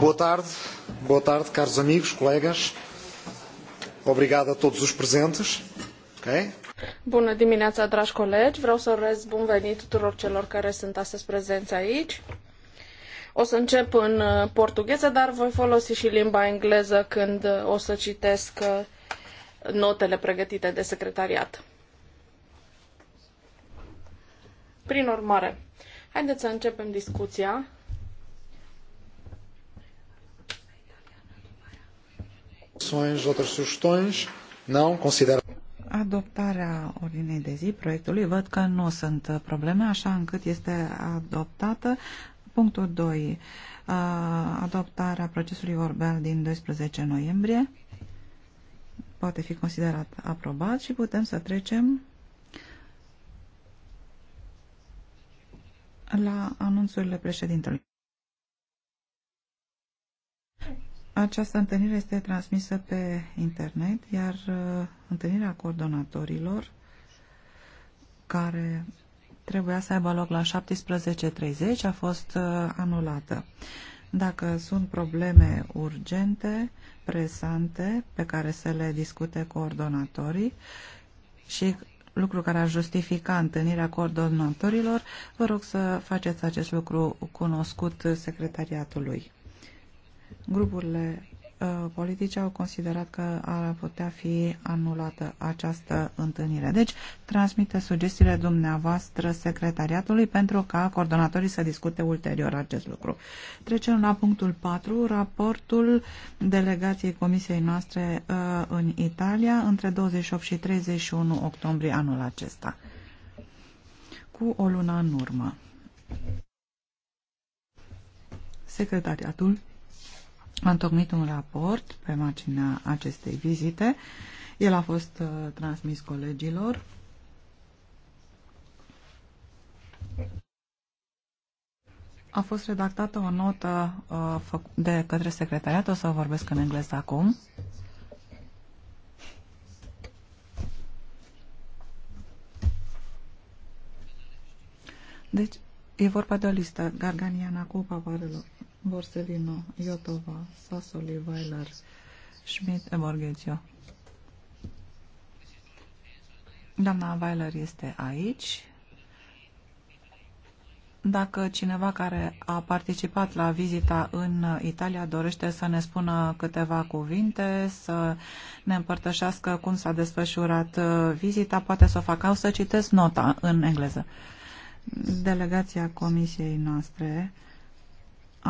Boa tarde, boa tarde, caros amigos, colegas. Obrigado a todos os presentes. Okay? Bună dimineața, dragi colegi. Vreau să urez bun venit tuturor celor care sunt astăzi prezenți aici. O să încep în uh, portugheză, dar voi folosi și limba engleză când uh, o să citesc uh, notele pregătite de secretariat. Prin urmare, haideți să începem discuția Adoptarea ordinei de zi proiectului văd că nu sunt probleme, așa încât este adoptată. Punctul 2. Adoptarea procesului verbal din 12 noiembrie poate fi considerat aprobat și putem să trecem la anunțurile președintelui. Această întâlnire este transmisă pe internet, iar uh, întâlnirea coordonatorilor care trebuia să aibă loc la 17.30 a fost uh, anulată. Dacă sunt probleme urgente, presante, pe care să le discute coordonatorii și lucru care ar justifica întâlnirea coordonatorilor, vă rog să faceți acest lucru cunoscut secretariatului. Grupurile uh, politice au considerat că ar putea fi anulată această întâlnire. Deci, transmite sugestiile dumneavoastră secretariatului pentru ca coordonatorii să discute ulterior acest lucru. Trecem la punctul 4, raportul delegației comisiei noastre uh, în Italia între 28 și 31 octombrie anul acesta, cu o lună în urmă. Secretariatul a întocmit un raport pe marginea acestei vizite. El a fost uh, transmis colegilor. A fost redactată o notă uh, de către secretariat, o să vorbesc în engleză acum. Deci, e vorba de o listă. Garganiana cu Pavarelor. Borsellino, Iotova, Sassoli, Weiler, Schmidt, Borghețiu. Doamna Weiler este aici. Dacă cineva care a participat la vizita în Italia dorește să ne spună câteva cuvinte, să ne împărtășească cum s-a desfășurat uh, vizita, poate să o facă. O să citesc nota în engleză. Delegația comisiei noastre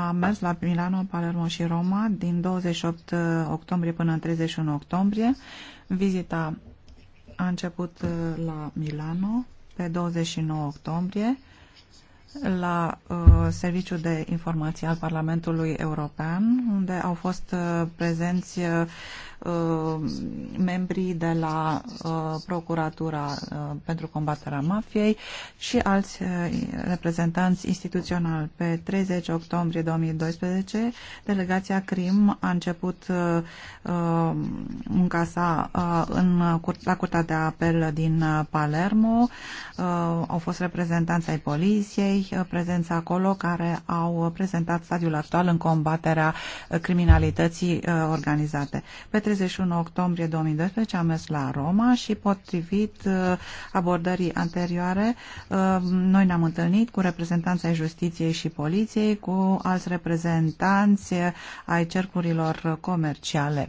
a mers la Milano, Palermo și Roma din 28 uh, octombrie până în 31 octombrie. Vizita a început uh, la Milano pe 29 octombrie la uh, Serviciul de Informații al Parlamentului European, unde au fost uh, prezenți uh, Uh, membrii de la uh, Procuratura uh, pentru combaterea mafiei și alți reprezentanți instituționali. Pe 30 octombrie 2012, delegația CRIM a început munca sa în, la Curtea de Apel din Palermo. Au fost reprezentanți ai poliției prezenți acolo care au prezentat stadiul actual în combaterea criminalității organizate. Pe 31 octombrie 2012 am mers la Roma și potrivit uh, abordării anterioare, uh, noi ne-am întâlnit cu reprezentanța justiției și poliției, cu alți reprezentanți ai cercurilor comerciale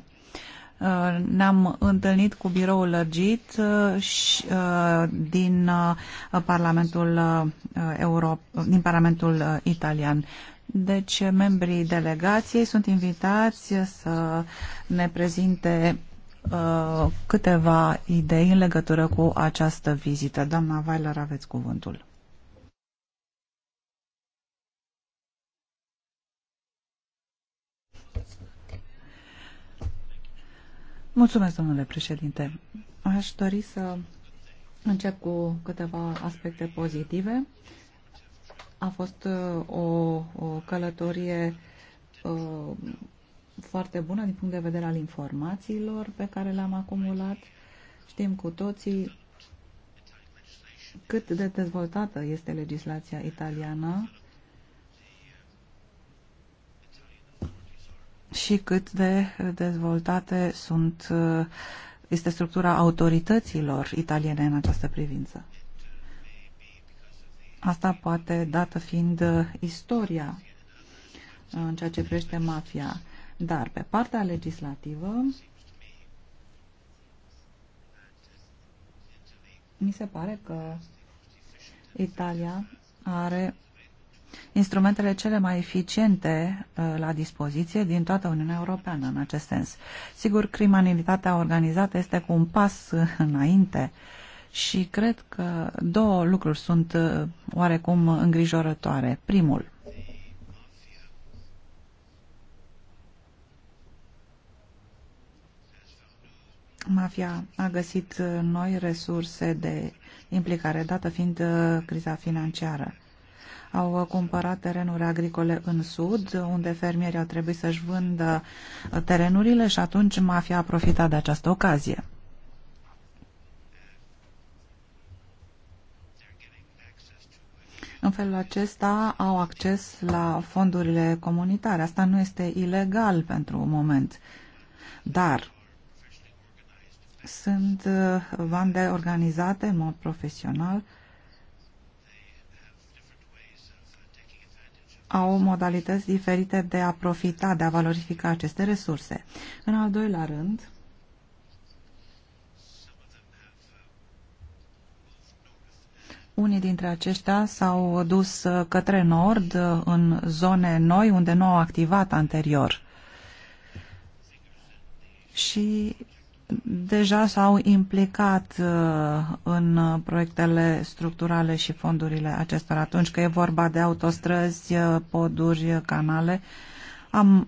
uh, ne-am întâlnit cu biroul lărgit din Parlamentul Euro, din Parlamentul Italian. Deci, membrii delegației sunt invitați să ne prezinte uh, câteva idei în legătură cu această vizită. Doamna Weiler, aveți cuvântul. Mulțumesc, domnule președinte. Aș dori să încep cu câteva aspecte pozitive. Uh, a fost uh, o, o călătorie uh, foarte bună din punct de vedere al informațiilor pe care le-am acumulat. Știm cu toții cât de dezvoltată este legislația italiană și cât de dezvoltate sunt, uh, este structura autorităților italiene în această privință. Asta poate dată fiind uh, istoria uh, în ceea ce privește mafia. Dar pe partea legislativă mi se pare că Italia are instrumentele cele mai eficiente uh, la dispoziție din toată Uniunea Europeană în acest sens. Sigur, criminalitatea organizată este cu un pas înainte și cred că două lucruri sunt uh, oarecum îngrijorătoare. Primul, mafia a găsit uh, noi resurse de implicare, dată fiind uh, criza financiară. Au cumpărat terenuri agricole în sud, unde fermierii au trebuit să-și vândă terenurile și atunci mafia a profitat de această ocazie. În felul acesta au acces la fondurile comunitare. Asta nu este ilegal pentru un moment. Dar sunt bande uh, organizate în mod profesional au modalități diferite de a profita, de a valorifica aceste resurse. În al doilea rând, Unii dintre aceștia s-au dus uh, către nord, uh, în zone noi, unde nu au activat anterior. Și deja s-au implicat uh, în proiectele structurale și fondurile acestor. Atunci că e vorba de autostrăzi, poduri, canale, am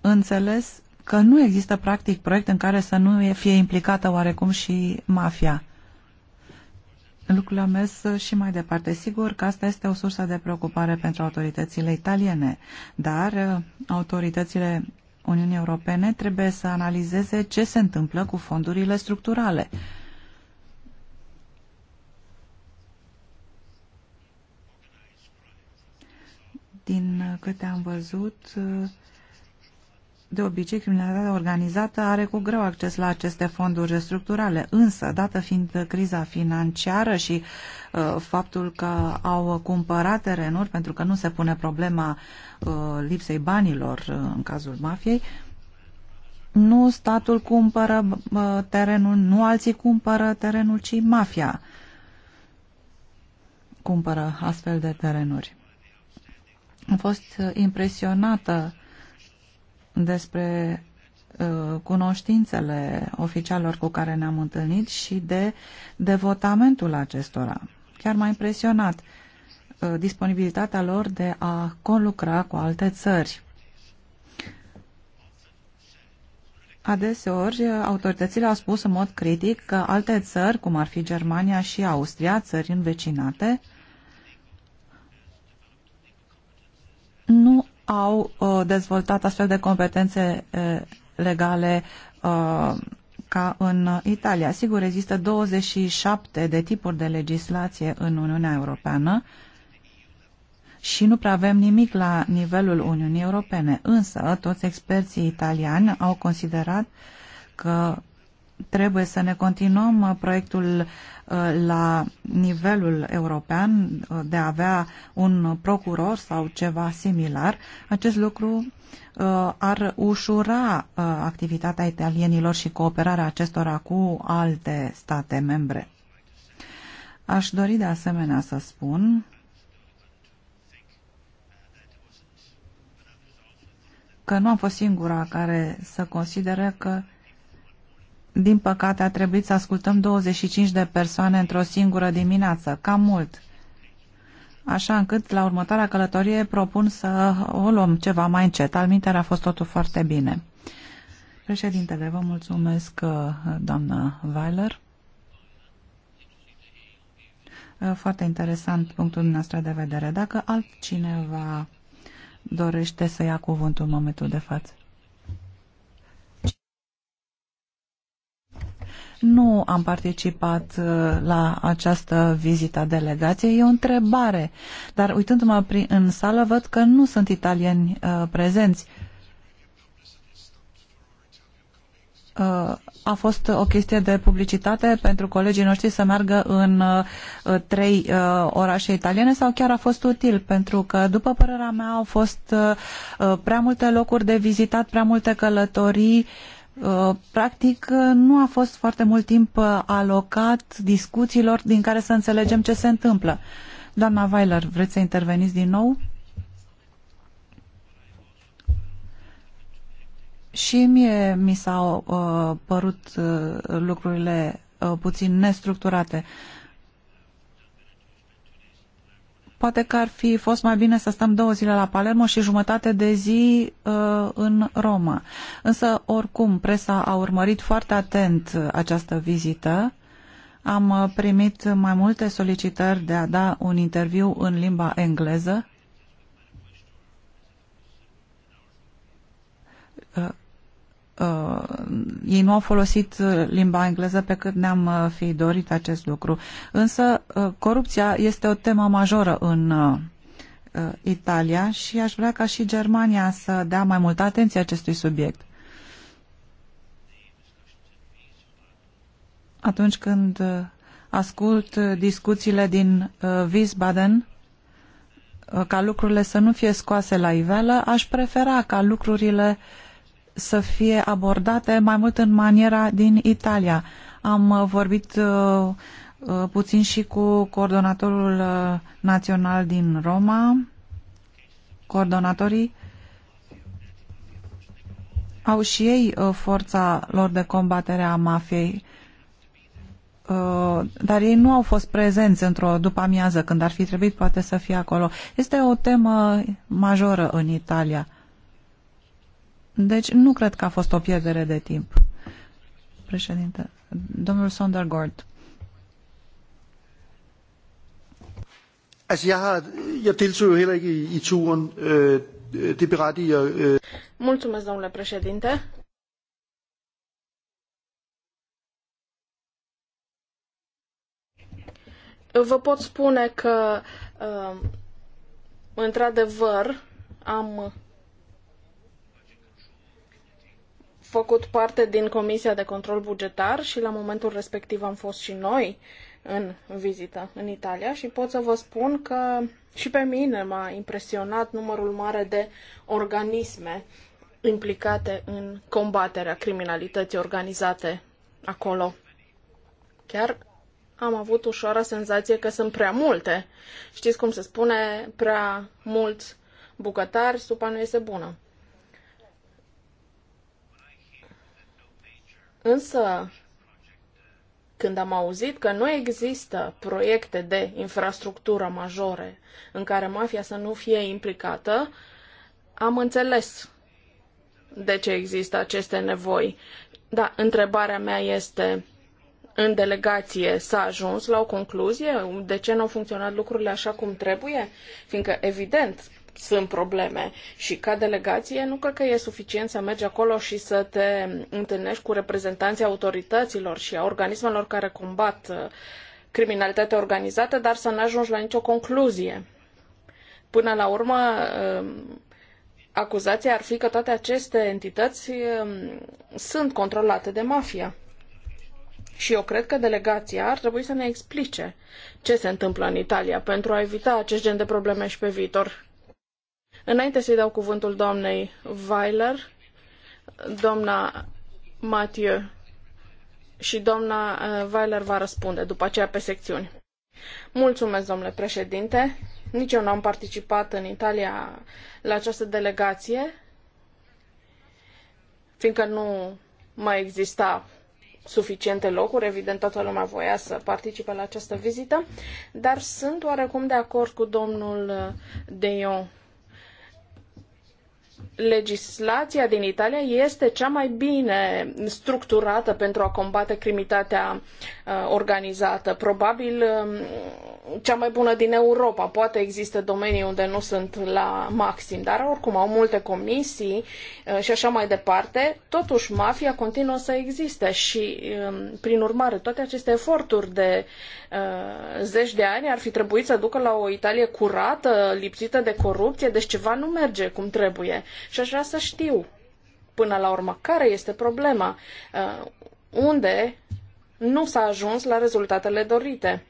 înțeles că nu există practic proiect în care să nu fie implicată oarecum și mafia. Lucrurile au mers și mai departe. Sigur că asta este o sursă de preocupare pentru autoritățile italiene, dar uh, autoritățile Uniunii Europene trebuie să analizeze ce se întâmplă cu fondurile structurale. Din câte am văzut, uh, de obicei, criminalitatea organizată are cu greu acces la aceste fonduri structurale, însă, dată fiind criza financiară și uh, faptul că au cumpărat terenuri, pentru că nu se pune problema uh, lipsei banilor uh, în cazul mafiei, nu statul cumpără uh, terenul, nu alții cumpără terenul, ci mafia cumpără astfel de terenuri. Am fost impresionată uh, despre uh, cunoștințele oficialilor cu care ne-am întâlnit și de devotamentul acestora. Chiar m-a impresionat uh, disponibilitatea lor de a conlucra cu alte țări. Adeseori, autoritățile au spus în mod critic că alte țări, cum ar fi Germania și Austria, țări învecinate, nu au uh, dezvoltat astfel de competențe uh, legale uh, ca în Italia. Sigur, există 27 de tipuri de legislație în Uniunea Europeană și nu prea avem nimic la nivelul Uniunii Europene. Însă, toți experții italiani au considerat că trebuie să ne continuăm uh, proiectul uh, la nivelul european uh, de a avea un procuror sau ceva similar. Acest lucru ar ușura activitatea italienilor și cooperarea acestora cu alte state membre. Aș dori de asemenea să spun că nu am fost singura care să considere că din păcate a trebuit să ascultăm 25 de persoane într-o singură dimineață, cam mult. Așa încât la următoarea călătorie propun să o luăm ceva mai încet. Alminter a fost totul foarte bine. Președintele, vă mulțumesc, uh, doamnă Weiler. Uh, foarte interesant punctul dumneavoastră de vedere. Dacă altcineva dorește să ia cuvântul în momentul de față. nu am participat uh, la această vizită a delegației. E o întrebare, dar uitându-mă în sală văd că nu sunt italieni uh, prezenți. Uh, a fost o chestie de publicitate pentru colegii noștri să meargă în uh, trei uh, orașe italiene sau chiar a fost util? Pentru că, după părerea mea, au fost uh, uh, prea multe locuri de vizitat, prea multe călătorii Uh, practic uh, nu a fost foarte mult timp uh, alocat discuțiilor din care să înțelegem ce se întâmplă. Doamna Weiler, vreți să interveniți din nou? Și mie mi s-au uh, părut uh, lucrurile uh, puțin nestructurate. Uh, Poate că ar fi fost mai bine să stăm două zile la Palermo și jumătate de zi uh, în Roma. Însă, oricum, presa a urmărit foarte atent uh, această vizită. Am uh, primit mai multe solicitări de a da un interviu în limba engleză. Uh, uh, ei nu au folosit uh, limba engleză pe cât ne-am uh, fi dorit acest lucru. Însă uh, corupția este o temă majoră în uh, uh, Italia și aș vrea ca și Germania să dea mai multă atenție acestui subiect. Atunci când ascult discuțiile din Wiesbaden, ca lucrurile să nu fie scoase la iveală, aș prefera ca lucrurile uh, să fie abordate mai mult în maniera din Italia. Am uh, vorbit uh, uh, puțin și cu coordonatorul național din Roma, coordonatorii au și ei forța lor de combatere a mafiei, dar ei nu au fost prezenți într-o după-amiază când ar fi trebuit poate să fie acolo. Este o temă majoră în Italia. Deci nu cred că a fost o pierdere de timp. Președinte, domnul Sondergaard. Altså, jeg, har, jeg deltog jo heller ikke i, i turen. Øh, det berettiger... Øh. Mulțumesc, domnule președinte. Vă pot spune că, uh, într-adevăr, am făcut parte din Comisia de Control Bugetar și la momentul respectiv am fost și noi în vizită în Italia și pot să vă spun că și pe mine m-a impresionat numărul mare de organisme implicate în combaterea criminalității organizate acolo. Chiar am avut ușoară senzație că sunt prea multe. Știți cum se spune, prea mulți bucătari, supa nu este bună. Însă, când am auzit că nu există proiecte de infrastructură majore în care mafia să nu fie implicată, am înțeles de ce există aceste nevoi. Da, întrebarea mea este, în delegație s-a ajuns la o concluzie? De ce nu au funcționat lucrurile așa cum trebuie? Fiindcă, evident, sunt probleme și ca delegație nu cred că e suficient să mergi acolo și să te întâlnești cu reprezentanții autorităților și a organismelor care combat uh, criminalitatea organizată, dar să nu ajungi la nicio concluzie. Până la urmă, uh, acuzația ar fi că toate aceste entități um, sunt controlate de mafia. Și eu cred că delegația ar trebui să ne explice ce se întâmplă în Italia pentru a evita acest gen de probleme și pe viitor. Înainte să-i dau cuvântul doamnei Weiler, doamna Mathieu și doamna uh, Weiler va răspunde după aceea pe secțiuni. Mulțumesc, domnule președinte. Nici eu nu am participat în Italia la această delegație, fiindcă nu mai exista suficiente locuri, evident toată lumea voia să participe la această vizită, dar sunt oarecum de acord cu domnul uh, Deion legislația din Italia este cea mai bine structurată pentru a combate criminalitatea uh, organizată, probabil um, cea mai bună din Europa. Poate există domenii unde nu sunt la maxim, dar oricum au multe comisii uh, și așa mai departe. Totuși, mafia continuă să existe și, um, prin urmare, toate aceste eforturi de uh, zeci de ani ar fi trebuit să ducă la o Italie curată, lipsită de corupție, deci ceva nu merge cum trebuie. Și aș vrea să știu, până la urmă, care este problema, uh, unde nu s-a ajuns la rezultatele dorite.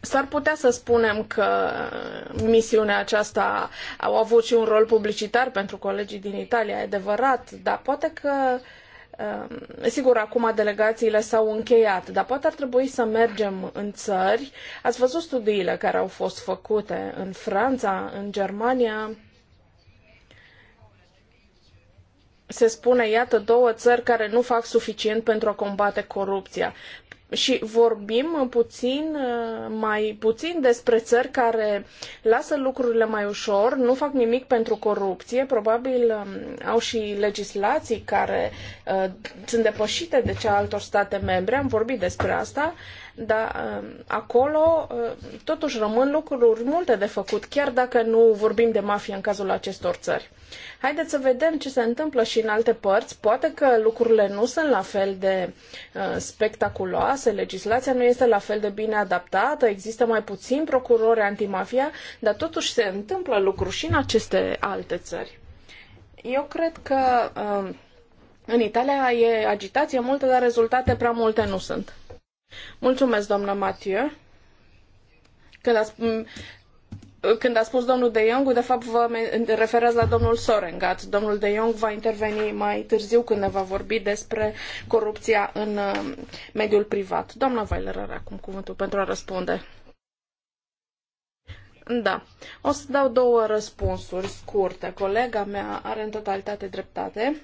S-ar putea să spunem că misiunea aceasta a avut și un rol publicitar pentru colegii din Italia, adevărat, dar poate că uh, Um, sigur, acum delegațiile s-au încheiat, dar poate ar trebui să mergem în țări. Ați văzut studiile care au fost făcute în Franța, în Germania. Se spune, iată, două țări care nu fac suficient pentru a combate corupția și vorbim puțin, uh, mai puțin despre țări care lasă lucrurile mai ușor, nu fac nimic pentru corupție, probabil um, au și legislații care uh, sunt depășite de cea altor state membre, am vorbit despre asta, uh, dar um, acolo uh, totuși rămân lucruri multe de făcut, chiar dacă nu vorbim de mafie în cazul acestor țări. Haideți să vedem ce se întâmplă și în alte părți. Poate că lucrurile nu sunt la fel de uh, spectaculoase, legislația nu este la fel de bine adaptată, există mai puțin procurori antimafia, dar totuși se întâmplă lucruri și în aceste alte țări. Eu cred că uh, în Italia e agitație multă, dar rezultate prea multe nu sunt. Mulțumesc, doamna Mathieu. Când a, când a spus domnul De Jong, de fapt vă referez la domnul Sorengat. Domnul De Jong va interveni mai târziu când ne va vorbi despre corupția în uh, mediul privat. Doamna Weiler are acum cuvântul pentru a răspunde. Da. O să dau două răspunsuri scurte. Colega mea are în totalitate dreptate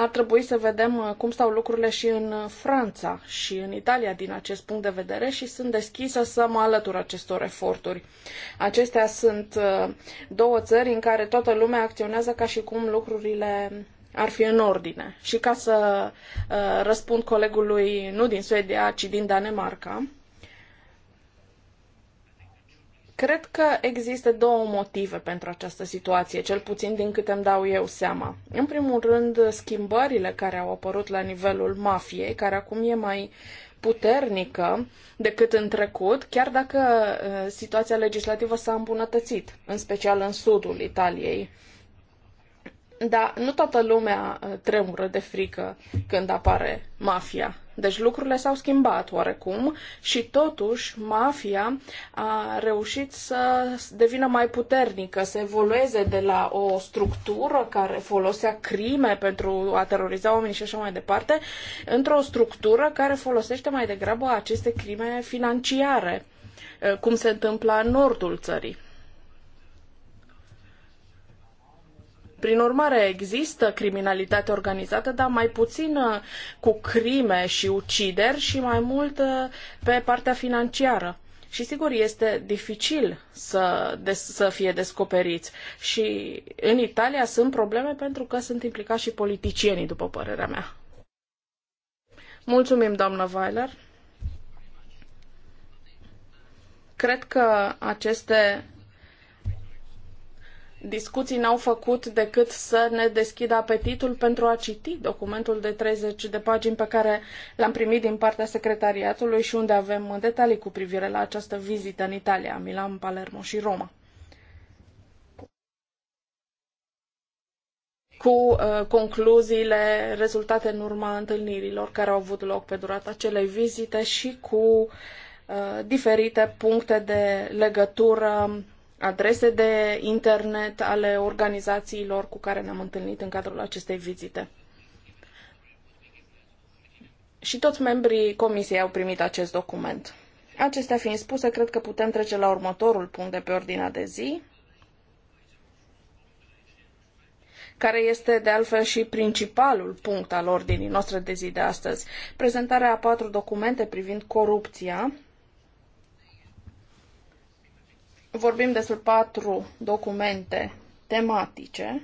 ar trebui să vedem uh, cum stau lucrurile și în uh, Franța și în Italia din acest punct de vedere și sunt deschisă să mă alătur acestor eforturi. Acestea sunt uh, două țări în care toată lumea acționează ca și cum lucrurile ar fi în ordine. Și ca să răspund colegului nu din Suedia, ci din Danemarca, Cred că există două motive pentru această situație, cel puțin din câte îmi dau eu seama. În primul rând, schimbările care au apărut la nivelul mafiei, care acum e mai puternică decât în trecut, chiar dacă uh, situația legislativă s-a îmbunătățit, în special în sudul Italiei. Dar nu toată lumea uh, tremură de frică când apare mafia. Deci lucrurile s-au schimbat oarecum și totuși mafia a reușit să devină mai puternică, să evolueze de la o structură care folosea crime pentru a teroriza oamenii și așa mai departe, într-o structură care folosește mai degrabă aceste crime financiare, uh, cum se întâmplă în nordul țării. Prin urmare, există criminalitate organizată, dar mai puțin uh, cu crime și ucideri și mai mult uh, pe partea financiară. Și sigur, este dificil să, des, să fie descoperiți. Și în Italia sunt probleme pentru că sunt implicați și politicienii, după părerea mea. Mulțumim, doamnă Weiler. Cred că aceste discuții n-au făcut decât să ne deschidă apetitul pentru a citi documentul de 30 de pagini pe care l-am primit din partea secretariatului și unde avem detalii cu privire la această vizită în Italia, Milan, Palermo și Roma. cu uh, concluziile rezultate în urma întâlnirilor care au avut loc pe durata acelei vizite și cu uh, diferite puncte de legătură adrese de internet ale organizațiilor cu care ne-am întâlnit în cadrul acestei vizite. Și toți membrii comisiei au primit acest document. Acestea fiind spuse, cred că putem trece la următorul punct de pe ordinea de zi, care este de altfel și principalul punct al ordinii noastre de zi de astăzi. Prezentarea a patru documente privind corupția, vorbim despre patru documente tematice.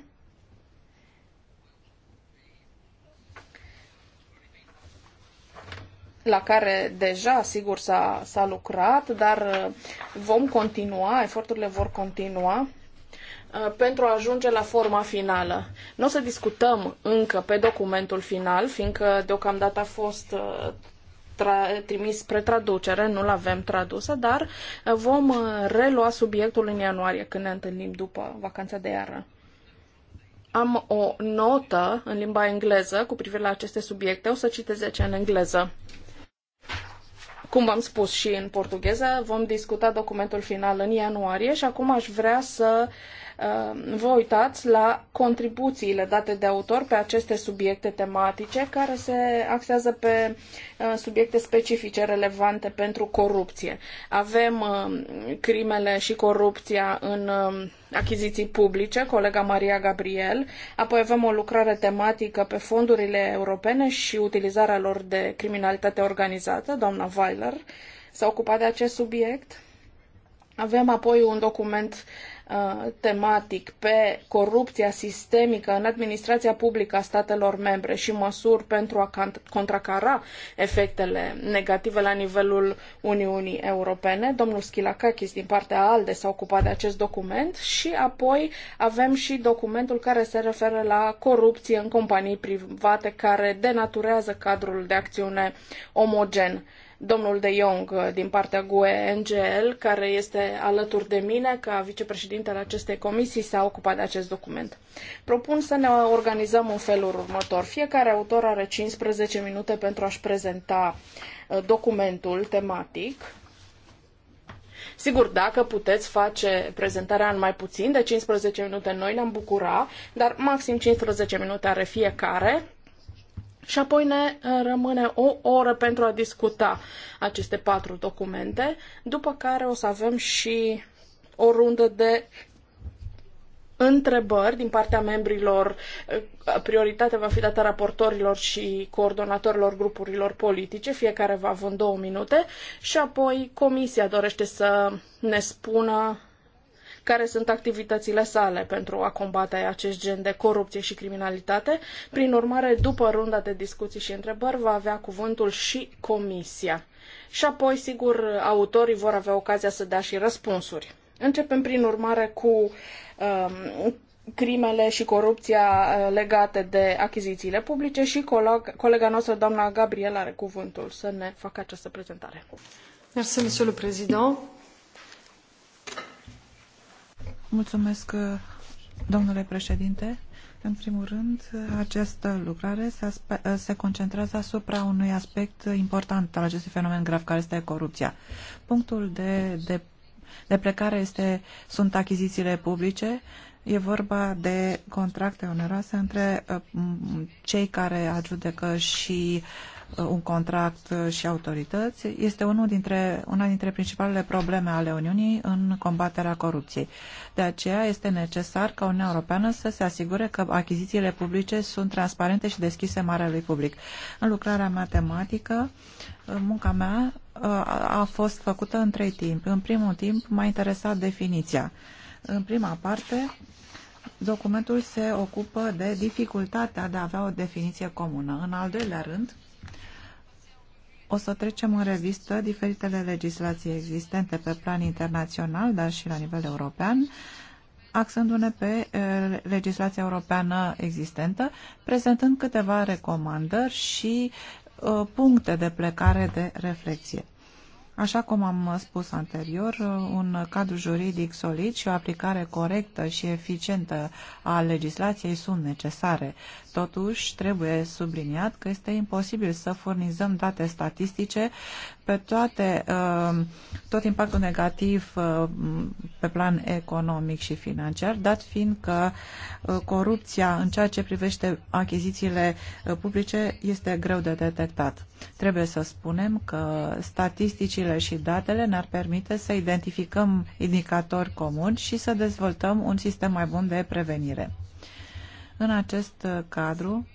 la care deja, sigur, s-a, s-a lucrat, dar uh, vom continua, eforturile vor continua uh, pentru a ajunge la forma finală. Nu o să discutăm încă pe documentul final, fiindcă deocamdată a fost uh, trimis spre traducere, nu-l avem tradusă, dar vom uh, relua subiectul în ianuarie, când ne întâlnim după vacanța de iarnă. Am o notă în limba engleză cu privire la aceste subiecte, o să citesc în engleză. Cum v-am spus și în portugheză, vom discuta documentul final în ianuarie și acum aș vrea să Uh, vă uitați la contribuțiile date de autor pe aceste subiecte tematice care se axează pe uh, subiecte specifice relevante pentru corupție. Avem uh, crimele și corupția în um, achiziții publice, colega Maria Gabriel, apoi avem o lucrare tematică pe fondurile europene și utilizarea lor de criminalitate organizată, doamna Weiler s-a ocupat de acest subiect. Avem apoi un document uh, Uh, tematic pe corupția sistemică în administrația publică a statelor membre și măsuri pentru a contracara efectele negative la nivelul Uniunii Europene. Domnul Schilakakis din partea ALDE s-a ocupat de acest document și apoi avem și documentul care se referă la corupție în companii private care denaturează cadrul de acțiune omogen domnul De Jong uh, din partea GUE NGL, care este alături de mine ca vicepreședinte al acestei comisii, s-a ocupat de acest document. Propun să ne organizăm în felul următor. Fiecare autor are 15 minute pentru a-și prezenta uh, documentul tematic. Sigur, dacă puteți face prezentarea în mai puțin de 15 minute, noi ne-am bucura, dar maxim 15 minute are fiecare și apoi ne eh, rămâne o oră pentru a discuta aceste patru documente, după care o să avem și o rundă de întrebări din partea membrilor. Eh, prioritatea va fi dată raportorilor și coordonatorilor grupurilor politice, fiecare va avea două minute și apoi comisia dorește să ne spună care sunt activitățile sale pentru a combate acest gen de corupție și criminalitate. Prin urmare, după runda de discuții și întrebări, va avea cuvântul și Comisia. Și apoi, sigur, autorii vor avea ocazia să dea și răspunsuri. Începem, prin urmare, cu um, crimele și corupția uh, legate de achizițiile publice și coleg colega noastră, doamna Gabriela, are cuvântul să ne facă această prezentare. Merci, monsieur le Mulțumesc, uh, domnule președinte. În primul rând, uh, această lucrare se, uh, se concentrează asupra unui aspect important al acestui fenomen grav, care este corupția. Punctul de, de, de plecare este, sunt achizițiile publice. E vorba de contracte oneroase între cei care ajudecă și uh, Uh, un contract uh, și autorități este unul dintre, una dintre principalele probleme ale Uniunii în combaterea corupției. De aceea este necesar ca Uniunea Europeană să se asigure că achizițiile publice sunt transparente și deschise marelui public. În lucrarea matematică, uh, munca mea a fost făcută în trei timp. În primul timp m-a interesat definiția. În prima parte, documentul se ocupă de dificultatea de a avea o definiție comună. În al doilea rând, o să trecem în revistă diferitele legislații existente pe plan internațional, dar și la nivel european, axându-ne pe legislația europeană existentă, prezentând câteva recomandări și puncte de plecare de reflexie. Așa cum am spus anterior, un cadru juridic solid și o aplicare corectă și eficientă a legislației sunt necesare. Totuși, trebuie subliniat că este imposibil să furnizăm date statistice pe toate, uh, tot impactul negativ uh, pe plan economic și financiar, dat fiind că uh, corupția în ceea ce privește achizițiile publice este greu de detectat. Trebuie să spunem că statisticile și datele ne-ar permite să identificăm indicatori comuni și să dezvoltăm un sistem mai bun de prevenire. În acest uh, cadru,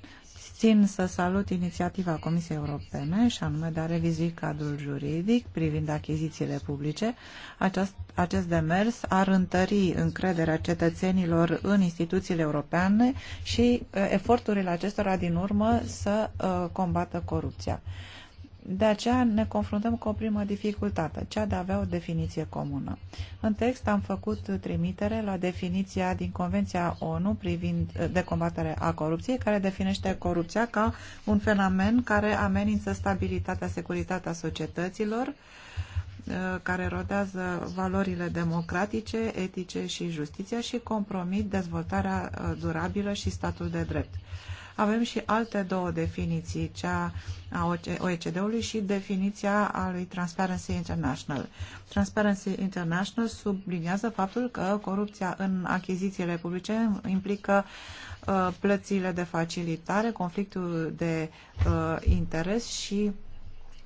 țin să salut inițiativa Comisiei Europene și anume de a revizui cadrul juridic privind achizițiile publice. Aceast, acest demers ar întări încrederea cetățenilor în instituțiile europene și uh, eforturile acestora din urmă să uh, combată corupția. Uh, de aceea ne confruntăm cu o primă dificultate, cea de a avea o definiție comună. În text am făcut trimitere la definiția din Convenția ONU privind de combatere a corupției, care definește corupția ca un fenomen care amenință stabilitatea, securitatea societăților, uh, care rodează valorile democratice, etice și justiția și compromit dezvoltarea uh, durabilă și statul de drept. Avem și alte două definiții, cea a OECD-ului și definiția a lui Transparency International. Transparency International subliniază faptul că corupția în achizițiile publice implică uh, plățile de facilitare, conflictul de uh, interes și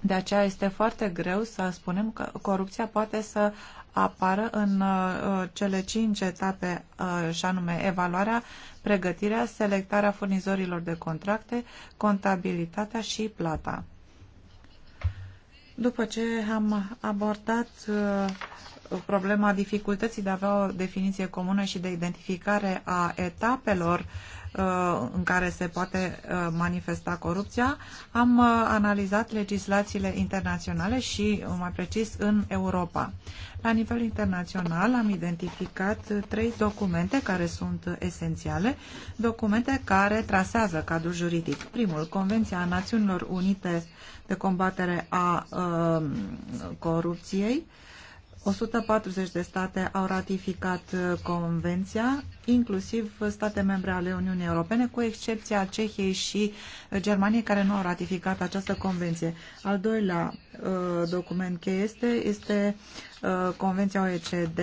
de aceea este foarte greu să spunem că corupția poate să apară în uh, uh, cele cinci etape, uh, și anume evaluarea, pregătirea, selectarea furnizorilor de contracte, contabilitatea și plata. După ce am abordat problema dificultății de a avea o definiție comună și de identificare a etapelor Uh, în care se poate uh, manifesta corupția, am uh, analizat legislațiile internaționale și, mai precis, în Europa. La nivel internațional am identificat trei documente care sunt esențiale, documente care trasează cadrul juridic. Primul, Convenția Națiunilor Unite de combatere a uh, corupției, 140 de state au ratificat uh, convenția, inclusiv state membre ale Uniunii Europene, cu excepția Cehiei și uh, Germaniei, care nu au ratificat această convenție. Al doilea uh, document cheie este, este uh, Convenția OECD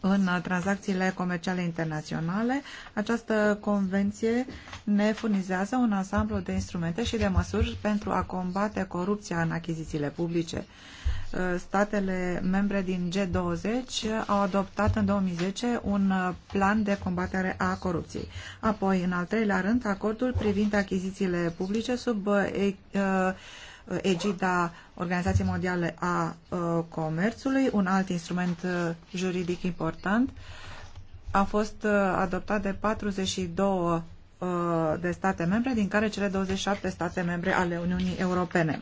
în uh, tranzacțiile comerciale internaționale. Această convenție ne furnizează un ansamblu de instrumente și de măsuri pentru a combate corupția în achizițiile publice. Uh, statele membre din G20 au adoptat în 2010 un uh, plan de combatere a corupției. Apoi, în al treilea rând, acordul privind achizițiile publice sub uh, uh, egida Organizației Mondiale a Comerțului, un alt instrument juridic important, a fost adoptat de 42 de state membre, din care cele 27 state membre ale Uniunii Europene.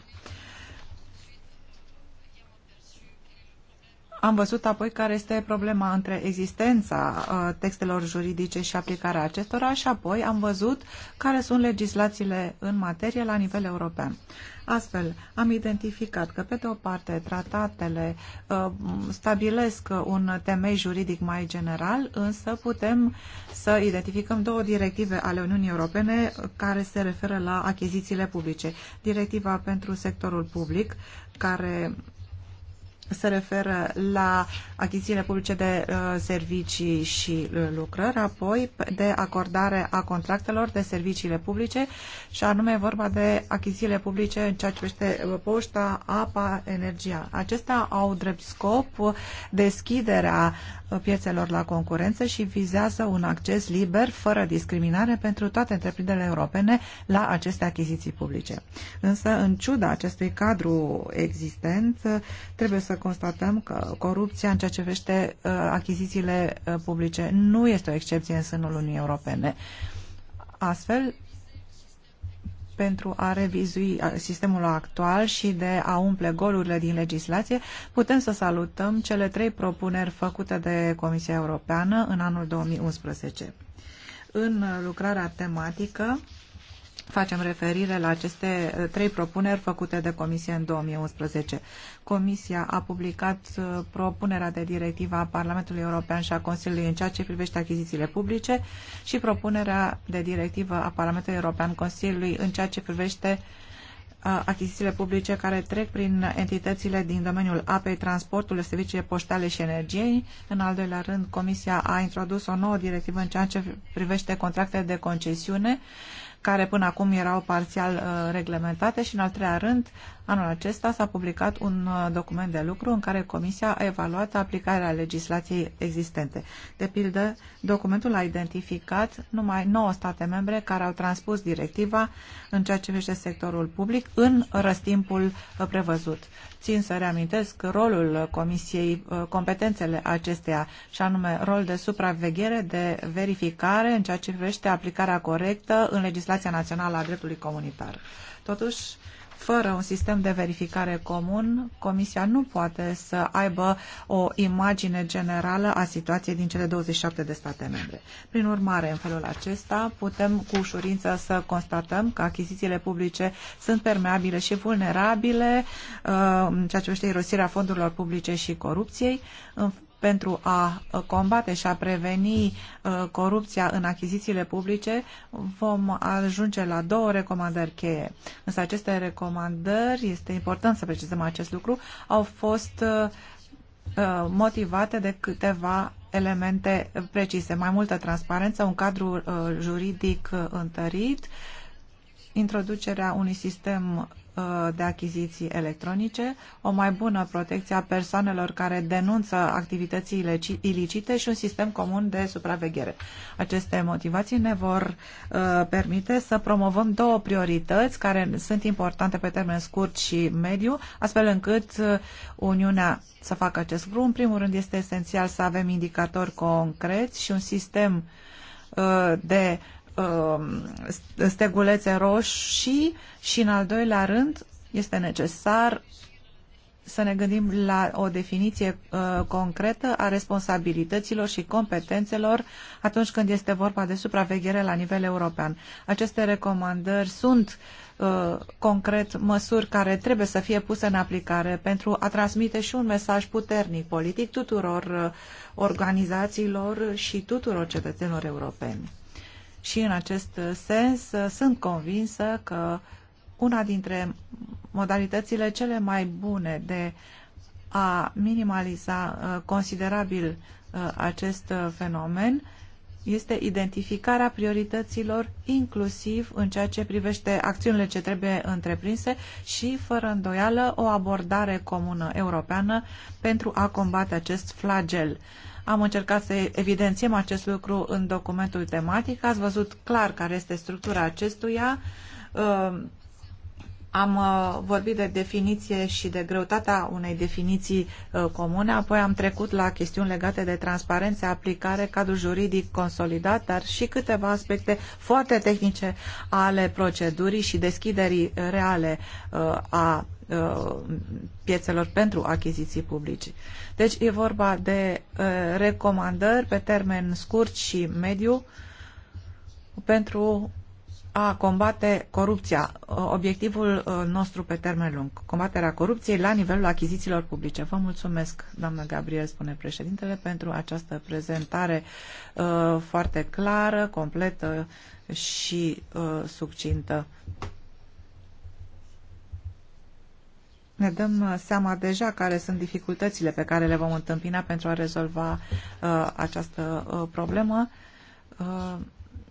Am văzut apoi care este problema între existența uh, textelor juridice și aplicarea acestora și apoi am văzut care sunt legislațiile în materie la nivel european. Astfel, am identificat că, pe de o parte, tratatele uh, stabilesc un temei juridic mai general, însă putem să identificăm două directive ale Uniunii Europene care se referă la achizițiile publice. Directiva pentru sectorul public, care se referă la achizițiile publice de uh, servicii și uh, lucrări, apoi de acordare a contractelor de serviciile publice și anume vorba de achizițiile publice în ceea ce privește uh, poșta, apa, energia. Acestea au drept scop uh, deschiderea piețelor la concurență și vizează un acces liber, fără discriminare, pentru toate întreprinderile europene la aceste achiziții publice. Însă, în ciuda acestui cadru existent, trebuie să constatăm că corupția în ceea ce vește uh, achizițiile uh, publice nu este o excepție în sânul Uniunii Europene. Astfel, pentru a revizui uh, sistemul actual și de a umple golurile din legislație, putem să salutăm cele trei propuneri făcute de Comisia Europeană în anul 2011. În lucrarea tematică, facem referire la aceste uh, trei propuneri făcute de Comisie în 2011. Comisia a publicat uh, propunerea de directivă a Parlamentului European și a Consiliului în ceea ce privește achizițiile publice și propunerea de directivă a Parlamentului European Consiliului în ceea ce privește uh, achizițiile publice care trec prin entitățile din domeniul apei, transportului, serviciile poștale și energiei. În al doilea rând, Comisia a introdus o nouă directivă în ceea ce privește contractele de concesiune care până acum erau parțial uh, reglementate și, în al treia rând, anul acesta s-a publicat un uh, document de lucru în care Comisia a evaluat aplicarea legislației existente. De pildă, documentul a identificat numai 9 state membre care au transpus directiva în ceea ce privește sectorul public în răstimpul uh, prevăzut țin să reamintesc rolul Comisiei, uh, competențele acesteia, și anume rol de supraveghere, de verificare în ceea ce privește aplicarea corectă în legislația națională a dreptului comunitar. Totuși, fără un sistem de verificare comun, Comisia nu poate să aibă o imagine generală a situației din cele 27 de state membre. Prin urmare, în felul acesta, putem cu ușurință să constatăm că achizițiile publice sunt permeabile și vulnerabile, uh, ceea ce privește irosirea fondurilor publice și corupției, pentru a uh, combate și a preveni uh, corupția în achizițiile publice, vom ajunge la două recomandări cheie. Însă aceste recomandări, este important să precizăm acest lucru, au fost uh, motivate de câteva elemente precise. Mai multă transparență, un cadru juridic întărit, introducerea unui sistem Uh, de achiziții electronice, o mai bună protecție a persoanelor care denunță activitățile ilicite și un sistem comun de supraveghere. Aceste motivații ne vor uh, permite să promovăm două priorități care sunt importante pe termen scurt și mediu, astfel încât uh, Uniunea să facă acest lucru. În primul rând este esențial să avem indicatori concreți și un sistem de Um, stegulețe roșii și, în al doilea rând, este necesar să ne gândim la o definiție uh, concretă a responsabilităților și competențelor atunci când este vorba de supraveghere la nivel european. Aceste recomandări sunt uh, concret măsuri care trebuie să fie puse în aplicare pentru a transmite și un mesaj puternic politic tuturor uh, organizațiilor și tuturor cetățenilor europeni. Și în acest sens uh, sunt convinsă că una dintre modalitățile cele mai bune de a minimaliza uh, considerabil uh, acest fenomen este identificarea priorităților, inclusiv în ceea ce privește acțiunile ce trebuie întreprinse și, fără îndoială, o abordare comună europeană pentru a combate acest flagel. Am încercat să evidențiem acest lucru în documentul tematic. Ați văzut clar care este structura acestuia. Um, am uh, vorbit de definiție și de greutatea unei definiții uh, comune, apoi am trecut la chestiuni legate de transparență, aplicare, cadru juridic consolidat, dar și câteva aspecte foarte tehnice ale procedurii și deschiderii reale uh, a Uh, piețelor pentru achiziții publice. Deci e vorba de uh, recomandări pe termen scurt și mediu pentru a combate corupția, uh, obiectivul nostru pe termen lung, combaterea corupției la nivelul achizițiilor publice. Vă mulțumesc, doamnă Gabriel, spune președintele, pentru această prezentare uh, foarte clară, completă și uh, succintă. ne dăm uh, seama deja care sunt dificultățile pe care le vom întâmpina pentru a rezolva uh, această uh, problemă. Uh,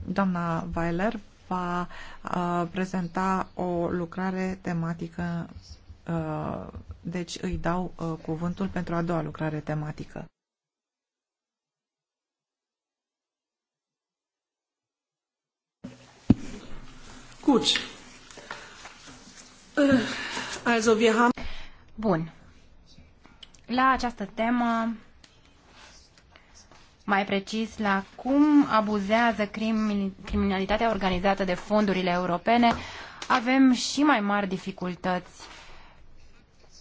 doamna Weiler va uh, prezenta o lucrare tematică, uh, deci îi dau uh, cuvântul pentru a doua lucrare tematică. Gut. Uh. Also wir haben... Bun. La această temă, mai precis la cum abuzează criminalitatea organizată de fondurile europene, avem și mai mari dificultăți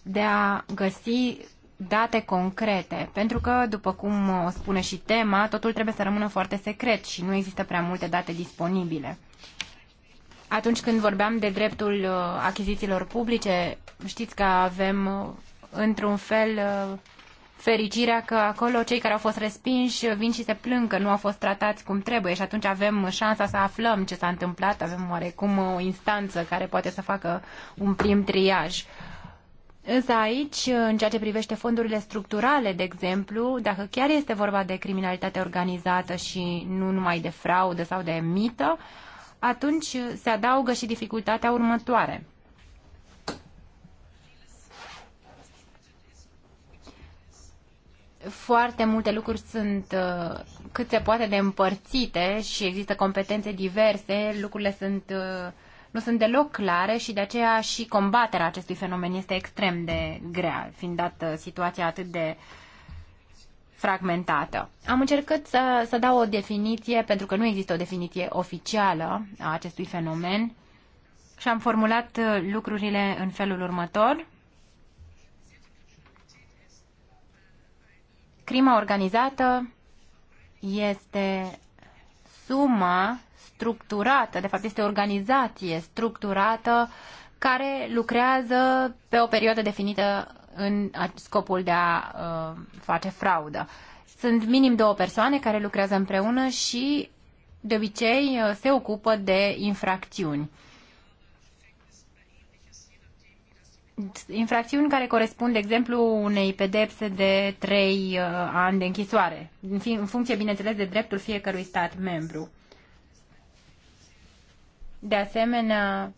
de a găsi date concrete, pentru că, după cum o spune și tema, totul trebuie să rămână foarte secret și nu există prea multe date disponibile. Atunci când vorbeam de dreptul uh, achizițiilor publice, știți că avem uh, într-un fel uh, fericirea că acolo cei care au fost respinși vin și se plâng că nu au fost tratați cum trebuie și atunci avem șansa să aflăm ce s-a întâmplat, avem oarecum o instanță care poate să facă un prim triaj. Însă aici, în ceea ce privește fondurile structurale, de exemplu, dacă chiar este vorba de criminalitate organizată și nu numai de fraudă sau de mită, uh, atunci se adaugă și dificultatea următoare. Foarte multe lucruri sunt uh, cât se poate de împărțite și există competențe diverse, lucrurile sunt, uh, nu sunt deloc clare și de aceea și combaterea acestui fenomen este extrem de grea, fiind dată situația atât de uh, fragmentată. Am încercat să, să dau o definiție, pentru că nu există o definiție oficială a acestui fenomen, și am formulat uh, lucrurile în felul următor. Crima organizată este suma structurată, de fapt este o organizație structurată care lucrează pe o perioadă definită în scopul de a uh, face fraudă. Sunt minim două persoane care lucrează împreună și de obicei uh, se ocupă de infracțiuni. infracțiuni care corespund, de exemplu, unei pedepse de trei uh, ani de închisoare, în, fi, în funcție, bineînțeles, de dreptul fiecărui stat membru. De asemenea,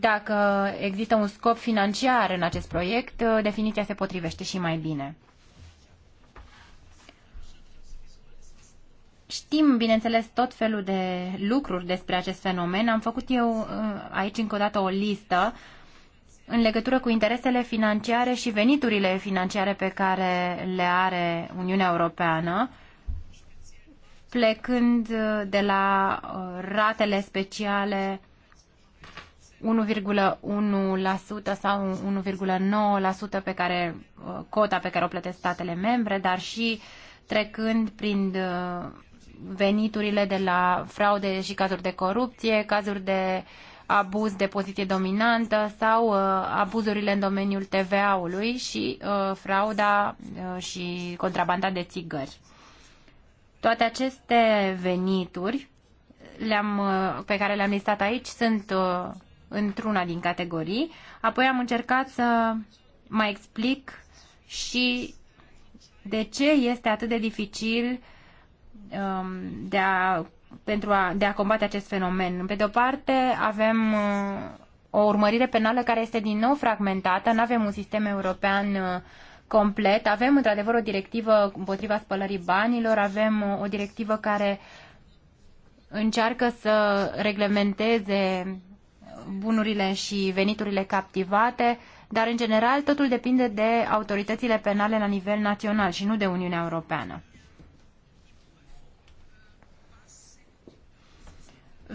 dacă există un scop financiar în acest proiect, uh, definiția se potrivește și mai bine. Știm, bineînțeles, tot felul de lucruri despre acest fenomen. Am făcut eu uh, aici încă o dată o listă în legătură cu interesele financiare și veniturile financiare pe care le are Uniunea Europeană, plecând uh, de la ratele speciale 1,1% sau 1,9% pe care uh, cota pe care o plătesc statele membre, dar și trecând prin uh, veniturile de la fraude și cazuri de corupție, cazuri de abuz de poziție dominantă sau uh, abuzurile în domeniul TVA-ului și uh, frauda uh, și contrabanda de țigări. Toate aceste venituri le-am, uh, pe care le-am listat aici sunt într-una din categorii. Apoi am încercat să mai explic și de ce este atât de dificil um, de a, pentru a, de a combate acest fenomen. Pe de o parte, avem uh, o urmărire penală care este din nou fragmentată, nu avem un sistem european uh, complet, avem într-adevăr o directivă împotriva spălării banilor, avem uh, o directivă care încearcă să reglementeze bunurile și veniturile captivate, dar în general totul depinde de autoritățile penale la nivel național și nu de Uniunea Europeană.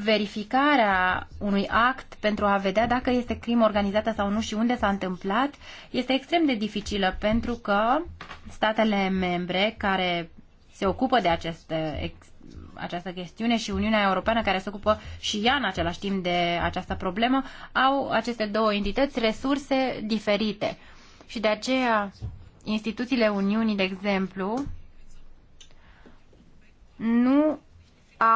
verificarea unui act pentru a vedea dacă este crimă organizată sau nu și unde s-a întâmplat este extrem de dificilă pentru că statele membre care se ocupă de aceste această chestiune și Uniunea Europeană, care se ocupă și ea în același timp de această problemă, au aceste două entități resurse diferite. Și de aceea instituțiile Uniunii, de exemplu, nu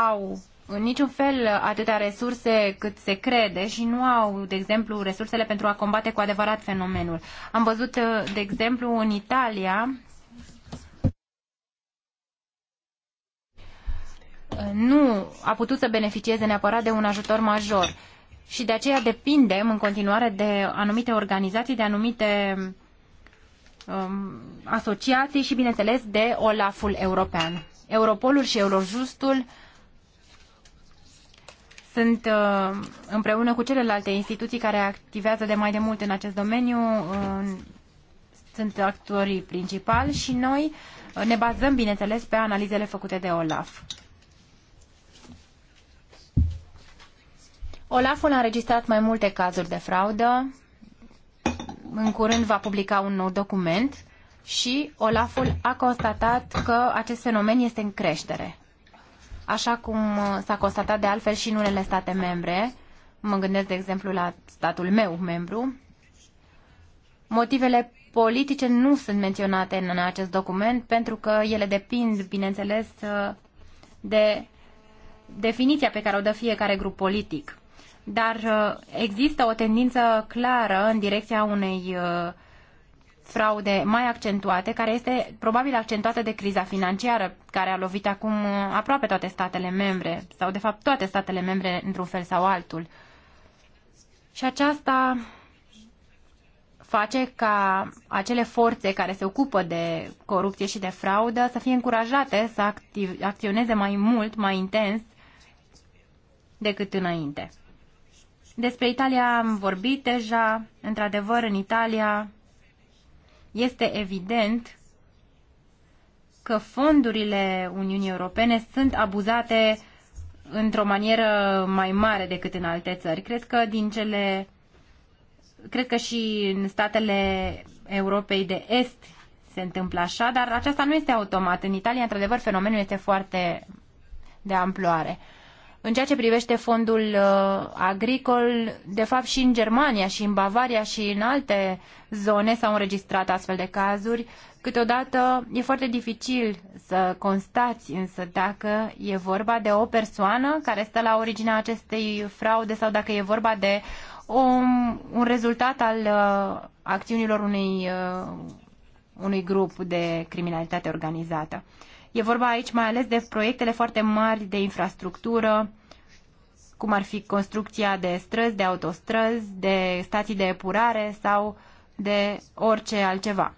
au în niciun fel atâtea resurse cât se crede și nu au, de exemplu, resursele pentru a combate cu adevărat fenomenul. Am văzut, de exemplu, în Italia nu a putut să beneficieze neapărat de un ajutor major. Și de aceea depindem în continuare de anumite organizații, de anumite um, asociații și, bineînțeles, de OLAF-ul European. Europolul și Eurojustul sunt uh, împreună cu celelalte instituții care activează de mai de mult în acest domeniu, uh, sunt actorii principali și noi uh, ne bazăm, bineînțeles, pe analizele făcute de OLAF. Olaful a înregistrat mai multe cazuri de fraudă. În curând va publica un nou document și Olaful a constatat că acest fenomen este în creștere. Așa cum s-a constatat de altfel și în unele state membre, mă gândesc de exemplu la statul meu membru, motivele politice nu sunt menționate în acest document pentru că ele depind, bineînțeles, de definiția pe care o dă fiecare grup politic dar uh, există o tendință clară în direcția unei uh, fraude mai accentuate, care este probabil accentuată de criza financiară, care a lovit acum uh, aproape toate statele membre, sau de fapt toate statele membre într-un fel sau altul. Și aceasta face ca acele forțe care se ocupă de corupție și de fraudă să fie încurajate să acționeze mai mult, mai intens decât înainte. Despre Italia am vorbit deja. Într-adevăr, în Italia este evident că fondurile Uniunii Europene sunt abuzate într-o manieră mai mare decât în alte țări. Cred că din cele cred că și în statele Europei de Est se întâmplă așa, dar aceasta nu este automat. În Italia, într-adevăr, fenomenul este foarte de amploare. În ceea ce privește fondul uh, agricol, de fapt și în Germania și în Bavaria și în alte zone s-au înregistrat astfel de cazuri. Câteodată e foarte dificil să constați însă dacă e vorba de o persoană care stă la originea acestei fraude sau dacă e vorba de un, un rezultat al uh, acțiunilor unui, uh, unui grup de criminalitate organizată. E vorba aici mai ales de proiectele foarte mari de infrastructură, cum ar fi construcția de străzi, de autostrăzi, de stații de epurare sau de orice altceva.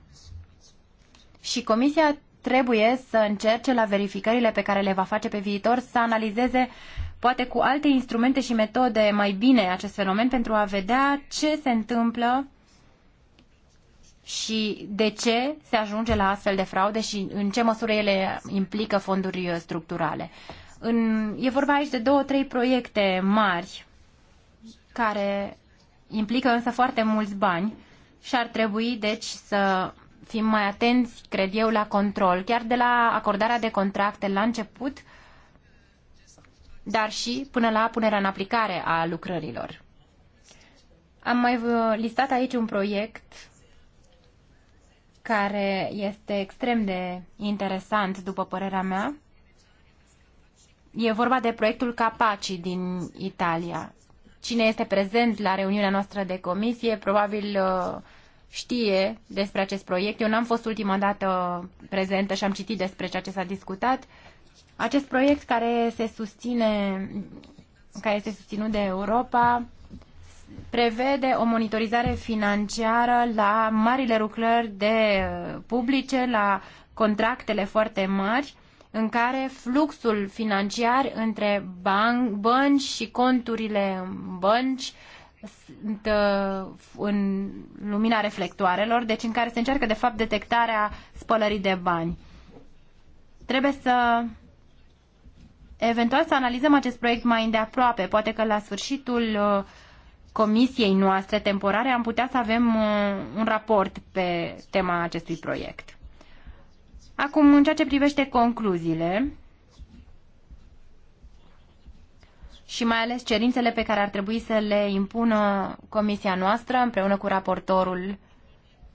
Și Comisia trebuie să încerce la verificările pe care le va face pe viitor să analizeze poate cu alte instrumente și metode mai bine acest fenomen pentru a vedea ce se întâmplă și de ce se ajunge la astfel de fraude și în ce măsură ele implică fonduri uh, structurale. În, e vorba aici de două, trei proiecte mari care implică însă foarte mulți bani și ar trebui deci să fim mai atenți, cred eu, la control, chiar de la acordarea de contracte la început, dar și până la punerea în aplicare a lucrărilor. Am mai uh, listat aici un proiect care este extrem de interesant, după părerea mea. E vorba de proiectul Capaci din Italia. Cine este prezent la reuniunea noastră de comisie, probabil uh, știe despre acest proiect. Eu n-am fost ultima dată prezentă și am citit despre ceea ce s-a discutat. Acest proiect care se susține, care este susținut de Europa, prevede o monitorizare financiară la marile lucrări de uh, publice, la contractele foarte mari, în care fluxul financiar între bănci și conturile în bănci sunt uh, în lumina reflectoarelor, deci în care se încearcă de fapt detectarea spălării de bani. Trebuie să eventual să analizăm acest proiect mai îndeaproape, poate că la sfârșitul uh, comisiei noastre temporare am putea să avem uh, un raport pe tema acestui proiect. Acum, în ceea ce privește concluziile și mai ales cerințele pe care ar trebui să le impună comisia noastră împreună cu raportorul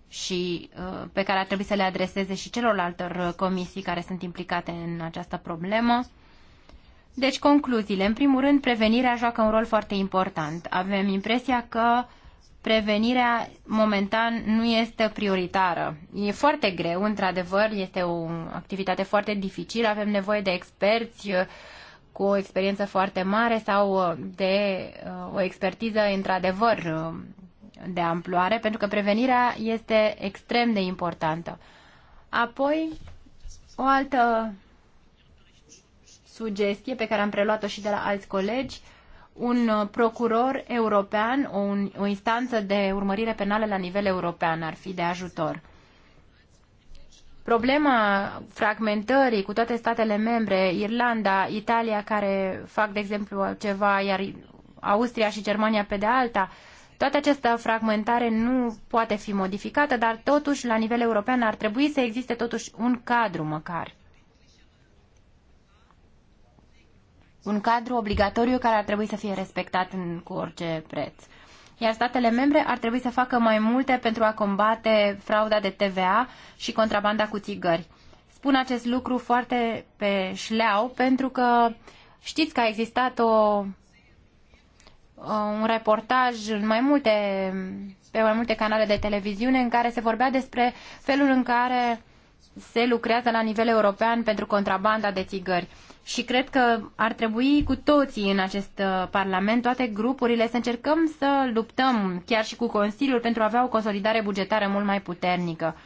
și uh, pe care ar trebui să le adreseze și celorlalte comisii care sunt implicate în această problemă, deci, concluziile. În primul rând, prevenirea joacă un rol foarte important. Avem impresia că prevenirea momentan nu este prioritară. E foarte greu, într-adevăr, este o activitate foarte dificilă, avem nevoie de experți uh, cu o experiență foarte mare sau uh, de uh, o expertiză, într-adevăr, de amploare, pentru că prevenirea este extrem de importantă. Apoi, o altă sugestie pe care am preluat-o și de la alți colegi, un uh, procuror european, o, un, o instanță de urmărire penală la nivel european ar fi de ajutor. Problema fragmentării cu toate statele membre, Irlanda, Italia, care fac, de exemplu, ceva, iar Austria și Germania pe de alta, toată această fragmentare nu poate fi modificată, dar totuși, la nivel european, ar trebui să existe totuși un cadru măcar. un cadru obligatoriu care ar trebui să fie respectat în, cu orice preț. Iar statele membre ar trebui să facă mai multe pentru a combate frauda de TVA și contrabanda cu țigări. Spun acest lucru foarte pe șleau pentru că știți că a existat o un reportaj în mai multe, pe mai multe canale de televiziune în care se vorbea despre felul în care se lucrează la nivel european pentru contrabanda de țigări. Și cred că ar trebui cu toții în acest uh, Parlament, toate grupurile, să încercăm să luptăm chiar și cu Consiliul pentru a avea o consolidare bugetară mult mai puternică.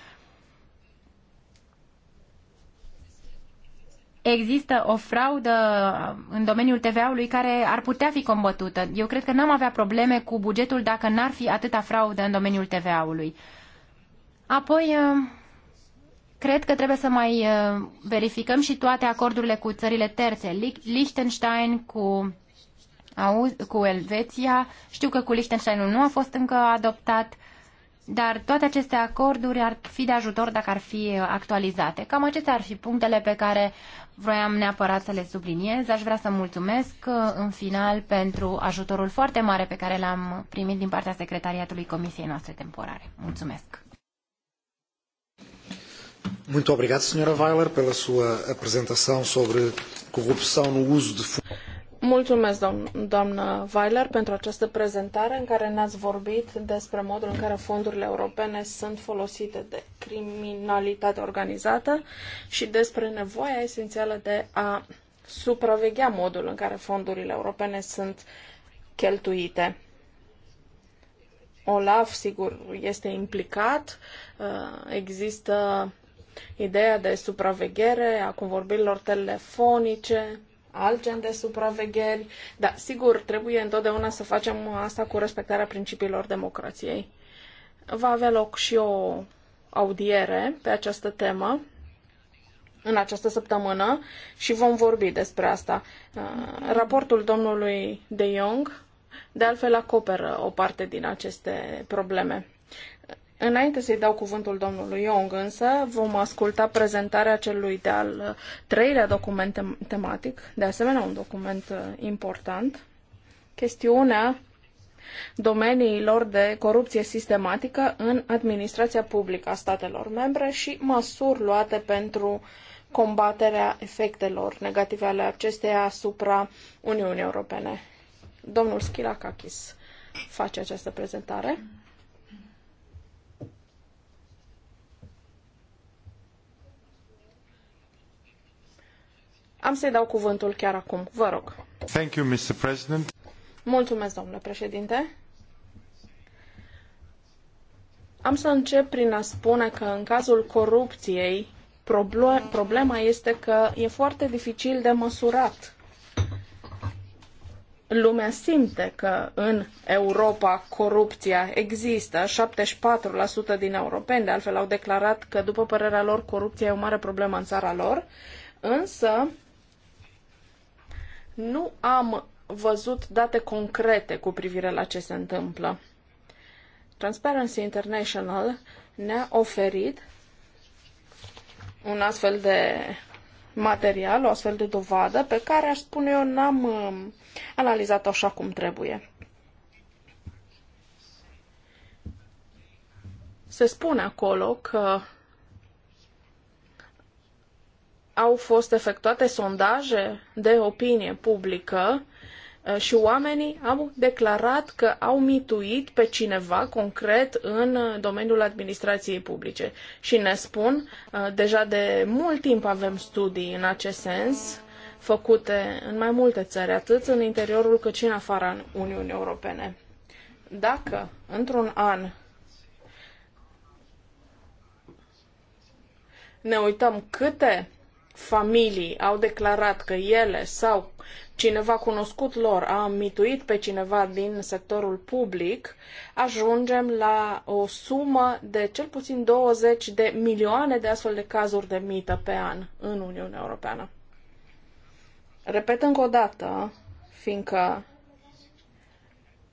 Există o fraudă în domeniul TVA-ului care ar putea fi combătută. Eu cred că n-am avea probleme cu bugetul dacă n-ar fi atâta fraudă în domeniul TVA-ului. Apoi, uh, Cred că trebuie să mai uh, verificăm și toate acordurile cu țările terțe, Liechtenstein cu, cu Elveția. Știu că cu Liechtensteinul nu a fost încă adoptat, dar toate aceste acorduri ar fi de ajutor dacă ar fi uh, actualizate. Cam acestea ar fi punctele pe care vroiam neapărat să le subliniez. Aș vrea să mulțumesc uh, în final pentru ajutorul foarte mare pe care l-am primit din partea secretariatului Comisiei noastre temporare. Mulțumesc! Muito obrigado, Sra. Weiler, pela sua apresentação sobre corrupção no uso de Mulțumesc, doamnă Weiler, pentru această prezentare în care ne-ați vorbit despre modul în care fondurile europene sunt folosite de criminalitate organizată și despre nevoia esențială de a supraveghea modul în care fondurile europene sunt cheltuite. Olaf, sigur, este implicat, uh, există Ideea de supraveghere a convorbirilor telefonice, alt gen de supravegheri. dar sigur, trebuie întotdeauna să facem asta cu respectarea principiilor democrației. Va avea loc și o audiere pe această temă în această săptămână și vom vorbi despre asta. Uh, raportul domnului De Jong de altfel acoperă o parte din aceste probleme. Înainte să-i dau cuvântul domnului Young, însă, vom asculta prezentarea celui de-al uh, treilea document tematic, de asemenea un document uh, important, chestiunea domeniilor de corupție sistematică în administrația publică a statelor membre și măsuri luate pentru combaterea efectelor negative ale acesteia asupra Uniunii Europene. Domnul Schilakakis face această prezentare. Am să-i dau cuvântul chiar acum. Vă rog. Thank you, Mr. President. Mulțumesc, domnule președinte. Am să încep prin a spune că în cazul corupției problema este că e foarte dificil de măsurat. Lumea simte că în Europa corupția există. 74% din europeni, de altfel, au declarat că, după părerea lor, corupția e o mare problemă în țara lor. Însă, nu am văzut date concrete cu privire la ce se întâmplă. Transparency International ne-a oferit un astfel de material, o astfel de dovadă pe care, aș spune eu, n-am um, analizat-o așa cum trebuie. Se spune acolo că au fost efectuate sondaje de opinie publică uh, și oamenii au declarat că au mituit pe cineva concret în uh, domeniul administrației publice. Și ne spun, uh, deja de mult timp avem studii în acest sens, făcute în mai multe țări, atât în interiorul cât și în afara Uniunii Europene. Dacă într-un an ne uităm câte familii au declarat că ele sau cineva cunoscut lor a mituit pe cineva din sectorul public, ajungem la o sumă de cel puțin 20 de milioane de astfel de cazuri de mită pe an în Uniunea Europeană. Repet încă o dată, fiindcă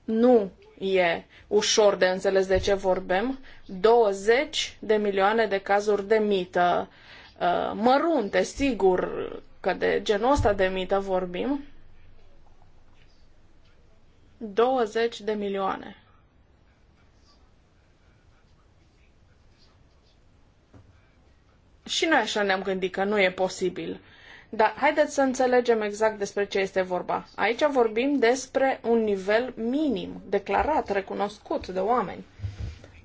nu e ușor de înțeles de ce vorbim, 20 de milioane de cazuri de mită Uh, mărunte, sigur că de genul ăsta de mită vorbim, 20 de milioane. Și noi așa ne-am gândit că nu e posibil. Dar haideți să înțelegem exact despre ce este vorba. Aici vorbim despre un nivel minim, declarat, recunoscut de oameni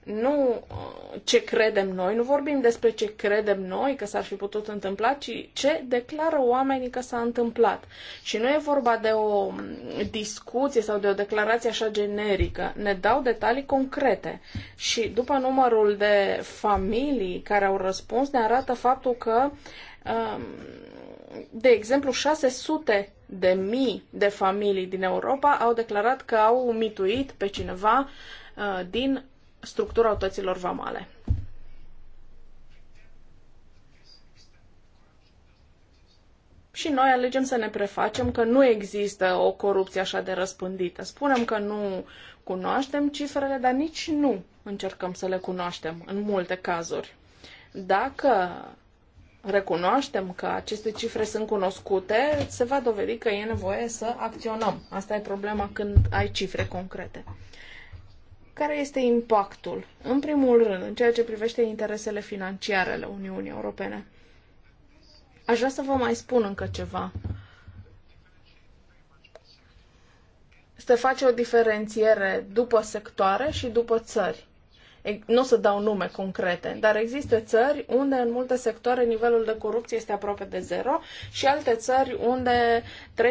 nu uh, ce credem noi, nu vorbim despre ce credem noi că s-ar fi putut întâmpla, ci ce declară oamenii că s-a întâmplat. Și nu e vorba de o mm, discuție sau de o declarație așa generică. Ne dau detalii concrete. Și după numărul de familii care au răspuns, ne arată faptul că, um, de exemplu, 600 de mii de familii din Europa au declarat că au mituit pe cineva uh, din structura autorităților vamale. Și noi alegem să ne prefacem că nu există o corupție așa de răspândită. Spunem că nu cunoaștem cifrele, dar nici nu încercăm să le cunoaștem în multe cazuri. Dacă recunoaștem că aceste cifre sunt cunoscute, se va dovedi că e nevoie să acționăm. Asta e problema când ai cifre concrete. Care este impactul? În primul rând, în ceea ce privește interesele financiare ale Uniunii Europene. Aș vrea să vă mai spun încă ceva. Se face o diferențiere după sectoare și după țări nu o să dau nume concrete, dar există țări unde în multe sectoare nivelul de corupție este aproape de zero și alte țări unde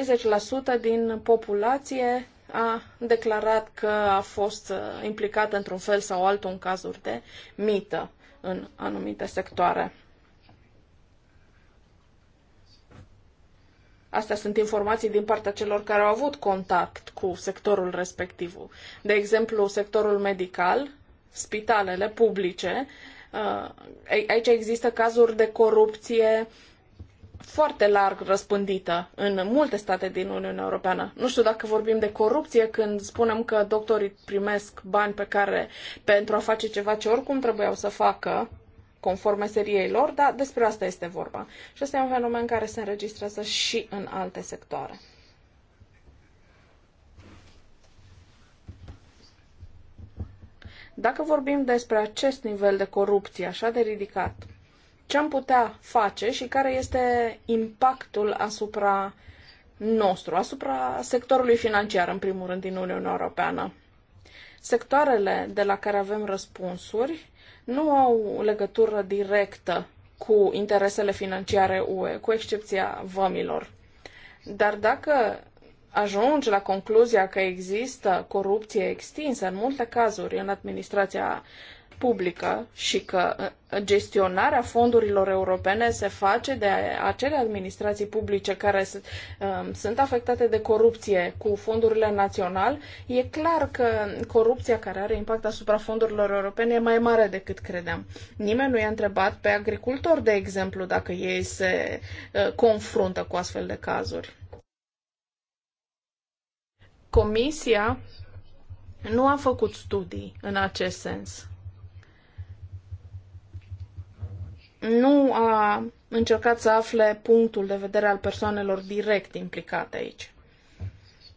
30% din populație a declarat că a fost uh, implicat într-un fel sau altul în cazuri de mită în anumite sectoare. Astea sunt informații din partea celor care au avut contact cu sectorul respectiv. De exemplu, sectorul medical, spitalele publice. Uh, aici există cazuri de corupție foarte larg răspândită în multe state din Uniunea Europeană. Nu știu dacă vorbim de corupție când spunem că doctorii primesc bani pe care pentru a face ceva ce oricum trebuiau să facă, conform meseriei lor, dar despre asta este vorba. Și asta e un fenomen care se înregistrează și în alte sectoare. Dacă vorbim despre acest nivel de corupție așa de ridicat, ce am putea face și care este impactul asupra nostru, asupra sectorului financiar, în primul rând, din Uniunea Europeană. Sectoarele de la care avem răspunsuri nu au legătură directă cu interesele financiare UE, cu excepția vămilor. Dar dacă ajungi la concluzia că există corupție extinsă în multe cazuri în administrația publică și că uh, gestionarea fondurilor europene se face de acele administrații publice care um, sunt afectate de corupție cu fondurile naționale, e clar că corupția care are impact asupra fondurilor europene e mai mare decât credeam. Nimeni nu i-a întrebat pe agricultori, de exemplu, dacă ei se uh, confruntă cu astfel de cazuri. Comisia nu a făcut studii în acest sens. nu a încercat să afle punctul de vedere al persoanelor direct implicate aici.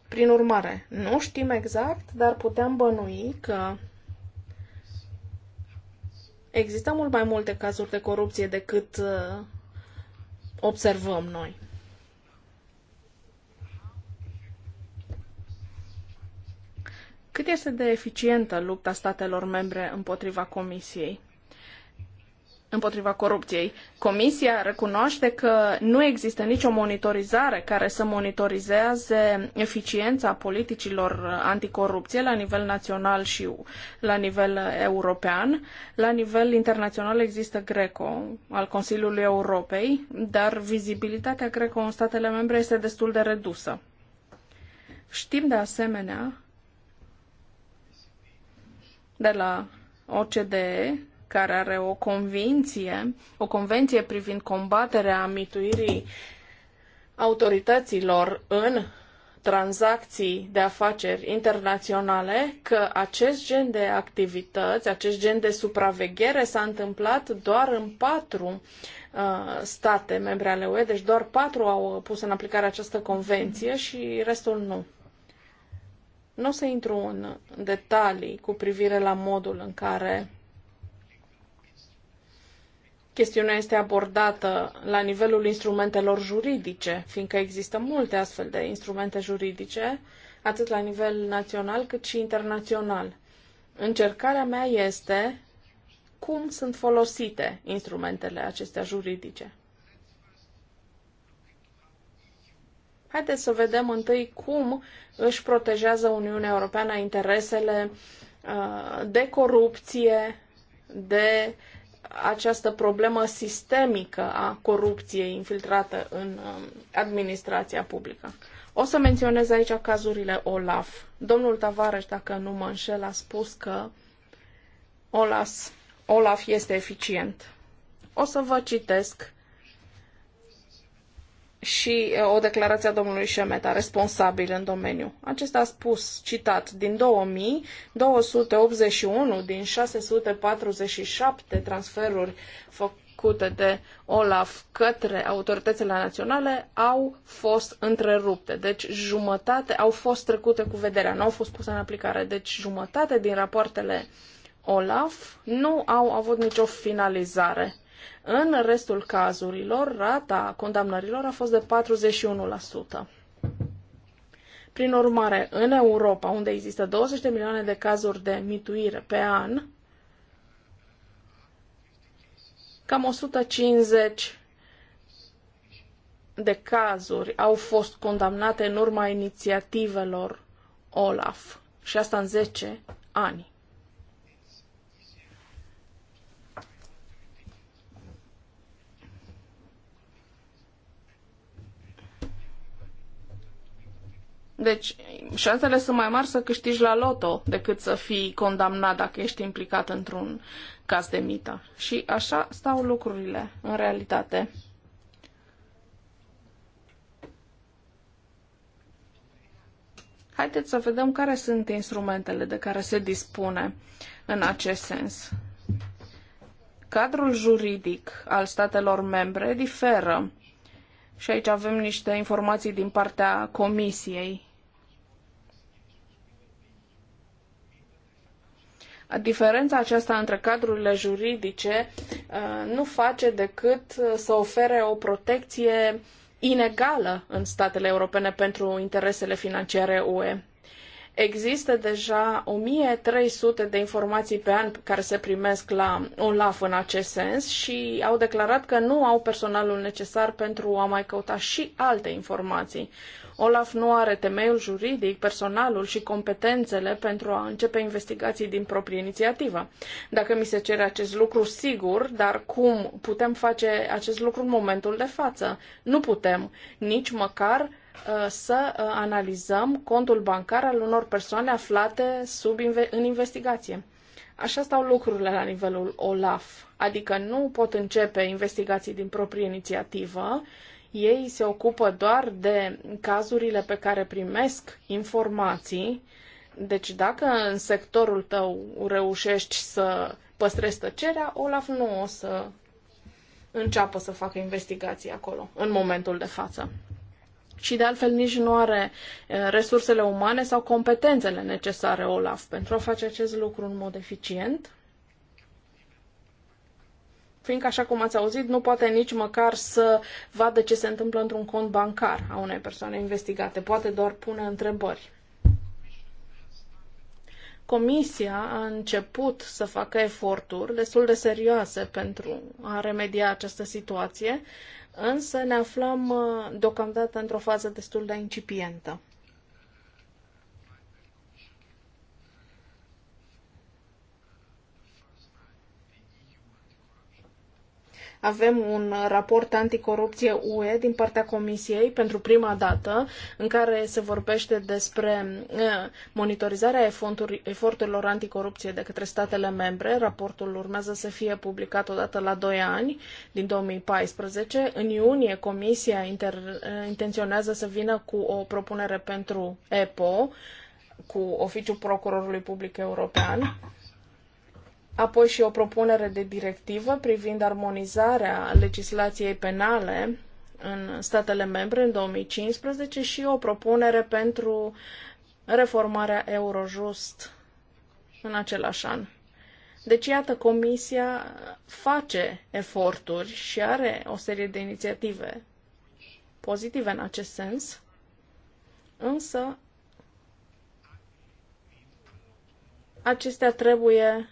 Prin urmare, nu știm exact, dar putem bănui că există mult mai multe cazuri de corupție decât uh, observăm noi. Cât este de eficientă lupta statelor membre împotriva Comisiei? împotriva corupției. Comisia recunoaște că nu există nicio monitorizare care să monitorizeze eficiența politicilor anticorupție la nivel național și la nivel european. La nivel internațional există Greco al Consiliului Europei, dar vizibilitatea Greco în statele membre este destul de redusă. Știm de asemenea de la OCDE care are o convenție, o convenție privind combaterea mituirii autorităților în tranzacții de afaceri internaționale că acest gen de activități, acest gen de supraveghere s-a întâmplat doar în patru uh, state membre ale UE, deci doar patru au pus în aplicare această convenție și restul nu. Nu o să intru în detalii cu privire la modul în care Chestiunea este abordată la nivelul instrumentelor juridice, fiindcă există multe astfel de instrumente juridice, atât la nivel național cât și internațional. Încercarea mea este cum sunt folosite instrumentele acestea juridice. Haideți să vedem întâi cum își protejează Uniunea Europeană interesele uh, de corupție, de această problemă sistemică a corupției infiltrată în um, administrația publică. O să menționez aici cazurile Olaf. Domnul Tavares, dacă nu mă înșel, a spus că Olaf, Olaf este eficient. O să vă citesc și uh, o declarație a domnului Șemeta, responsabil în domeniu. Acesta a spus, citat, din 2000, 281 din 647 transferuri făcute de Olaf către autoritățile naționale au fost întrerupte. Deci jumătate au fost trecute cu vederea, nu au fost puse în aplicare. Deci jumătate din rapoartele Olaf nu au avut nicio finalizare în restul cazurilor, rata condamnărilor a fost de 41%. Prin urmare, în Europa, unde există 20 de milioane de cazuri de mituire pe an, cam 150 de cazuri au fost condamnate în urma inițiativelor OLAF. Și asta în 10 ani. Deci, șansele sunt mai mari să câștigi la loto decât să fii condamnat dacă ești implicat într-un caz de mită. Și așa stau lucrurile, în realitate. Haideți să vedem care sunt instrumentele de care se dispune în acest sens. Cadrul juridic al statelor membre diferă și aici avem niște informații din partea Comisiei Diferența aceasta între cadrurile juridice uh, nu face decât uh, să ofere o protecție inegală în statele europene pentru interesele financiare UE. Există deja 1300 de informații pe an care se primesc la OLAF în acest sens și au declarat că nu au personalul necesar pentru a mai căuta și alte informații. Olaf nu are temeiul juridic, personalul și competențele pentru a începe investigații din proprie inițiativă. Dacă mi se cere acest lucru, sigur, dar cum putem face acest lucru în momentul de față? Nu putem, nici măcar uh, să uh, analizăm contul bancar al unor persoane aflate sub, în investigație. Așa stau lucrurile la nivelul OLAF, adică nu pot începe investigații din proprie inițiativă ei se ocupă doar de cazurile pe care primesc informații. Deci dacă în sectorul tău reușești să păstrezi tăcerea, Olaf nu o să înceapă să facă investigații acolo, în momentul de față. Și de altfel nici nu are eh, resursele umane sau competențele necesare Olaf pentru a face acest lucru în mod eficient fiindcă, așa cum ați auzit, nu poate nici măcar să vadă ce se întâmplă într-un cont bancar a unei persoane investigate, poate doar pune întrebări. Comisia a început să facă eforturi destul de serioase pentru a remedia această situație, însă ne aflăm uh, deocamdată într-o fază destul de incipientă. Avem un raport anticorupție UE din partea Comisiei pentru prima dată, în care se vorbește despre eh, monitorizarea eforturilor anticorupție de către statele membre. Raportul urmează să fie publicat odată la doi ani, din 2014. În iunie, Comisia inter- eh, intenționează să vină cu o propunere pentru EPO, cu Oficiul Procurorului Public European apoi și o propunere de directivă privind armonizarea legislației penale în statele membre în 2015 și o propunere pentru reformarea Eurojust în același an. Deci, iată, Comisia face eforturi și are o serie de inițiative pozitive în acest sens, însă acestea trebuie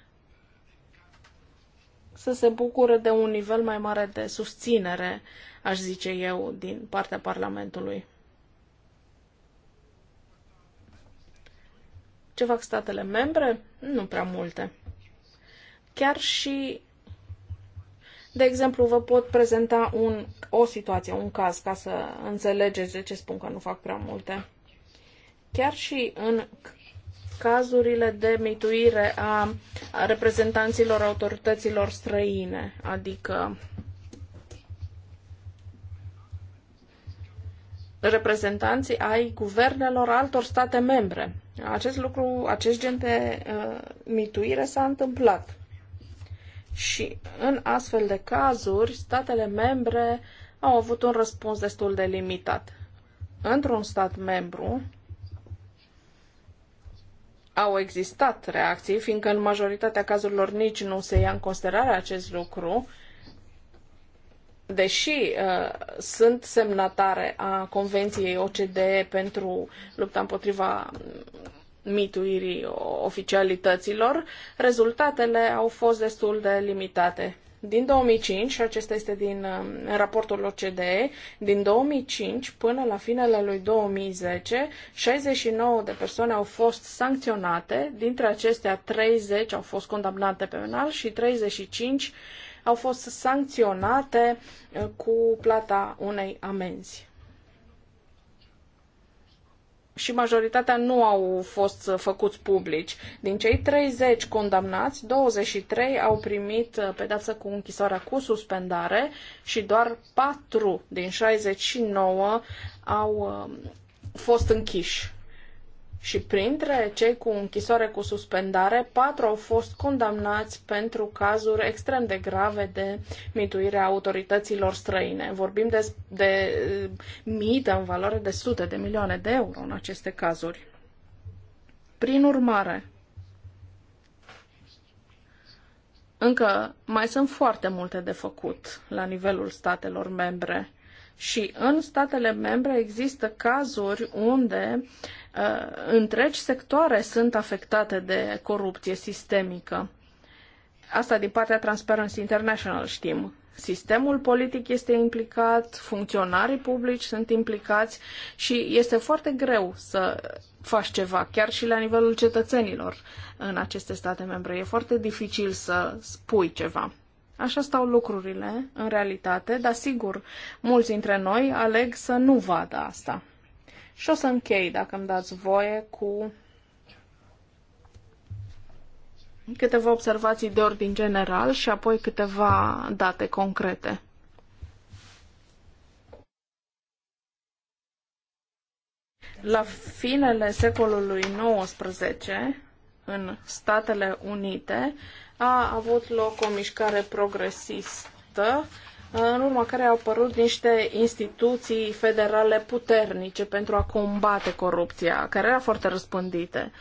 să se bucure de un nivel mai mare de susținere, aș zice eu, din partea Parlamentului. Ce fac statele membre? Nu prea multe. Chiar și, de exemplu, vă pot prezenta un, o situație, un caz, ca să înțelegeți de ce spun că nu fac prea multe. Chiar și în cazurile de mituire a reprezentanților autorităților străine, adică reprezentanții ai guvernelor altor state membre. Acest lucru, acest gen de uh, mituire s-a întâmplat. Și în astfel de cazuri, statele membre au avut un răspuns destul de limitat. Într-un stat membru, au existat reacții, fiindcă în majoritatea cazurilor nici nu se ia în considerare acest lucru, deși uh, sunt semnatare a Convenției OCDE pentru lupta împotriva mituirii oficialităților, rezultatele au fost destul de limitate din 2005, și acesta este din um, raportul OCDE, din 2005 până la finele lui 2010, 69 de persoane au fost sancționate, dintre acestea 30 au fost condamnate penal și 35 au fost sancționate uh, cu plata unei amenzi și majoritatea nu au fost făcuți publici. Din cei 30 condamnați, 23 au primit pedeapsă cu închisoarea cu suspendare și doar 4 din 69 au um, fost închiși și printre cei cu închisoare cu suspendare, patru au fost condamnați pentru cazuri extrem de grave de mituire a autorităților străine. Vorbim de, de eh, mită în valoare de sute de milioane de euro în aceste cazuri. Prin urmare, încă mai sunt foarte multe de făcut la nivelul statelor membre și în statele membre există cazuri unde Uh, întregi sectoare sunt afectate de corupție sistemică. Asta din partea Transparency International știm. Sistemul politic este implicat, funcționarii publici sunt implicați și este foarte greu să faci ceva, chiar și la nivelul cetățenilor în aceste state membre. E foarte dificil să spui ceva. Așa stau lucrurile în realitate, dar sigur, mulți dintre noi aleg să nu vadă asta. Și o să închei, dacă îmi dați voie, cu câteva observații de ordin general și apoi câteva date concrete. La finele secolului XIX, în Statele Unite, a avut loc o mișcare progresistă în urma care au apărut niște instituții federale puternice pentru a combate corupția, care era foarte răspândite,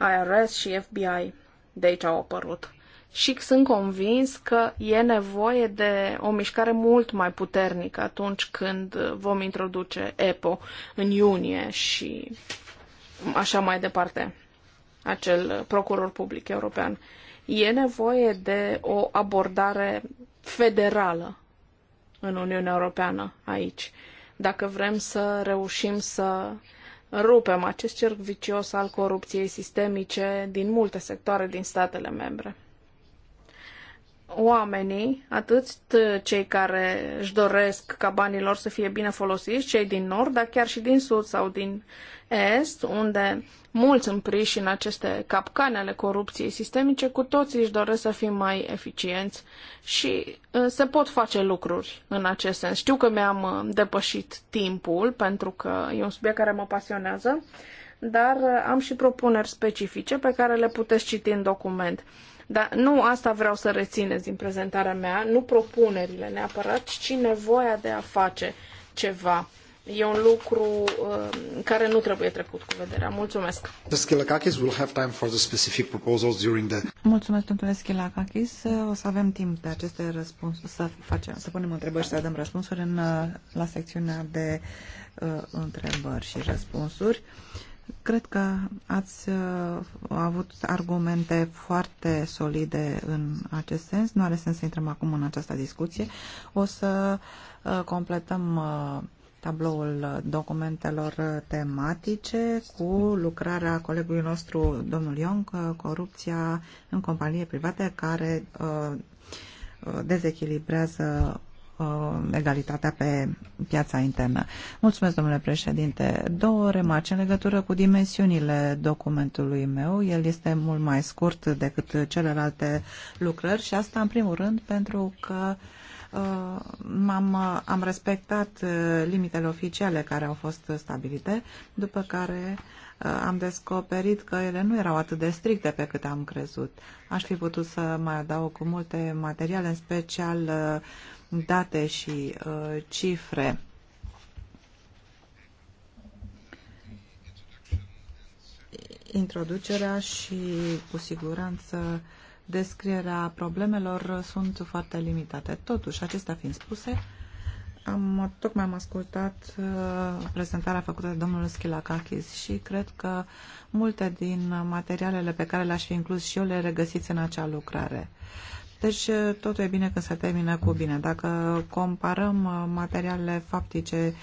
IRS și FBI. De aici au apărut. Și sunt convins că e nevoie de o mișcare mult mai puternică atunci când vom introduce EPO în iunie și așa mai departe, acel procuror public european. E nevoie de o abordare federală în Uniunea Europeană aici. Dacă vrem să reușim să rupem acest cerc vicios al corupției sistemice din multe sectoare din statele membre oamenii, atât cei care își doresc ca banii lor să fie bine folosiți, cei din nord, dar chiar și din sud sau din est, unde mulți împriși în aceste capcane ale corupției sistemice, cu toții își doresc să fim mai eficienți și uh, se pot face lucruri în acest sens. Știu că mi-am uh, depășit timpul, pentru că e un subiect care mă pasionează, dar uh, am și propuneri specifice pe care le puteți citi în document. Dar nu asta vreau să rețineți din prezentarea mea, nu propunerile neapărat, ci nevoia de a face ceva. E un lucru uh, care nu trebuie trecut cu vederea. Mulțumesc. Skilakakis will have time for the specific proposals during the... Mulțumesc, domnule Schilakakis. O să avem timp de aceste răspunsuri, să, facem, să punem întrebări și să dăm răspunsuri în, la secțiunea de uh, întrebări și răspunsuri. Uh, Cred că ați uh, avut argumente foarte solide în acest sens. Nu are sens să intrăm acum în această discuție. O să uh, completăm uh, tabloul documentelor tematice cu lucrarea colegului nostru, domnul Iong, corupția în companie private care dezechilibrează Uh, egalitatea pe piața internă. Mulțumesc, domnule președinte. Două remarci în legătură cu dimensiunile documentului meu. El este mult mai scurt decât celelalte lucrări și asta, în primul rând, pentru că uh, am am respectat uh, limitele oficiale care au fost stabilite, după care am descoperit că ele nu erau atât de stricte pe cât am crezut. Aș fi putut să mai adaug cu multe materiale, în special uh, date și uh, cifre. Introducerea și, cu siguranță, descrierea problemelor sunt foarte limitate. Totuși, acestea fiind spuse, am, tocmai am ascultat uh, prezentarea făcută de domnul Schilacakis și cred că multe din materialele pe care le-aș fi inclus și eu le regăsiți în acea lucrare. Deci totul e bine când se termină cu bine. Dacă comparăm uh, materialele faptice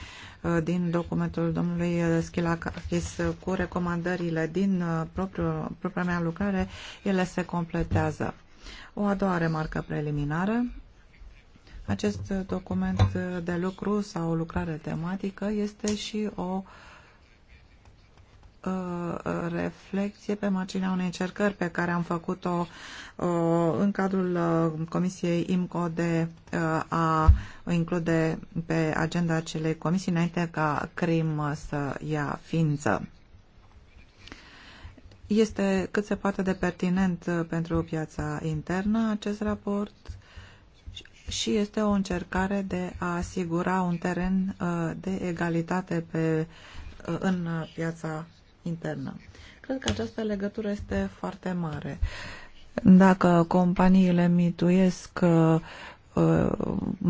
uh, din documentul domnului Schilakis cu recomandările din uh, propria mea lucrare, ele se completează. O a doua remarcă preliminară. Acest document de lucru sau lucrare tematică este și o uh, Uh, reflecție pe marginea unei încercări pe care am făcut-o uh, în cadrul uh, Comisiei IMCO de a include pe agenda acelei comisii înainte ca CRIM să ia ființă. Este cât se poate de pertinent pentru piața internă acest raport și este o încercare de a asigura un teren de egalitate pe, în piața internă. Cred că această legătură este foarte mare. Dacă companiile mituiesc uh, uh,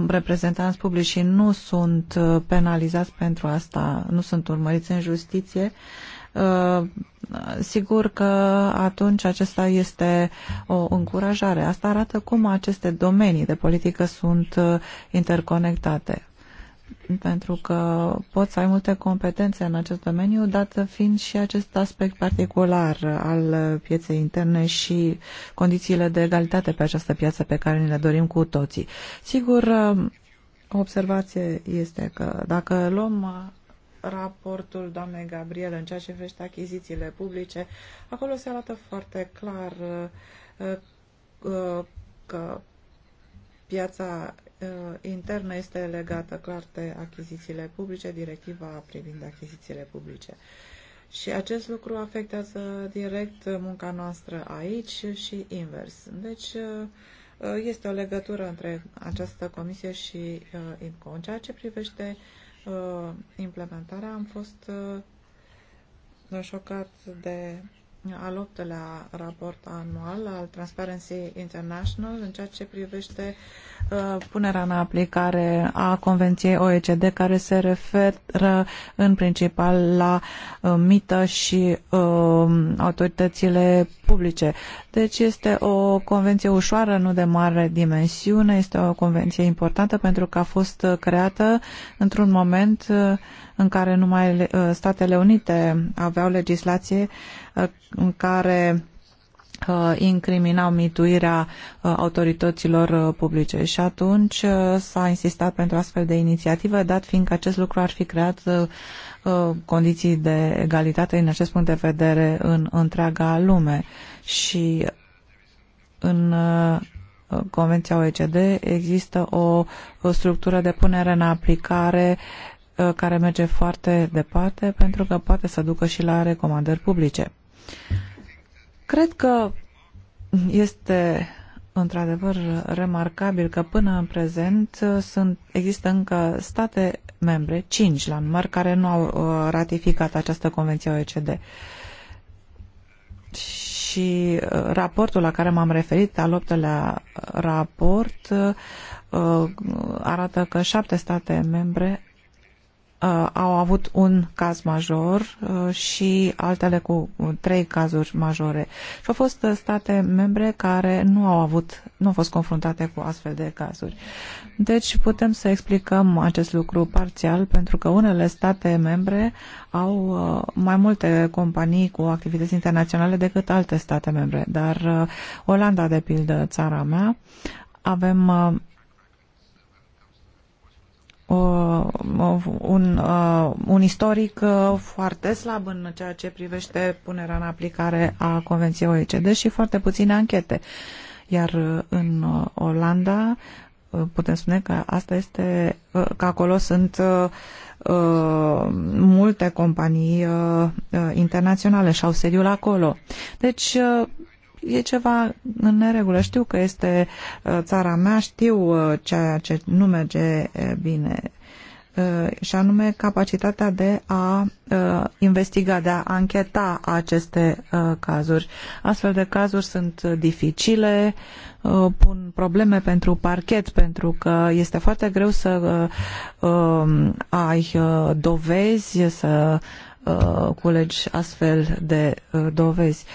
reprezentanți publici și nu sunt uh, penalizați pentru asta, nu sunt urmăriți în justiție, sigur că atunci acesta este o încurajare. Asta arată cum aceste domenii de politică sunt interconectate pentru că poți să ai multe competențe în acest domeniu, dat fiind și acest aspect particular al pieței interne și condițiile de egalitate pe această piață pe care ni le dorim cu toții. Sigur, o observație este că dacă luăm raportul doamnei Gabriel în ceea ce privește achizițiile publice, acolo se arată foarte clar uh, uh, că piața Uh, internă este legată clar de achizițiile publice, directiva privind achizițiile publice. Și acest lucru afectează direct munca noastră aici și invers. Deci uh, uh, este o legătură între această comisie și IMCO. În ceea ce privește implementarea, am fost șocat de al optelea raport anual al Transparency International în ceea ce privește uh, punerea în aplicare a Convenției OECD care se referă în principal la uh, mită și uh, autoritățile publice. Deci este o convenție ușoară, nu de mare dimensiune, este o convenție importantă pentru că a fost creată într-un moment în care numai uh, Statele Unite aveau legislație uh, în care uh, incriminau mituirea autorităților publice și atunci s-a insistat pentru astfel de inițiativă, dat fiindcă acest lucru ar fi creat condiții de egalitate în acest punct de vedere în întreaga lume și în Convenția OECD există o, o structură de punere în aplicare Uh, care merge foarte departe pentru că poate să ducă și la recomandări publice. Cred că este într-adevăr remarcabil că până în prezent uh, sunt, există încă state membre, cinci la număr, care nu au uh, ratificat această convenție OECD. Și raportul la care m-am referit, al optelea raport, arată că șapte state membre Uh, au avut un caz major uh, și altele cu trei cazuri majore. Și au fost uh, state membre care nu au avut, nu au fost confruntate cu astfel de cazuri. Deci putem să explicăm acest lucru parțial pentru că unele state membre au mai multe companii cu activități internaționale decât alte state membre, dar Olanda, de pildă, țara mea, avem Uh, un, uh, un istoric uh, foarte slab în ceea ce privește punerea în aplicare a Convenției OECD și foarte puține anchete. Iar în Olanda putem spune că asta este că acolo sunt multe companii internaționale și au sediul acolo. Deci e ceva în neregulă. Știu că este uh, țara mea, știu uh, ceea ce nu merge bine uh, și anume capacitatea de a investiga, de a ancheta aceste cazuri. Astfel de cazuri sunt dificile, pun probleme pentru parchet, pentru că este foarte greu să um, ai dovezi, să culegi astfel de dovezi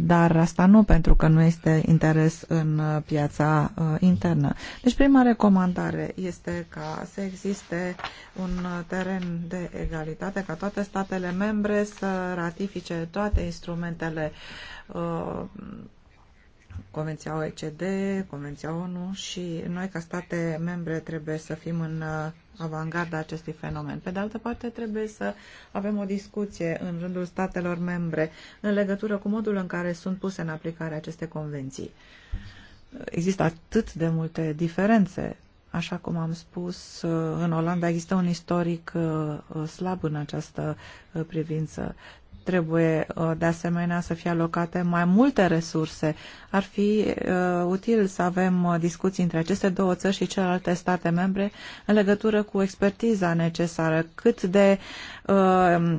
dar asta nu pentru că nu este interes în piața uh, internă. Deci prima recomandare este ca să existe un teren de egalitate, ca toate statele membre să ratifice toate instrumentele uh, Convenția OECD, Convenția ONU și noi ca state membre trebuie să fim în uh, avangarda acestui fenomen. Pe de altă parte, trebuie să avem o discuție în rândul statelor membre în legătură cu modul în care sunt puse în aplicare aceste convenții. Există atât de multe diferențe. Așa cum am spus, uh, în Olanda există un istoric uh, slab în această privință. Trebuie uh, de asemenea să fie alocate mai multe resurse. Ar fi uh, util să avem uh, discuții între aceste două țări și celelalte state membre în legătură cu expertiza necesară, cât de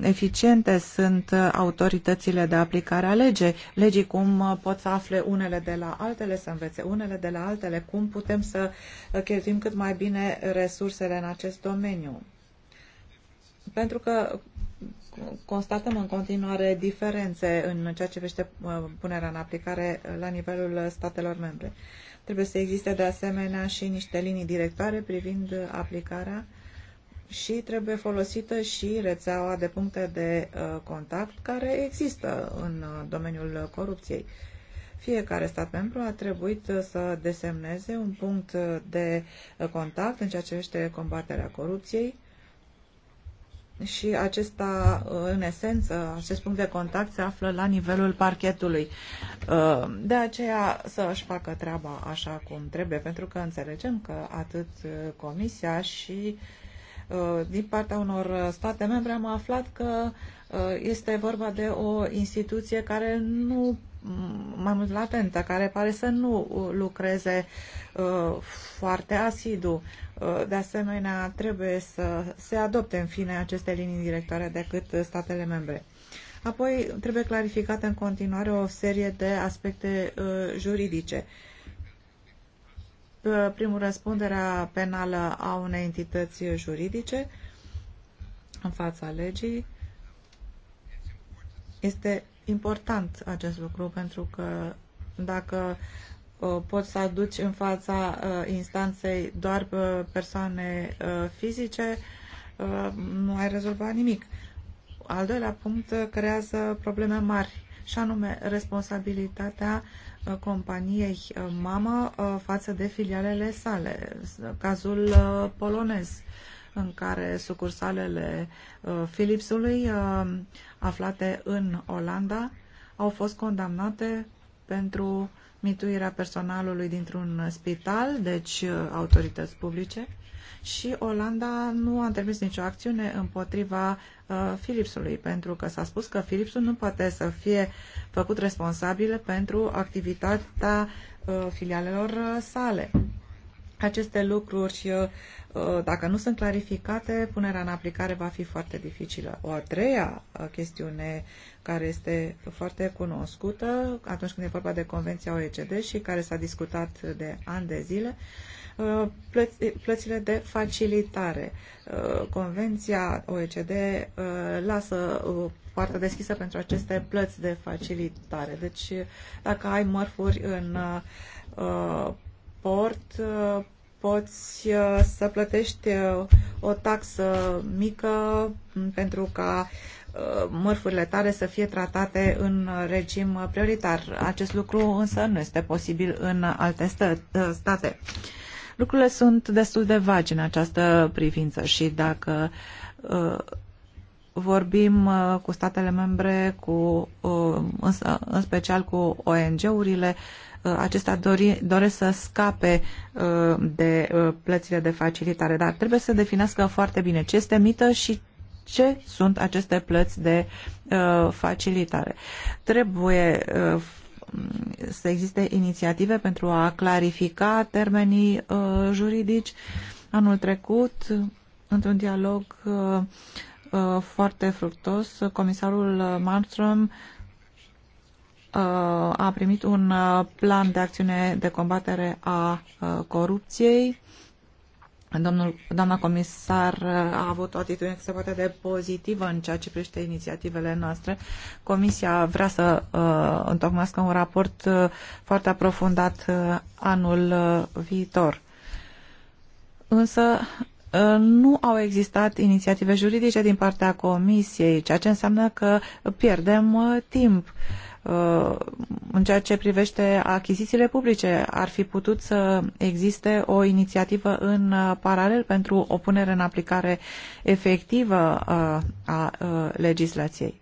eficiente sunt autoritățile de aplicare a legei, legii cum pot să afle unele de la altele, să învețe unele de la altele, cum putem să cheltuim cât mai bine resursele în acest domeniu pentru că constatăm în continuare diferențe în ceea ce vește uh, punerea în aplicare uh, la nivelul uh, statelor membre. Trebuie să existe de asemenea și niște linii directoare privind aplicarea și trebuie folosită și rețeaua de puncte de contact care există în domeniul corupției. Fiecare stat membru a trebuit să desemneze un punct de contact în ceea ce privește combaterea corupției, și acesta, în esență, acest punct de contact se află la nivelul parchetului. De aceea să își facă treaba așa cum trebuie, pentru că înțelegem că atât Comisia și uh, din partea unor state membre am aflat că uh, este vorba de o instituție care nu mm, mai mult latentă, care pare să nu lucreze uh, foarte asidu Uh, de asemenea, trebuie să se adopte în fine aceste linii directoare decât statele membre. Apoi, trebuie clarificată în continuare o serie de aspecte uh, juridice. Uh, primul, răspunderea penală a unei entități juridice în fața legii. Este important acest lucru pentru că dacă Uh, poți să aduci în fața uh, instanței doar uh, persoane fizice, nu ai rezolvat nimic. Al doilea punct creează probleme mari și anume responsabilitatea companiei mamă față de filialele sale. Cazul polonez în care sucursalele Philipsului aflate în Olanda au fost condamnate pentru mituirea personalului dintr-un spital, deci uh, autorități publice, și Olanda nu a întreprins nicio acțiune împotriva uh, Philipsului, pentru că s-a spus că Philipsul nu poate să fie făcut responsabil pentru activitatea uh, filialelor uh, sale. Aceste lucruri, uh, uh, dacă nu sunt clarificate, punerea în aplicare va fi foarte dificilă. O a treia uh, chestiune care este foarte cunoscută atunci când e vorba de Convenția OECD și care s-a discutat de ani de zile, plățile de facilitare. Convenția OECD lasă foarte deschisă pentru aceste plăți de facilitare. Deci, dacă ai mărfuri în transport uh, poți uh, să plătești uh, o taxă mică pentru ca mărfurile tale să fie tratate în regim prioritar. Acest lucru însă nu este posibil în alte state. Lucrurile sunt destul de vagi în această privință și dacă vorbim cu statele membre, cu, însă, în special cu ONG-urile, Uh, acestea dori, doresc să scape uh, de uh, plățile de facilitare, dar trebuie să definească foarte bine ce este mită și ce sunt aceste plăți de facilitare. Trebuie să existe inițiative pentru a clarifica termenii juridici. Anul trecut, într-un dialog foarte fructos, comisarul Malmström Uh, a primit un uh, plan de acțiune de combatere a uh, corupției. Domnul, doamna comisar a avut o atitudine se poate de pozitivă în ceea ce privește inițiativele noastre. Comisia vrea să uh, întocmească un raport uh, foarte aprofundat uh, anul uh, viitor. Însă uh, nu au existat inițiative juridice din partea Comisiei, ceea ce înseamnă că pierdem uh, timp. Uh, Uh, în ceea ce privește achizițiile publice, ar fi putut să existe o inițiativă în uh, paralel pentru o punere în aplicare efectivă uh, a legislației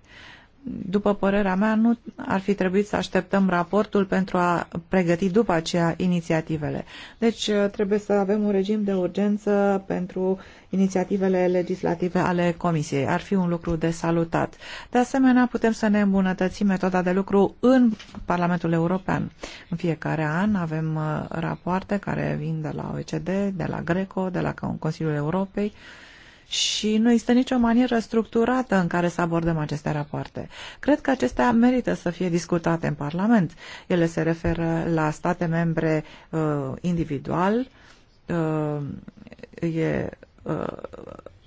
după părerea mea, nu ar fi trebuit să așteptăm raportul pentru a pregăti după aceea inițiativele. Deci uh, trebuie să avem un regim de urgență pentru inițiativele legislative ale Comisiei. Ar fi un lucru de salutat. De asemenea, putem să ne îmbunătățim metoda de lucru în Parlamentul European. În fiecare an avem uh, rapoarte care vin de la OECD, de la Greco, de la Consiliul Europei, și nu există nicio manieră structurată în care să abordăm aceste rapoarte. Cred că acestea merită să fie discutate în Parlament. Ele se referă la state membre uh, individual, uh, e uh,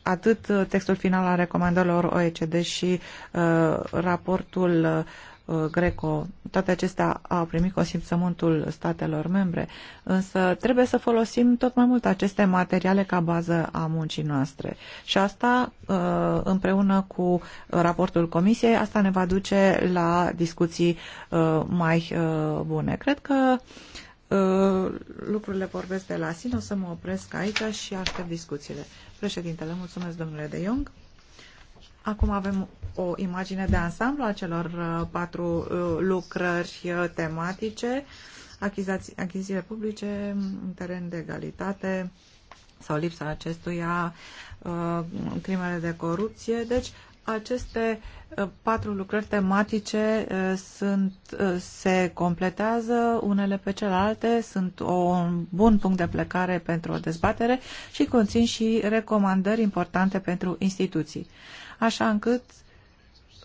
atât textul final al recomandărilor OECD și uh, raportul uh, Uh, Greco, toate acestea au primit consimțământul statelor membre, însă trebuie să folosim tot mai mult aceste materiale ca bază a muncii noastre. Și asta, uh, împreună cu raportul Comisiei, asta ne va duce la discuții uh, mai bune. Cred că lucrurile vorbesc de la sine, o să mă opresc aici și aștept discuțiile. Președintele, mulțumesc domnule De Jong. Acum avem o imagine de ansamblu a celor uh, patru uh, lucrări uh, tematice, achizițiile publice, mm, teren de egalitate sau lipsa acestuia, crimele de corupție. Deci, aceste Patru lucrări tematice uh, sunt, uh, se completează unele pe celelalte, sunt un bun punct de plecare pentru o dezbatere și conțin și recomandări importante pentru instituții, așa încât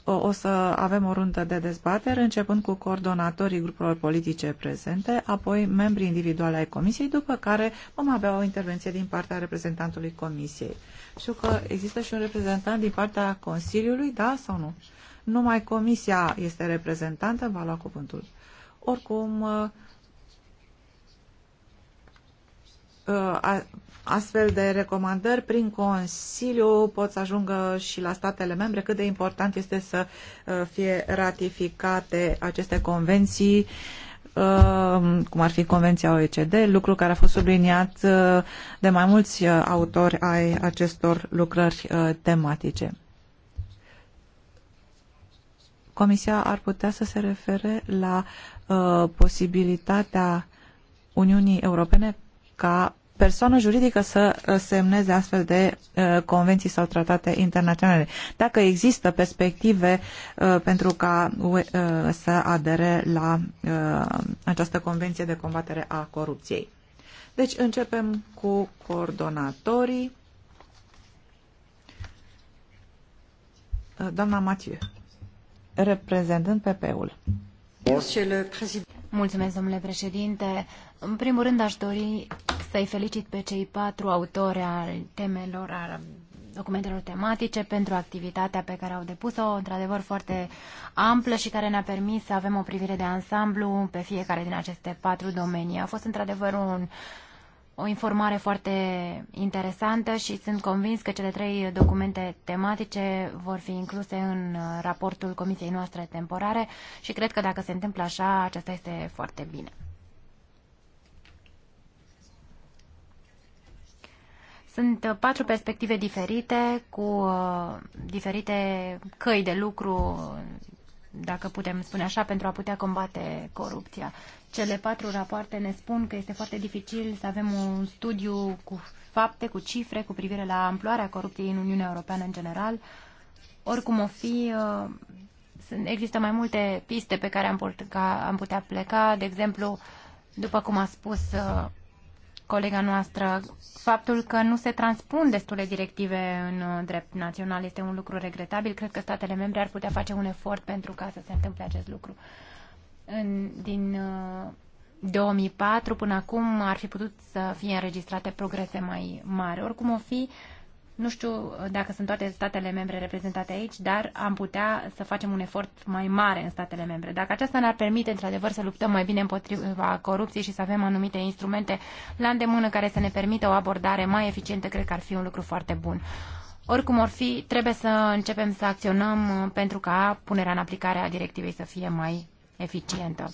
o să avem o rundă de dezbateri, începând cu coordonatorii grupurilor politice prezente, apoi membrii individuali ai comisiei, după care vom avea o intervenție din partea reprezentantului comisiei. Știu că există și un reprezentant din partea Consiliului, da sau nu? Numai comisia este reprezentantă, va lua cuvântul. Oricum, uh, astfel de recomandări prin Consiliu pot să ajungă și la statele membre, cât de important este să uh, fie ratificate aceste convenții uh, cum ar fi Convenția OECD, lucru care a fost subliniat uh, de mai mulți autori ai acestor lucrări tematice. Comisia ar putea să se refere la posibilitatea Uniunii Europene ca persoană juridică să uh, semneze astfel de uh, convenții sau tratate internaționale. Dacă există perspective uh, pentru ca să adere la această convenție de combatere a corupției. Deci începem cu coordonatorii. Doamna Mathieu, reprezentând PP-ul. Mulțumesc, domnule președinte. În primul rând aș dori să-i felicit pe cei patru autori al temelor, al documentelor tematice pentru activitatea pe care au depus-o, într-adevăr foarte amplă și care ne-a permis să avem o privire de ansamblu pe fiecare din aceste patru domenii. A fost într-adevăr un, o informare foarte interesantă și sunt convins că cele trei documente tematice vor fi incluse în raportul comisiei noastre temporare și cred că dacă se întâmplă așa, aceasta este foarte bine. Sunt uh, patru perspective diferite, cu uh, diferite căi de lucru, dacă putem spune așa, pentru a putea combate corupția. Cele patru rapoarte ne spun că este foarte dificil să avem un studiu cu fapte, cu cifre, cu privire la amploarea corupției în Uniunea Europeană în general. Oricum o fi, uh, există mai multe piste pe care am putea pleca, de exemplu, după cum a spus colega noastră, faptul că nu se transpun destule directive în uh, drept național este un lucru regretabil. Cred că statele membre ar putea face un efort pentru ca să se întâmple acest lucru. În, din 2004 uh, până acum ar fi putut să fie înregistrate progrese mai mari. Oricum o fi, uh, nu știu dacă sunt toate statele membre reprezentate aici, dar am putea să facem un efort mai mare în statele membre. Dacă aceasta ne-ar permite, într-adevăr, să luptăm mai bine împotriva corupției și să avem anumite instrumente la îndemână care să ne permită o abordare mai eficientă, cred că ar fi un lucru foarte bun. Oricum or fi, trebuie să începem să acționăm pentru ca punerea în aplicare a directivei să fie mai eficientă.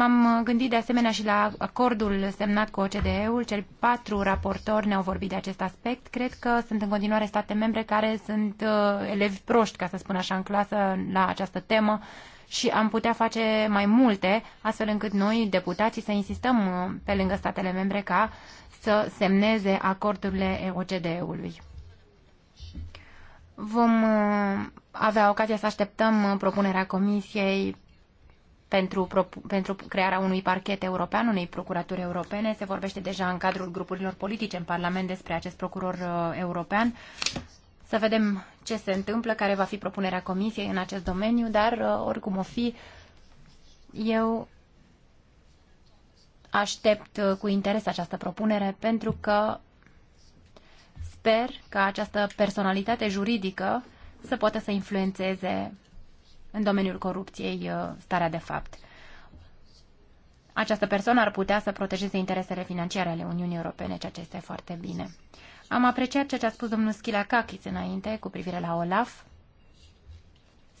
M-am uh, gândit de asemenea și la acordul semnat cu OCDE-ul. Cel patru raportori ne-au vorbit de acest aspect. Cred că sunt în continuare state membre care sunt uh, elevi proști, ca să spun așa, în clasă la această temă și am putea face mai multe, astfel încât noi, deputații, să insistăm uh, pe lângă statele membre ca să semneze acordurile OCDE-ului. Vom uh, avea ocazia să așteptăm propunerea Comisiei pentru, pentru crearea unui parchet european, unei procuraturi europene. Se vorbește deja în cadrul grupurilor politice în Parlament despre acest procuror uh, european. Să vedem ce se întâmplă, care va fi propunerea Comisiei în acest domeniu, dar uh, oricum o fi, eu aștept uh, cu interes această propunere pentru că sper că această personalitate juridică să poată să influențeze în domeniul corupției uh, starea de fapt. Această persoană ar putea să protejeze interesele financiare ale Uniunii Europene, ceea ce este foarte bine. Am apreciat ceea ce a spus domnul Schilakakis înainte cu privire la OLAF.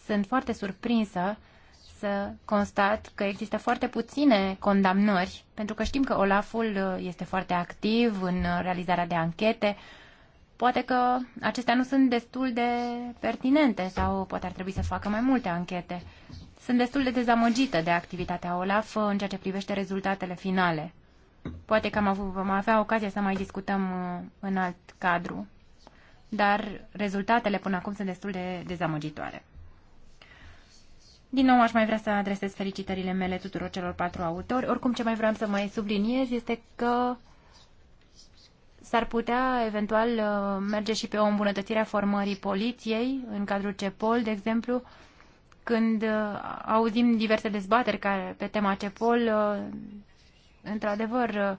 Sunt foarte surprinsă să constat că există foarte puține condamnări, pentru că știm că OLAF-ul uh, este foarte activ în uh, realizarea de anchete, Poate că acestea nu sunt destul de pertinente sau poate ar trebui să facă mai multe anchete. Sunt destul de dezamăgită de activitatea OLAF în ceea ce privește rezultatele finale. Poate că am avut, vom avea ocazia să mai discutăm uh, în alt cadru, dar rezultatele până acum sunt destul de dezamăgitoare. Din nou aș mai vrea să adresez felicitările mele tuturor celor patru autori. Oricum, ce mai vreau să mai subliniez este că S-ar putea eventual uh, merge și pe o îmbunătățire a formării poliției în cadrul CEPOL, de exemplu, când uh, auzim diverse dezbateri care, pe tema CEPOL, uh, într-adevăr,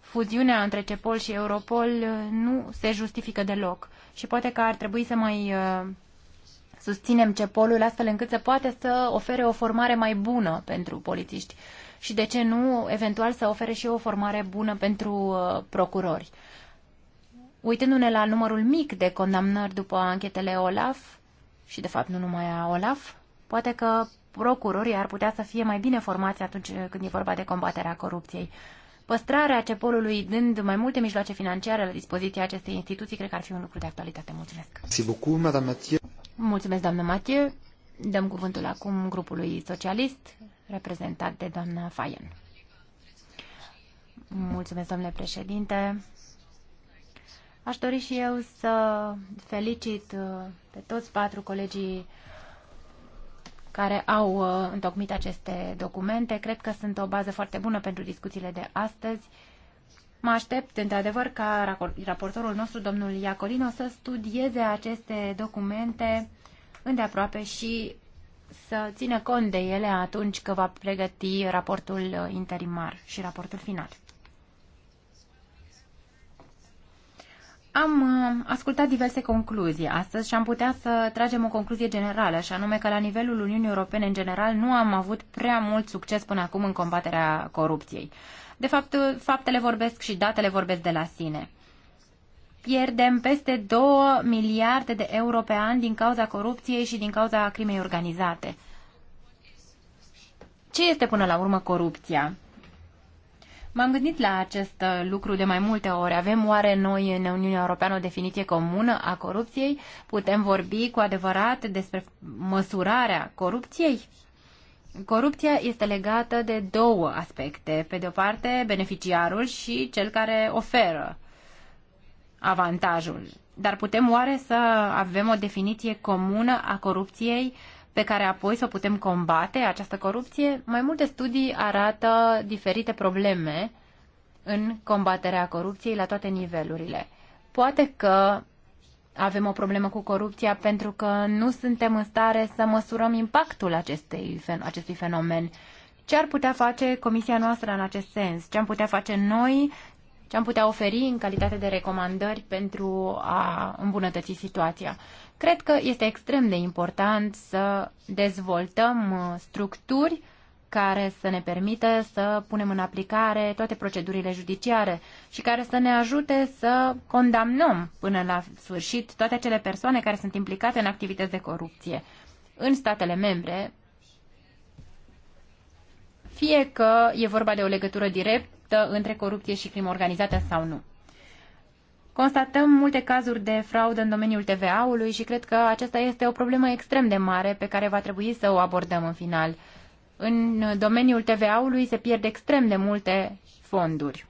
fuziunea între CEPOL și Europol nu se justifică deloc și poate că ar trebui să mai susținem CEPOL-ul astfel încât să poate să ofere o formare mai bună pentru polițiști și de ce nu, eventual, să ofere și o formare bună pentru uh, procurori. Uitându-ne la numărul mic de condamnări după anchetele OLAF, și de fapt nu numai a OLAF, poate că procurorii ar putea să fie mai bine formați atunci când e vorba de combaterea corupției. Păstrarea cepolului, dând mai multe mijloace financiare la dispoziția acestei instituții, cred că ar fi un lucru de actualitate. Mulțumesc! Mulțumesc, doamnă Mathieu! Dăm cuvântul acum grupului socialist, reprezentat de doamna Fayen. Mulțumesc, domnule președinte. Aș dori și eu să felicit uh, pe toți patru colegii care au uh, întocmit aceste documente. Cred că sunt o bază foarte bună pentru discuțiile de astăzi. Mă aștept, într-adevăr, ca raportorul nostru, domnul Iacolino, să studieze aceste documente îndeaproape și să țină cont de ele atunci când va pregăti raportul interimar și raportul final. Am uh, ascultat diverse concluzii astăzi și am putea să tragem o concluzie generală, și anume că la nivelul Uniunii Europene în general nu am avut prea mult succes până acum în combaterea corupției. De fapt, uh, faptele vorbesc și datele vorbesc de la sine pierdem peste 2 miliarde de euro pe an din cauza corupției și din cauza crimei organizate. Ce este până la urmă corupția? M-am gândit la acest lucru de mai multe ori. Avem oare noi în Uniunea Europeană o definiție comună a corupției? Putem vorbi cu adevărat despre măsurarea corupției? Corupția este legată de două aspecte. Pe de o parte, beneficiarul și cel care oferă uh, avantajul. Dar putem oare să avem o definiție comună a corupției pe care apoi să o putem combate, această corupție? Mai multe studii arată diferite probleme în combaterea corupției la toate nivelurile. Poate că avem o problemă cu corupția pentru că nu suntem în stare să măsurăm impactul acestei, acestui fenomen. Ce ar putea face comisia noastră în acest sens? Ce am putea face noi ce am putea oferi în calitate de recomandări pentru a îmbunătăți situația. Cred că este extrem de important să dezvoltăm uh, structuri care să ne permită să punem în aplicare toate procedurile judiciare și care să ne ajute să condamnăm până la sfârșit toate acele persoane care sunt implicate în activități de corupție în statele membre, fie că e vorba de o legătură direct, luptă între corupție și crimă organizată sau nu. Constatăm multe cazuri de fraudă în domeniul TVA-ului și cred că aceasta este o problemă extrem de mare pe care va trebui să o abordăm în final. În domeniul TVA-ului se pierd extrem de multe fonduri.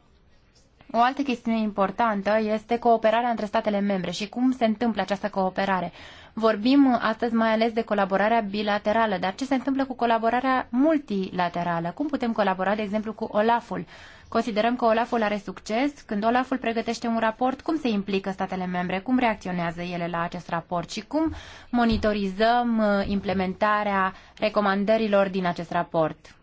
O altă chestiune importantă este cooperarea între statele membre și cum se întâmplă această cooperare. Vorbim astăzi mai ales de colaborarea bilaterală, dar ce se întâmplă cu colaborarea multilaterală? Cum putem colabora, de exemplu, cu OLAF-ul? Considerăm că Olaful are succes. Când Olaful pregătește un raport, cum se implică statele membre? Cum reacționează ele la acest raport? Și cum monitorizăm uh, implementarea recomandărilor din acest raport?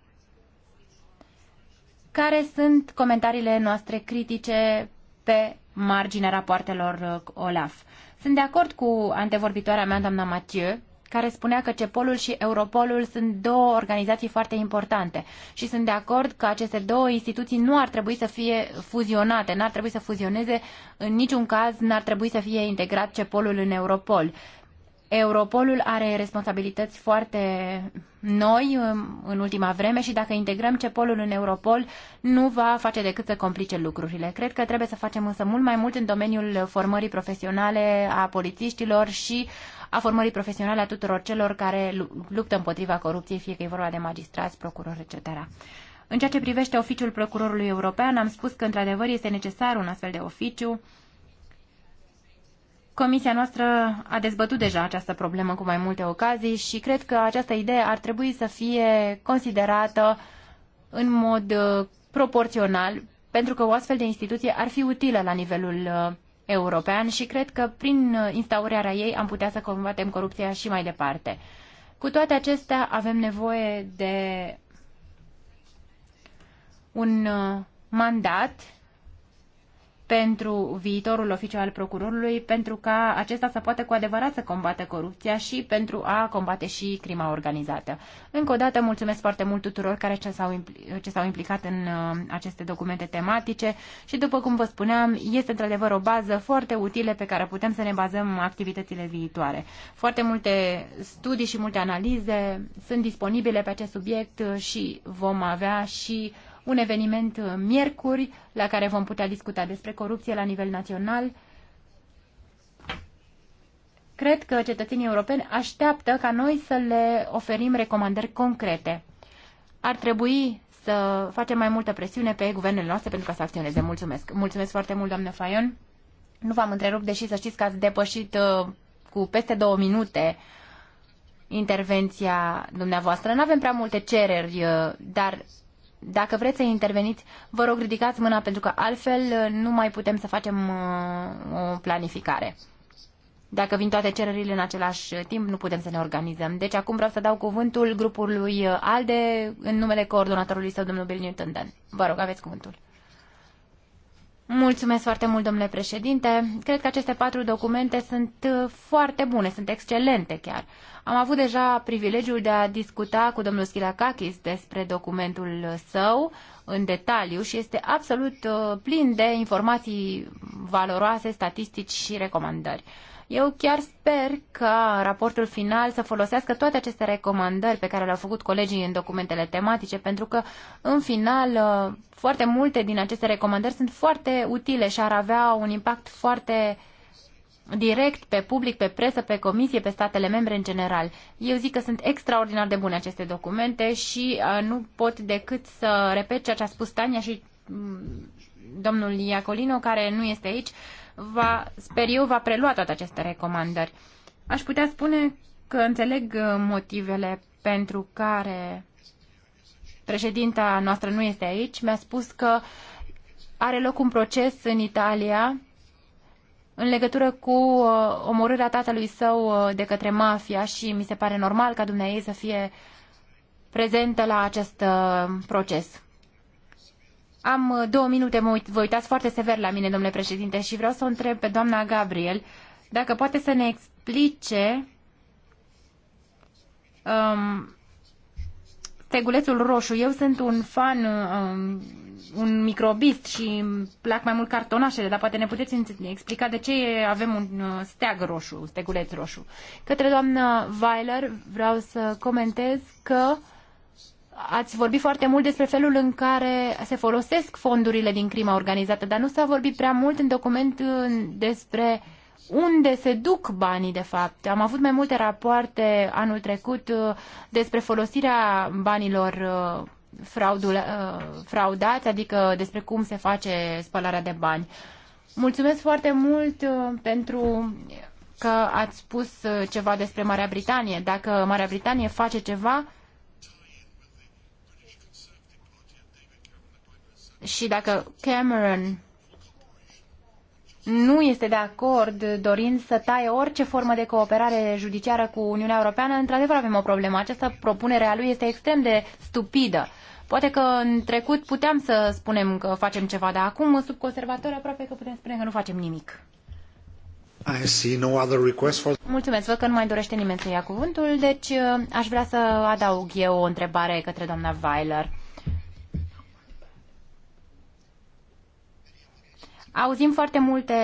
Care sunt comentariile noastre critice pe marginea rapoartelor uh, OLAF? Sunt de acord cu antevorbitoarea mea, doamna Mathieu, care spunea că CEPOL-ul și Europolul sunt două organizații foarte importante și sunt de acord că aceste două instituții nu ar trebui să fie fuzionate, n-ar trebui să fuzioneze, în niciun caz n-ar trebui să fie integrat CEPOL-ul în Europol. Europolul are responsabilități foarte noi um, în ultima vreme și dacă integrăm CEPOL-ul în Europol, nu va face decât să complice lucrurile. Cred că trebuie să facem însă mult mai mult în domeniul formării profesionale a polițiștilor și a formării profesionale a tuturor celor care luptă împotriva corupției, fie că e vorba de magistrați, procurori, etc. În ceea ce privește oficiul procurorului european, am spus că într-adevăr este necesar un astfel de oficiu. Comisia noastră a dezbătut deja această problemă cu mai multe ocazii și cred că această idee ar trebui să fie considerată în mod uh, proporțional, pentru că o astfel de instituție ar fi utilă la nivelul uh, european și cred că prin uh, instaurarea ei am putea să combatem corupția și mai departe. Cu toate acestea, avem nevoie de un uh, mandat pentru viitorul oficiu al procurorului, pentru ca acesta să poată cu adevărat să combată corupția și pentru a combate și crima organizată. Încă o dată mulțumesc foarte mult tuturor care ce s-au, s-au implicat în uh, aceste documente tematice și, după cum vă spuneam, este într-adevăr o bază foarte utilă pe care putem să ne bazăm activitățile viitoare. Foarte multe studii și multe analize sunt disponibile pe acest subiect uh, și vom avea și uh, un eveniment uh, miercuri la care vom putea discuta despre corupție la nivel național. Cred că cetățenii europeni așteaptă ca noi să le oferim recomandări concrete. Ar trebui să facem mai multă presiune pe guvernele noastre pentru ca să acționeze. Mulțumesc. Mulțumesc foarte mult, doamnă Faion. Nu v-am întrerupt, deși să știți că ați depășit uh, cu peste două minute intervenția dumneavoastră. Nu avem prea multe cereri, uh, dar dacă vreți să interveniți, vă rog ridicați mâna pentru că altfel uh, nu mai putem să facem uh, o planificare. Dacă vin toate cererile în același uh, timp, nu putem să ne organizăm. Deci acum vreau să dau cuvântul grupului ALDE în numele coordonatorului său, domnul Bill Newton Dan. Vă rog, aveți cuvântul. Mulțumesc foarte mult, domnule președinte. Cred că aceste patru documente sunt foarte bune, sunt excelente chiar. Am avut deja privilegiul de a discuta cu domnul Schilakakis despre documentul său în detaliu și este absolut uh, plin de informații valoroase, statistici și recomandări. Eu chiar sper ca raportul final să folosească toate aceste recomandări pe care le-au făcut colegii în documentele tematice, pentru că, în final, uh, foarte multe din aceste recomandări sunt foarte utile și ar avea un impact foarte uh, direct pe public, pe presă, pe comisie, pe statele membre în general. Eu zic că sunt extraordinar de bune aceste documente și uh, nu pot decât să repet ceea ce a spus Tania și mm, domnul Iacolino, care nu este aici, va, sper eu, va prelua toate aceste recomandări. Aș putea spune că înțeleg uh, motivele pentru care președinta noastră nu este aici. Mi-a spus că are loc un proces în Italia în legătură cu uh, omorârea tatălui său uh, de către mafia și mi se pare normal ca dumneai să fie prezentă la acest uh, proces. Am două minute, mă uit, vă uitați foarte sever la mine, domnule președinte, și vreau să o întreb pe doamna Gabriel dacă poate să ne explice um, stegulețul roșu. Eu sunt un fan um, un microbist și îmi plac mai mult cartonașele, dar poate ne puteți explica de ce avem un uh, steag roșu, un steguleț roșu. Către doamna Weiler vreau să comentez că ați vorbit foarte mult despre felul în care se folosesc fondurile din crima organizată, dar nu s-a vorbit prea mult în document uh, despre unde se duc banii, de fapt. Am avut mai multe rapoarte anul trecut uh, despre folosirea banilor fraudul, uh, fraudat, adică despre cum se face spălarea de bani. Mulțumesc foarte mult uh, pentru că ați spus uh, ceva despre Marea Britanie. Dacă Marea Britanie face ceva și dacă Cameron nu este de acord dorind să taie orice formă de cooperare judiciară cu Uniunea Europeană, într-adevăr avem o problemă. Această propunere a lui este extrem de stupidă. Poate că în trecut puteam să spunem că facem ceva, dar acum, sub conservator, aproape că putem spune că nu facem nimic. I see no other request for... Mulțumesc, văd că nu mai dorește nimeni să ia cuvântul, deci uh, aș vrea să adaug eu o întrebare către doamna Weiler. Auzim foarte multe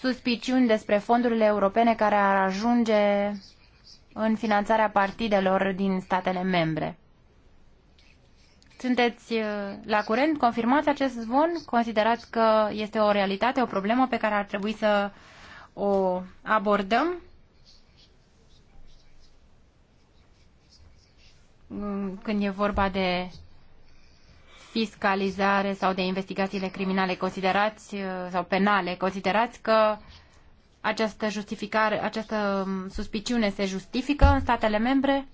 suspiciuni despre fondurile europene care ar ajunge în finanțarea partidelor din statele membre. Sunteți uh, la curent? Confirmați acest zvon? Considerați că este o realitate, o problemă pe care ar trebui să o abordăm? Mm, când e vorba de fiscalizare sau de investigațiile criminale considerați uh, sau penale, considerați că această justificare, această um, suspiciune se justifică în statele membre?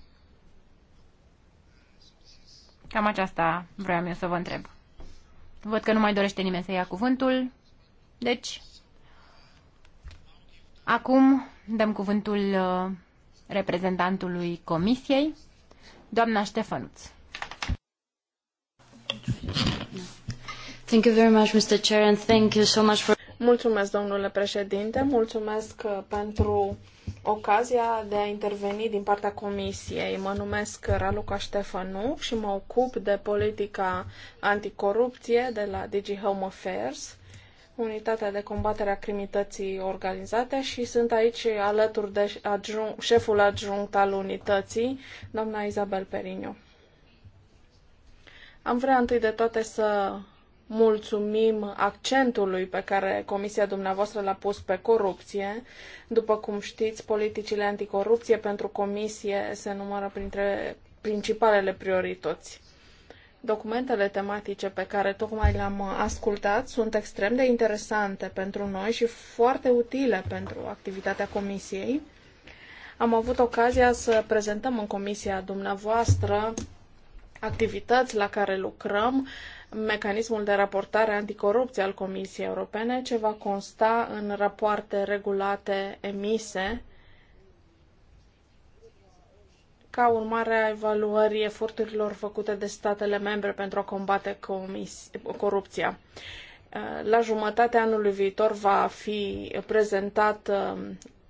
Cam aceasta vreau eu să vă întreb. Văd că nu mai dorește nimeni să ia cuvântul. Deci, acum dăm cuvântul uh, reprezentantului Comisiei, doamna Ștefănuț. Thank you very much, Mr. Chair, and thank you so much for... Mulțumesc, domnule președinte, mulțumesc uh, pentru ocazia de a interveni din partea comisiei. Mă numesc Raluca Ștefanu și mă ocup de politica anticorupție de la Digi Home Affairs, unitatea de combatere a criminalității organizate și sunt aici alături de adjun- șeful adjunct al unității, doamna Isabel Periniu. Am vrea întâi de toate să mulțumim accentului pe care comisia dumneavoastră l-a pus pe corupție. După cum știți, politicile anticorupție pentru comisie se numără printre principalele priorități. Documentele tematice pe care tocmai le-am ascultat sunt extrem de interesante pentru noi și foarte utile pentru activitatea comisiei. Am avut ocazia să prezentăm în comisia dumneavoastră activități la care lucrăm, mecanismul de raportare anticorupție al Comisiei Europene, ce va consta în rapoarte regulate emise ca urmare a evaluării eforturilor făcute de statele membre pentru a combate corupția. La jumătatea anului viitor va fi prezentat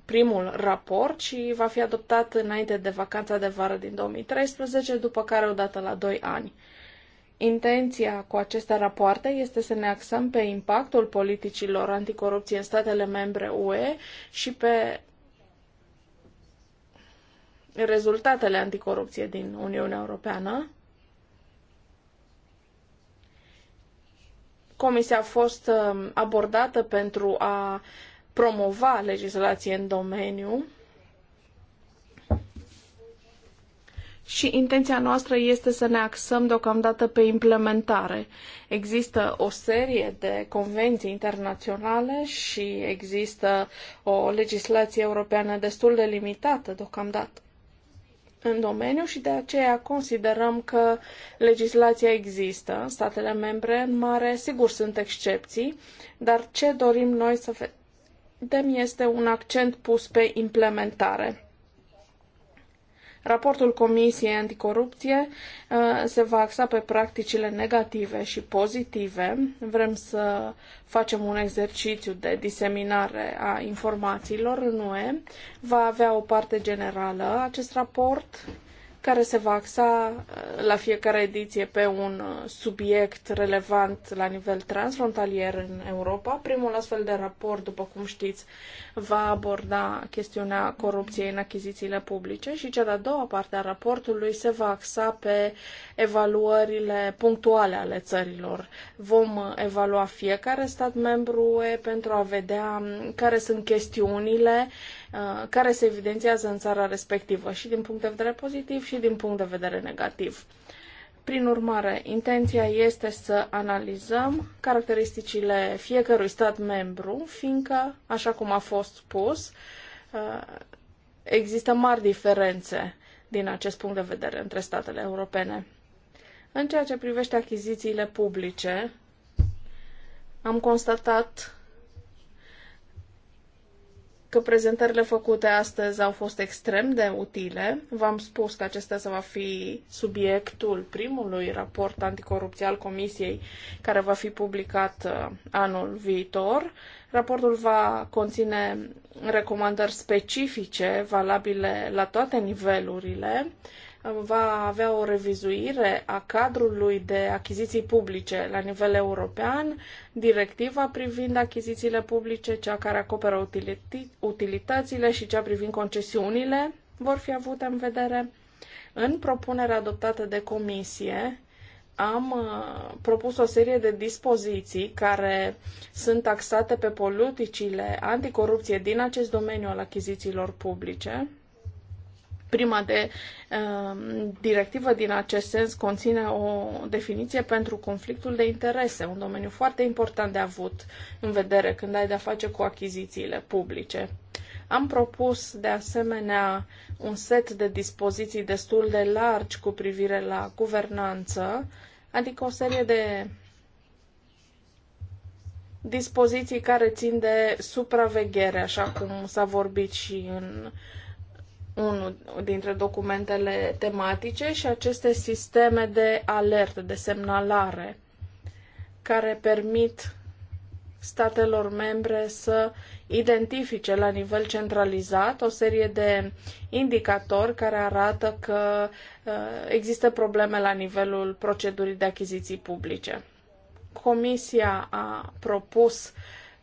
primul raport și va fi adoptat înainte de vacanța de vară din 2013, după care o dată la 2 ani. Intenția cu aceste rapoarte este să ne axăm pe impactul politicilor anticorupție în statele membre UE și pe rezultatele anticorupție din Uniunea Europeană. Comisia a fost um, abordată pentru a uh, promova legislație în domeniu și intenția noastră este să ne axăm deocamdată pe implementare. Există o serie de convenții internaționale și există o legislație europeană destul de limitată deocamdată în domeniu și de aceea considerăm că legislația există. Statele membre, în mare, sigur, sunt excepții, dar ce dorim noi să dăm este un accent pus pe implementare. Raportul Comisiei Anticorupție uh, se va axa pe practicile negative și pozitive. Vrem să facem un exercițiu de diseminare a informațiilor în UE. Va avea o parte generală acest raport care se va axa uh, la fiecare ediție pe un uh, subiect relevant la nivel transfrontalier în Europa. Primul astfel de raport, după cum știți, va aborda chestiunea corupției în achizițiile publice și cea de-a doua parte a raportului se va axa pe evaluările punctuale ale țărilor. Vom uh, evalua fiecare stat membru pentru a vedea um, care sunt chestiunile uh, Uh, care se evidențiază în țara respectivă și din punct de vedere pozitiv și din punct de vedere negativ. Prin urmare, intenția este să analizăm caracteristicile fiecărui stat membru, fiindcă, așa cum a fost spus, uh, există mari diferențe din acest punct de vedere între statele europene. În ceea ce privește achizițiile publice, am constatat că prezentările făcute astăzi au fost extrem de utile. V-am spus că acesta va fi subiectul primului raport anticorupție al Comisiei, care va fi publicat uh, anul viitor. Raportul va conține recomandări specifice, valabile la toate nivelurile Um, va avea o revizuire a cadrului de achiziții publice la nivel european, directiva privind achizițiile publice, cea care acoperă utilitățile și cea privind concesiunile vor fi avute în vedere. În propunerea adoptată de comisie, am uh, propus o serie de dispoziții care sunt taxate pe politicile anticorupție din acest domeniu al achizițiilor publice, Prima de um, directivă din acest sens conține o definiție pentru conflictul de interese, un domeniu foarte important de avut în vedere când ai de-a face cu achizițiile publice. Am propus de asemenea un set de dispoziții destul de largi cu privire la guvernanță, adică o serie de dispoziții care țin de supraveghere, așa cum s-a vorbit și în uh, unul dintre documentele tematice și aceste sisteme de alertă, de semnalare, care permit statelor membre să identifice la nivel centralizat o serie de indicatori care arată că uh, există probleme la nivelul procedurii de achiziții publice. Comisia a propus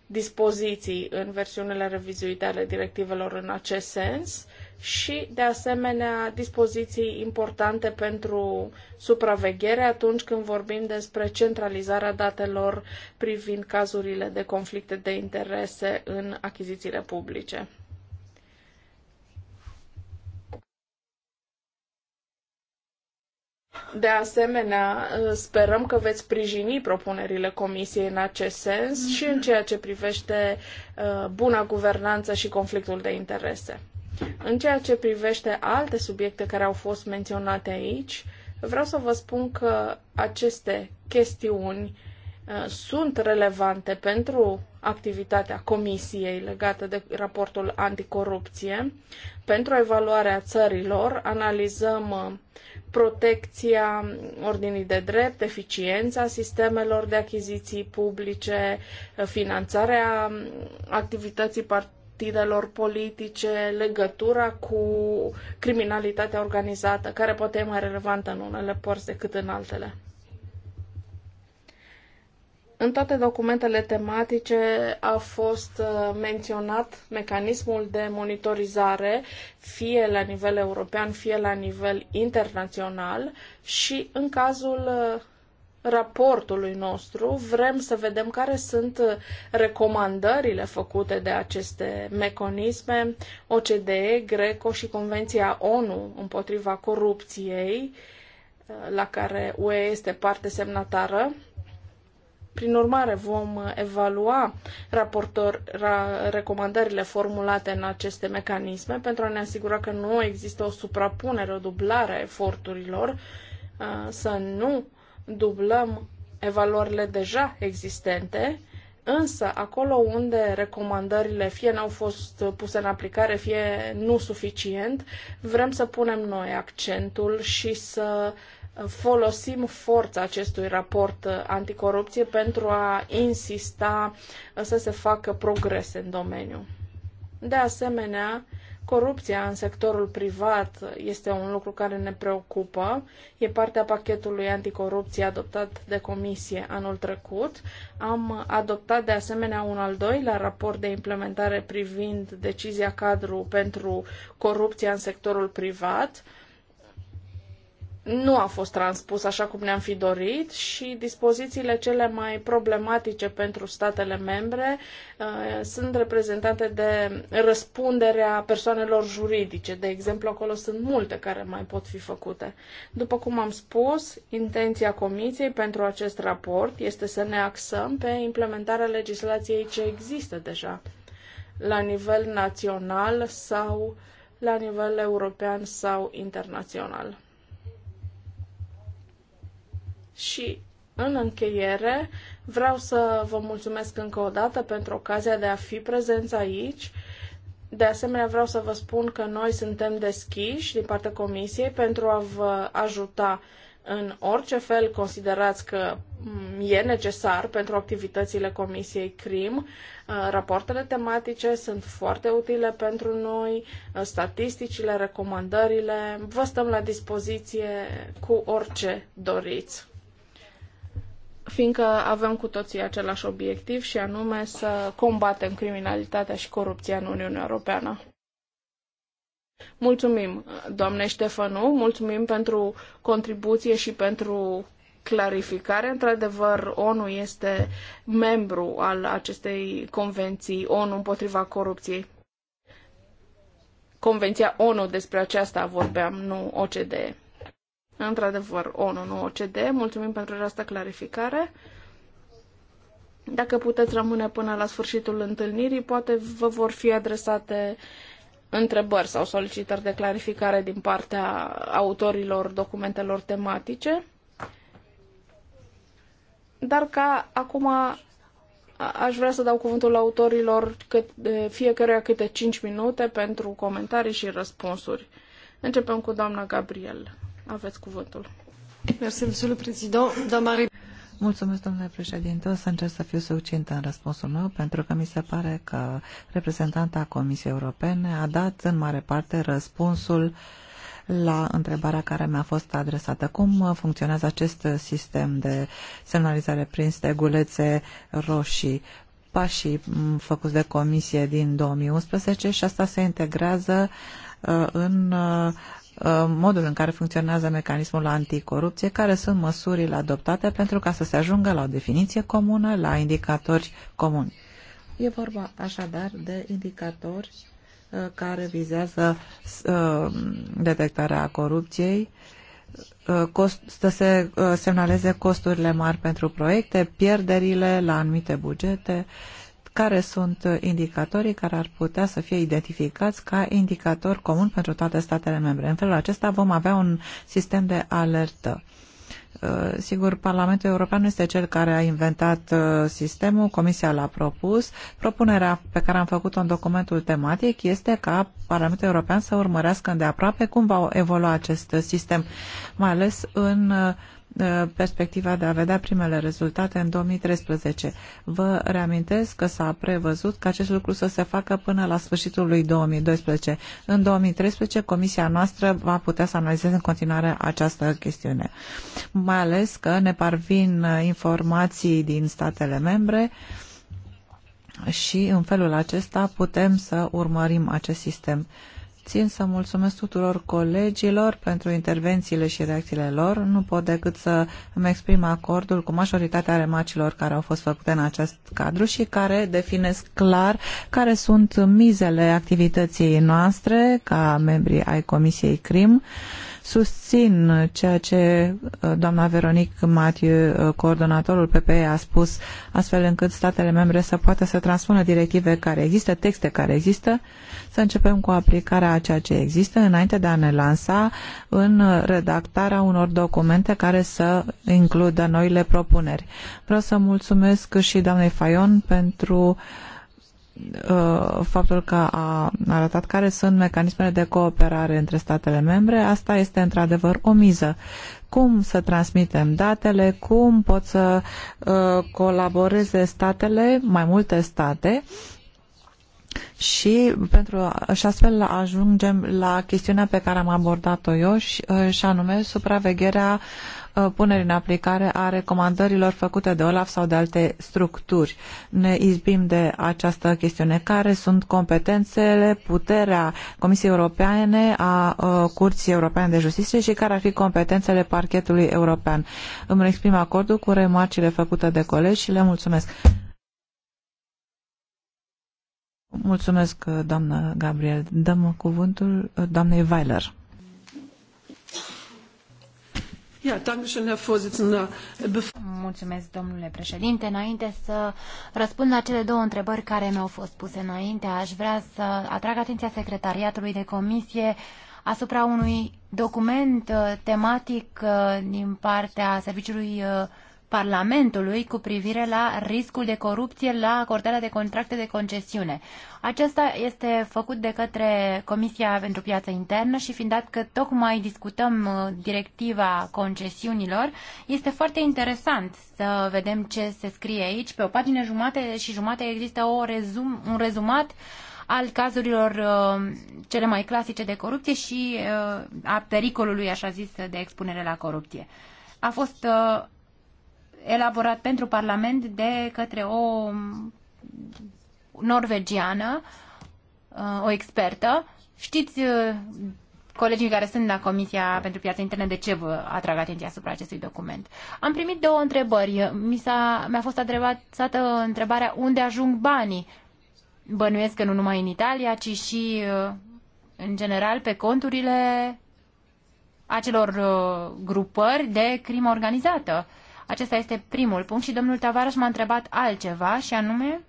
dispoziții în versiunile revizuite ale directivelor în acest sens și, de asemenea, dispoziții importante pentru supraveghere atunci când vorbim despre centralizarea datelor privind cazurile de conflicte de interese în achizițiile publice. De asemenea, sperăm că veți sprijini propunerile Comisiei în acest sens și în ceea ce privește uh, buna guvernanță și conflictul de interese. În ceea ce privește alte subiecte care au fost menționate aici, vreau să vă spun că aceste chestiuni uh, sunt relevante pentru activitatea comisiei legată de raportul anticorupție. Pentru evaluarea țărilor analizăm uh, protecția ordinii de drept, eficiența sistemelor de achiziții publice, uh, finanțarea um, activității part- partidelor politice, legătura cu criminalitatea organizată, care poate e mai relevantă în unele părți decât în altele. În toate documentele tematice a fost uh, menționat mecanismul de monitorizare, fie la nivel european, fie la nivel internațional și în cazul uh, raportului nostru vrem să vedem care sunt recomandările făcute de aceste mecanisme OCDE, Greco și Convenția ONU împotriva corupției, la care UE este parte semnatară. Prin urmare, vom evalua raportor, ra, recomandările formulate în aceste mecanisme pentru a ne asigura că nu există o suprapunere, o dublare a eforturilor, să nu dublăm evaluările deja existente, însă acolo unde recomandările fie n-au fost puse în aplicare, fie nu suficient, vrem să punem noi accentul și să folosim forța acestui raport anticorupție pentru a insista să se facă progrese în domeniu. De asemenea, Corupția în sectorul privat este un lucru care ne preocupă. E partea pachetului anticorupție adoptat de comisie anul trecut. Am adoptat de asemenea un al doilea raport de implementare privind decizia cadru pentru corupția în sectorul privat. Uh, nu a fost transpus așa cum ne-am fi dorit și dispozițiile cele mai problematice pentru statele membre uh, sunt reprezentate de răspunderea persoanelor juridice. De exemplu, acolo sunt multe care mai pot fi făcute. După cum am spus, intenția Comisiei pentru acest raport este să ne axăm pe implementarea legislației ce există deja la nivel național sau la nivel european sau internațional. Și în încheiere, vreau să vă mulțumesc încă o dată pentru ocazia de a fi prezenți aici. De asemenea, vreau să vă spun că noi suntem deschiși din partea Comisiei pentru a vă ajuta în orice fel considerați că mm, e necesar pentru activitățile Comisiei CRIM. Uh, rapoartele tematice sunt foarte utile pentru noi, uh, statisticile, recomandările. Vă stăm la dispoziție cu orice doriți fiindcă avem cu toții același obiectiv și anume să combatem criminalitatea și corupția în Uniunea Europeană. Mulțumim, doamne Ștefănu, mulțumim pentru contribuție și pentru clarificare. Într-adevăr, ONU este membru al acestei convenții ONU împotriva corupției. Convenția ONU despre aceasta vorbeam, nu OCDE într-adevăr ONU, nu OCD. Mulțumim pentru această clarificare. Dacă puteți rămâne până la sfârșitul întâlnirii, poate vă vor fi adresate întrebări sau solicitări de clarificare din partea autorilor documentelor tematice. Dar ca acum aș vrea să dau cuvântul autorilor cât, fiecăruia câte 5 minute pentru comentarii și răspunsuri. Începem cu doamna Gabriel. Aveți cuvântul. Mulțumesc, domnule președinte. O să încerc să fiu succintă în răspunsul meu, pentru că mi se pare că reprezentanta Comisiei Europene a dat în mare parte răspunsul la întrebarea care mi-a fost adresată. Cum funcționează acest sistem de semnalizare prin stegulețe roșii? Pașii făcuți de comisie din 2011 și asta se integrează uh, în uh, Uh, modul în care funcționează mecanismul anticorupție, care sunt măsurile adoptate pentru ca să se ajungă la o definiție comună, la indicatori comuni. E vorba așadar de indicatori uh, care vizează uh, detectarea corupției, cost, să se semnaleze costurile mari pentru proiecte, pierderile la anumite bugete, uh, care sunt indicatorii care ar putea să fie identificați ca indicator comun pentru toate statele membre. În felul acesta vom avea un sistem de alertă. Uh, sigur, Parlamentul European este cel care a inventat uh, sistemul, Comisia l-a propus. Propunerea pe care am făcut-o în documentul tematic este ca Parlamentul European să urmărească îndeaproape cum va evolua acest sistem, mai ales în uh, Uh, perspectiva de a vedea primele rezultate în 2013. Vă reamintesc că s-a prevăzut că acest lucru să se facă până la sfârșitul lui 2012. În 2013, comisia noastră va putea să analizeze în continuare această chestiune. Mai ales că ne parvin uh, informații din statele membre și în felul acesta putem să urmărim acest sistem. Țin să mulțumesc tuturor colegilor pentru intervențiile și reacțiile lor. Nu pot decât să îmi exprim acordul cu majoritatea remarcilor care au fost făcute în acest cadru și care definesc clar care sunt mizele activității noastre ca membri ai Comisiei CRIM. Uh, Susțin ceea ce uh, doamna Veronic Matiu, uh, coordonatorul PPE, a spus, astfel încât statele membre să poată să transpună directive care există, texte care există, să începem cu aplicarea a ceea ce există înainte de a ne lansa în redactarea unor documente care să includă noile propuneri. Vreau să mulțumesc și doamnei Fayon pentru uh, Uh, faptul că a arătat care sunt mecanismele de cooperare între statele membre, asta este într-adevăr o miză. Cum să transmitem datele, cum pot să uh, colaboreze statele, mai multe state, și pentru și astfel ajungem la chestiunea pe care am abordat-o eu și, uh, și anume supravegherea uh, Uh, punerii în aplicare a recomandărilor făcute de OLAF sau de alte structuri. Ne izbim de această chestiune. Care sunt competențele, puterea Comisiei Europene, a uh, Curții Europene de Justiție și care ar fi competențele parchetului european? Îmi exprim acordul cu remarcile făcute de colegi și le mulțumesc. Mulțumesc, doamnă Gabriel. Dăm cuvântul uh, doamnei Weiler. Mulțumesc, domnule președinte. Înainte să răspund la cele două întrebări care mi-au fost puse înainte, aș vrea să atrag atenția Secretariatului de Comisie asupra unui document uh, tematic uh, din partea Serviciului uh, Parlamentului cu privire la riscul de corupție la acordarea de contracte de concesiune. Acesta este făcut de către Comisia pentru Piața Internă și fiind dat că tocmai discutăm uh, directiva concesiunilor, este foarte interesant să vedem ce se scrie aici. Pe o pagină jumate și jumate există o rezum, un rezumat al cazurilor uh, cele mai clasice de corupție și uh, a pericolului, așa zis, de expunere la corupție. A fost uh, elaborat pentru Parlament de către o norvegiană, uh, o expertă. Știți, uh, colegii care sunt la Comisia pentru Piața Internă, de ce vă atrag atenția asupra acestui document? Am primit două întrebări. Mi, s-a, mi-a fost adresată întrebarea unde ajung banii. Bănuiesc că nu numai în Italia, ci și uh, în general pe conturile acelor grupări de crimă organizată. Uh, acesta este primul punct și domnul Tavares m-a întrebat altceva și anume...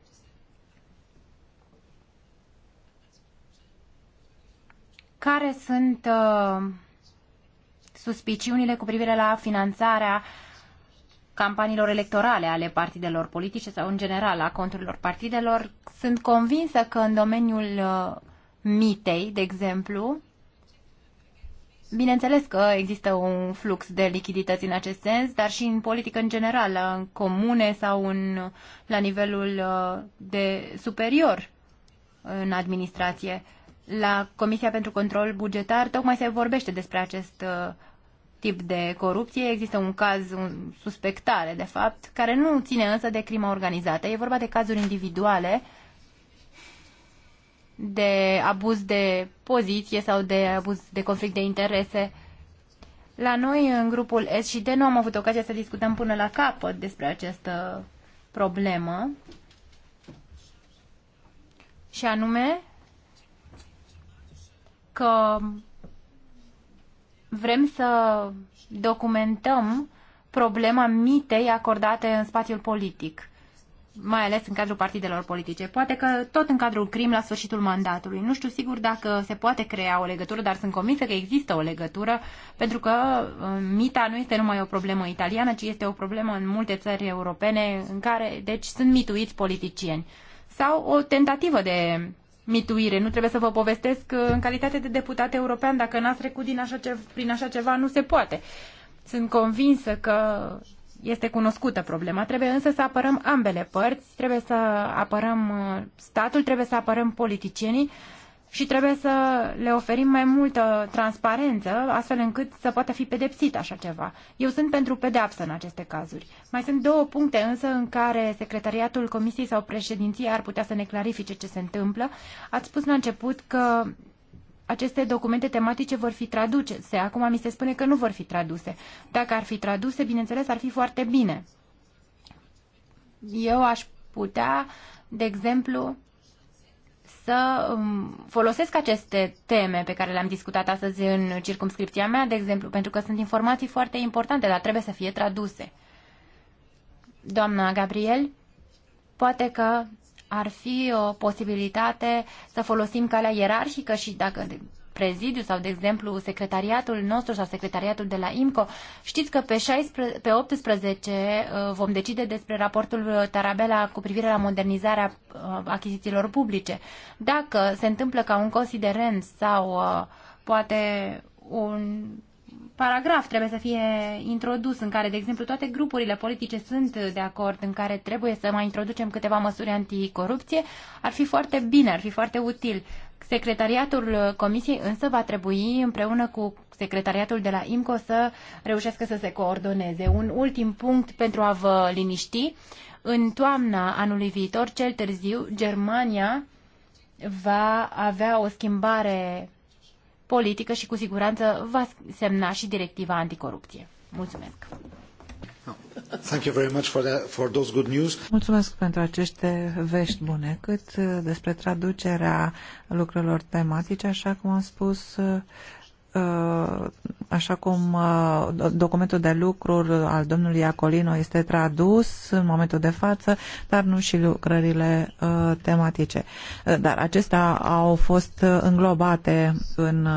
Care sunt uh, suspiciunile cu privire la finanțarea campaniilor electorale ale partidelor politice sau în general a conturilor partidelor? Sunt convinsă că în domeniul uh, mitei, de exemplu, Bineînțeles că există un flux de lichidități în acest sens, dar și în politică în general, în comune sau în, la nivelul uh, de superior în administrație. La Comisia pentru Control Bugetar tocmai se vorbește despre acest uh, tip de corupție. Există un caz, un suspectare, de fapt, care nu ține însă de crima organizată. E vorba de cazuri individuale uh, de abuz de poziție sau de abuz de conflict de interese. La noi, în grupul S și D, nu am avut ocazia să discutăm până la capăt despre această problemă. Și anume că vrem să documentăm problema mitei acordate în spațiul politic mai ales în cadrul partidelor politice. Poate că tot în cadrul crim la sfârșitul mandatului. Nu știu sigur dacă se poate crea o legătură, dar sunt convinsă că există o legătură, pentru că uh, mita nu este numai o problemă italiană, ci este o problemă în multe țări europene în care, deci, sunt mituiți politicieni. Sau o tentativă de mituire. Nu trebuie să vă povestesc că, uh, în calitate de deputat european, dacă n-ați trecut din așa ce, prin așa ceva, nu se poate. Sunt convinsă că este cunoscută problema. Trebuie însă să apărăm ambele părți, trebuie să apărăm uh, statul, trebuie să apărăm politicienii și trebuie să le oferim mai multă transparență, astfel încât să poată fi pedepsit așa ceva. Eu sunt pentru pedeapsă în aceste cazuri. Mai sunt două puncte însă în care secretariatul comisiei sau președinției ar putea să ne clarifice ce se întâmplă. Ați spus la început că aceste documente tematice vor fi traduse. Acum mi se spune că nu vor fi traduse. Dacă ar fi traduse, bineînțeles, ar fi foarte bine. Eu aș putea, de exemplu, să um, folosesc aceste teme pe care le-am discutat astăzi în circumscripția mea, de exemplu, pentru că sunt informații foarte importante, dar trebuie să fie traduse. Doamna Gabriel, poate că ar fi o uh, posibilitate să folosim calea ierarhică și dacă prezidiu sau, de exemplu, secretariatul nostru sau secretariatul de la IMCO. Știți că pe, 16, pe 18 uh, vom decide despre raportul uh, Tarabela cu privire la modernizarea achizițiilor publice. Dacă se întâmplă ca un considerent sau poate un paragraf trebuie să fie introdus în care, de exemplu, toate grupurile politice sunt de acord, în care trebuie să mai introducem câteva măsuri anticorupție, ar fi foarte bine, ar fi foarte util. Secretariatul Comisiei însă va trebui împreună cu secretariatul de la IMCO să reușească să se coordoneze. Un ultim punct pentru a vă liniști. În toamna anului viitor, cel târziu, Germania va avea o schimbare politică și cu siguranță va semna și directiva anticorupție. Mulțumesc! Thank you very much for the, for those good news. Mulțumesc pentru aceste vești bune, cât despre traducerea lucrurilor tematice, așa cum am spus, Uh, așa cum uh, documentul de lucru al domnului Iacolino este tradus în momentul de față, dar nu și lucrările uh, tematice. Dar acestea au fost înglobate în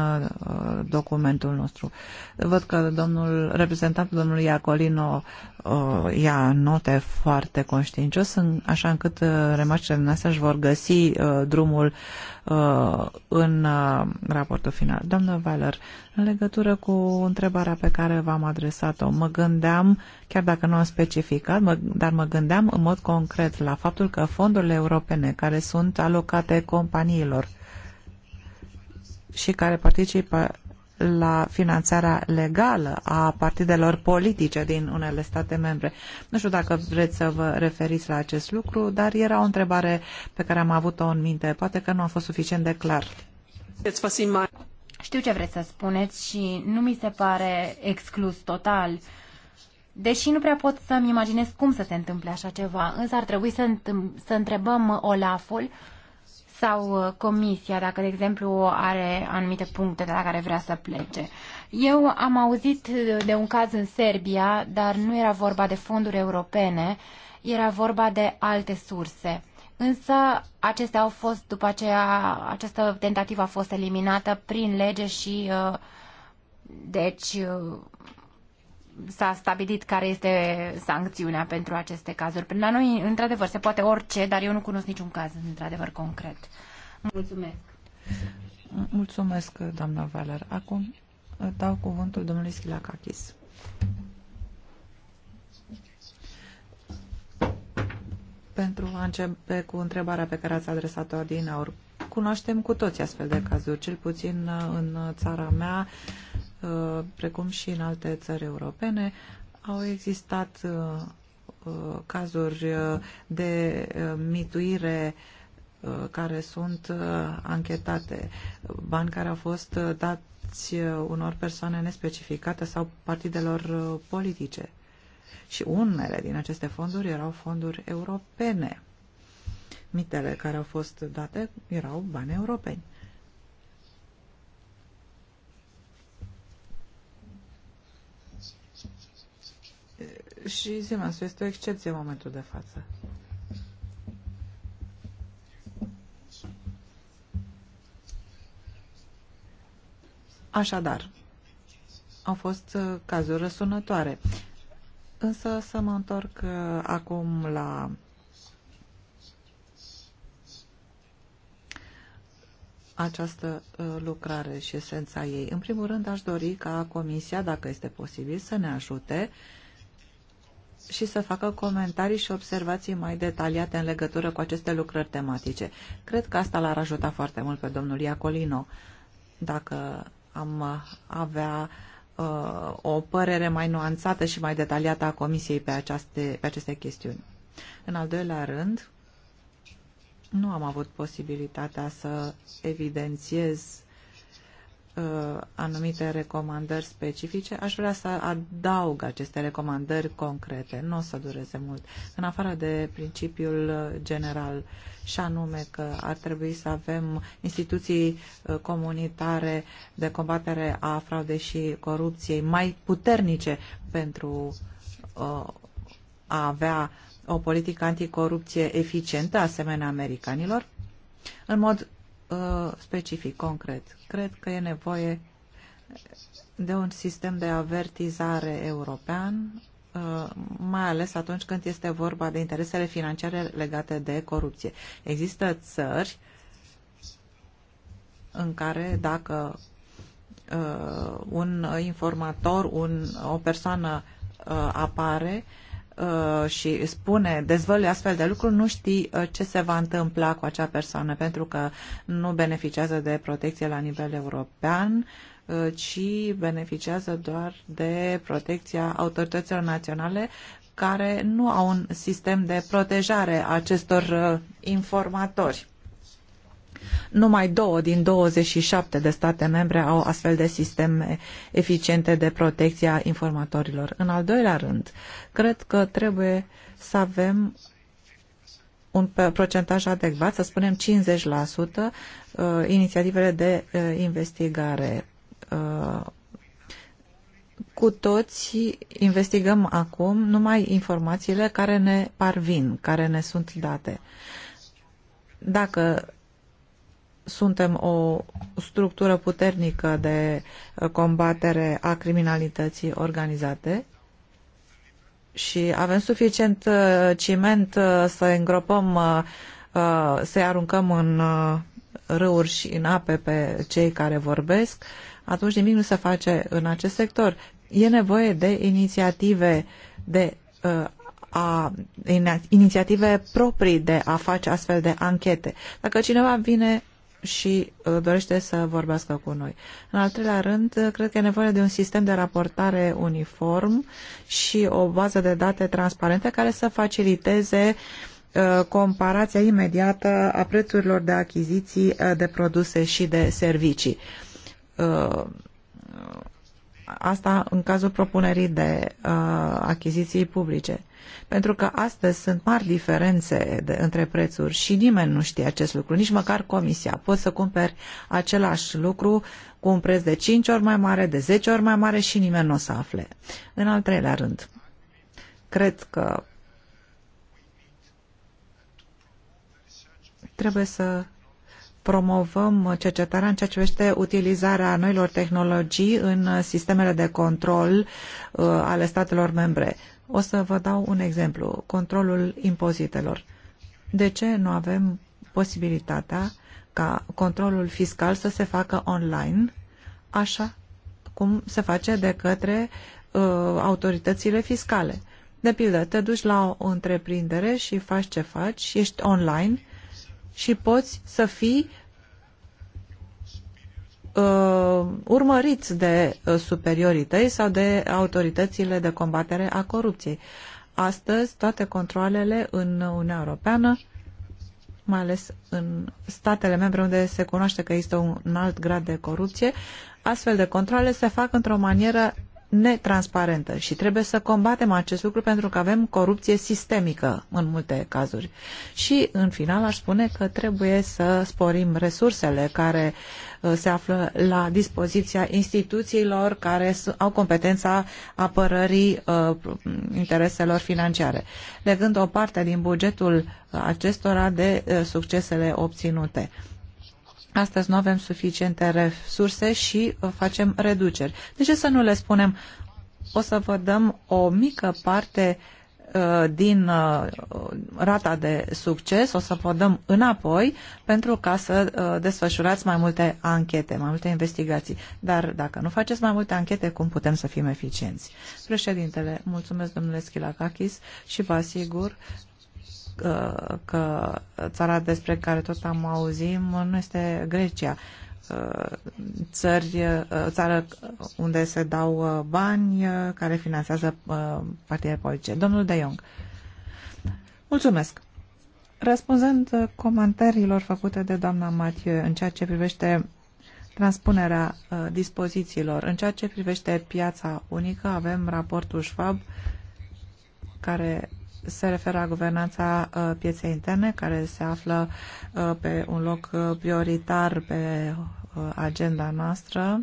documentul nostru. Văd că domnul reprezentantul domnului Iacolino uh, ia note foarte conștiincios, în, așa încât uh, remarcele noastre își vor găsi uh, drumul uh, în uh, raportul final. Doamnă Valer, în legătură cu întrebarea pe care v-am adresat-o, mă gândeam, chiar dacă nu am specificat, mă, dar mă gândeam în mod concret la faptul că fondurile europene care sunt alocate companiilor și care participă la finanțarea legală a partidelor politice din unele state membre. Nu știu dacă vreți să vă referiți la acest lucru, dar era o întrebare pe care am avut-o în minte. Poate că nu a fost suficient de clar. Știu ce vreți să spuneți și nu mi se pare exclus total. Deși nu prea pot să-mi imaginez cum să se întâmple așa ceva, însă ar trebui să, să întrebăm Olaful sau uh, comisia, dacă, de exemplu, are anumite puncte de la care vrea să plece. Eu am auzit uh, de un caz în Serbia, dar nu era vorba de fonduri europene, era vorba de alte surse. Însă acestea au fost, după aceea, această tentativă a fost eliminată prin lege și, uh, deci, s-a stabilit care este sancțiunea pentru aceste cazuri. Prin la noi, într-adevăr, se poate orice, dar eu nu cunosc niciun caz, într-adevăr, concret. Mulțumesc. Mulțumesc, doamna Valer. Acum uh, dau cuvântul domnului Schilacakis. Pentru a începe cu întrebarea pe care ați adresat-o din aur, cunoaștem cu toți astfel de cazuri, cel puțin uh, în țara mea Uh, precum și în alte țări europene, au existat uh, uh, cazuri de mituire care sunt anchetate, bani care au fost dați unor persoane nespecificate sau partidelor politice. Și unele din aceste fonduri erau fonduri europene. Mitele care au fost date erau bani europeni. și Siemens este o excepție în momentul de față. Așadar, au fost uh, cazuri răsunătoare. Însă să mă întorc uh, acum la această uh, lucrare și esența ei. În primul rând, aș dori ca Comisia, dacă este posibil, să ne ajute uh, și să facă comentarii și observații mai detaliate în legătură cu aceste lucrări tematice. Cred că asta l-ar ajuta foarte mult pe domnul Iacolino dacă am avea uh, o părere mai nuanțată și mai detaliată a Comisiei pe aceste, pe aceste chestiuni. În al doilea rând, nu am avut posibilitatea să evidențiez Uh, anumite recomandări specifice. Aș vrea să adaug aceste recomandări concrete. Nu o să dureze mult. În afară de principiul uh, general și anume că ar trebui să avem instituții uh, comunitare de combatere a fraudei și corupției mai puternice pentru a avea o politică anticorupție eficientă, asemenea americanilor. În mod Uh, specific, concret. Cred că e nevoie de un sistem de avertizare european, uh, mai ales atunci când este vorba de interesele financiare legate de corupție. Există țări în care dacă uh, un informator, un, o persoană apare, Uh, și spune, dezvăluie astfel de lucruri, nu știi uh, ce se va întâmpla cu acea persoană, pentru că nu beneficiază de protecție la nivel european, uh, ci beneficiază doar de protecția autorităților naționale care nu au un sistem de protejare a acestor informatori. Numai două din 27 de state membre au astfel de sisteme eficiente de protecție a informatorilor. În al doilea rând, cred că trebuie să avem un procentaj adecvat, să spunem 50% uh, inițiativele de uh, investigare. Uh, cu toți investigăm acum numai informațiile care ne parvin, care ne sunt date. Dacă suntem o structură puternică de uh, combatere a criminalității organizate și avem suficient uh, ciment uh, să îngropăm, să-i aruncăm în râuri și în ape pe cei care vorbesc, atunci nimic nu se face în acest sector. E nevoie de inițiative de a, inițiative proprii de a face astfel de anchete. Dacă cineva vine și uh, dorește să vorbească cu noi. În al treilea rând, uh, cred că e nevoie de un sistem de raportare uniform și o bază de date transparente care să faciliteze uh, comparația imediată a prețurilor de achiziții de produse și de servicii asta în cazul propunerii de uh, achiziții publice. Pentru că astăzi sunt mari diferențe de, între prețuri și nimeni nu știe acest lucru, nici măcar comisia. Poți să cumperi același lucru cu un preț de 5 ori mai mare, de 10 ori mai mare și nimeni nu o să afle. În al treilea rând, cred că trebuie să promovăm cercetarea în ceea ce privește utilizarea noilor tehnologii în sistemele de control uh, ale statelor membre. O să vă dau un exemplu, controlul impozitelor. De ce nu avem posibilitatea ca controlul fiscal să se facă online, așa cum se face de către uh, autoritățile fiscale? De pildă, te duci la o întreprindere și faci ce faci, ești online și poți să fii uh, urmăriți de uh, superiorii tăi sau de autoritățile de combatere a corupției. Astăzi, toate controlele în Uniunea Europeană, mai ales în statele membre unde se cunoaște că există un alt grad de corupție, astfel de controle se fac într-o manieră netransparentă și trebuie să combatem acest lucru pentru că avem corupție sistemică în multe cazuri. Și în final aș spune că trebuie să sporim resursele care uh, se află la dispoziția instituțiilor care au competența apărării uh, intereselor financiare, legând o parte din bugetul uh, acestora de succesele obținute Astăzi nu avem suficiente resurse și uh, facem reduceri. De ce să nu le spunem o să vă dăm o mică parte uh, din uh, rata de succes, o să vă dăm înapoi pentru ca să desfășurați mai multe anchete, mai multe investigații. Dar dacă nu faceți mai multe anchete, cum putem să fim eficienți? Președintele, mulțumesc domnule Schilacakis și vă asigur că țara despre care tot am auzim nu este Grecia. Uh, țări, uh, țară unde se dau uh, bani care finanțează partidele politice. Domnul De Jong. Mulțumesc. Răspunzând comentariilor făcute de doamna Mathieu în ceea ce privește transpunerea dispozițiilor, în ceea ce privește piața unică, avem raportul Schwab care se referă la guvernanța uh, pieței interne, care se află uh, pe un loc uh, prioritar pe agenda noastră.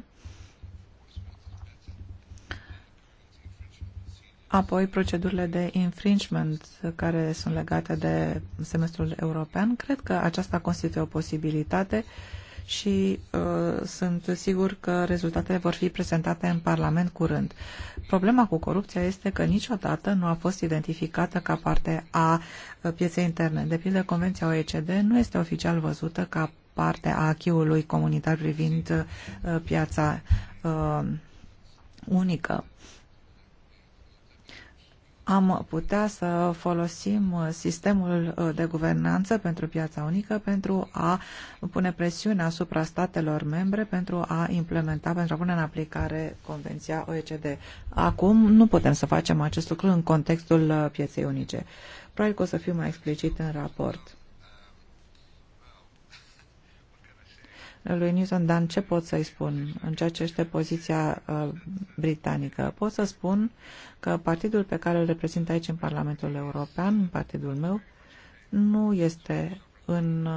Apoi procedurile de infringement care sunt legate de semestrul european. Cred că aceasta constituie o posibilitate uh, și uh, sunt sigur că rezultatele vor fi prezentate în Parlament curând. Problema cu corupția este că niciodată nu a fost identificată ca parte a uh, pieței interne. De pildă, Convenția OECD nu este oficial văzută ca parte a achiului comunitar privind uh, piața uh, unică am putea să folosim uh, sistemul uh, de guvernanță pentru piața unică pentru a pune presiune asupra statelor membre pentru a implementa, pentru a pune în aplicare Convenția OECD. Acum nu putem să facem acest lucru în contextul uh, pieței unice. Probabil că o să fiu mai explicit în raport. Lui Newton dar ce pot să-i spun în ceea ce este poziția uh, britanică? Pot să spun că partidul pe care îl reprezint aici în Parlamentul European, partidul meu, nu este în, uh,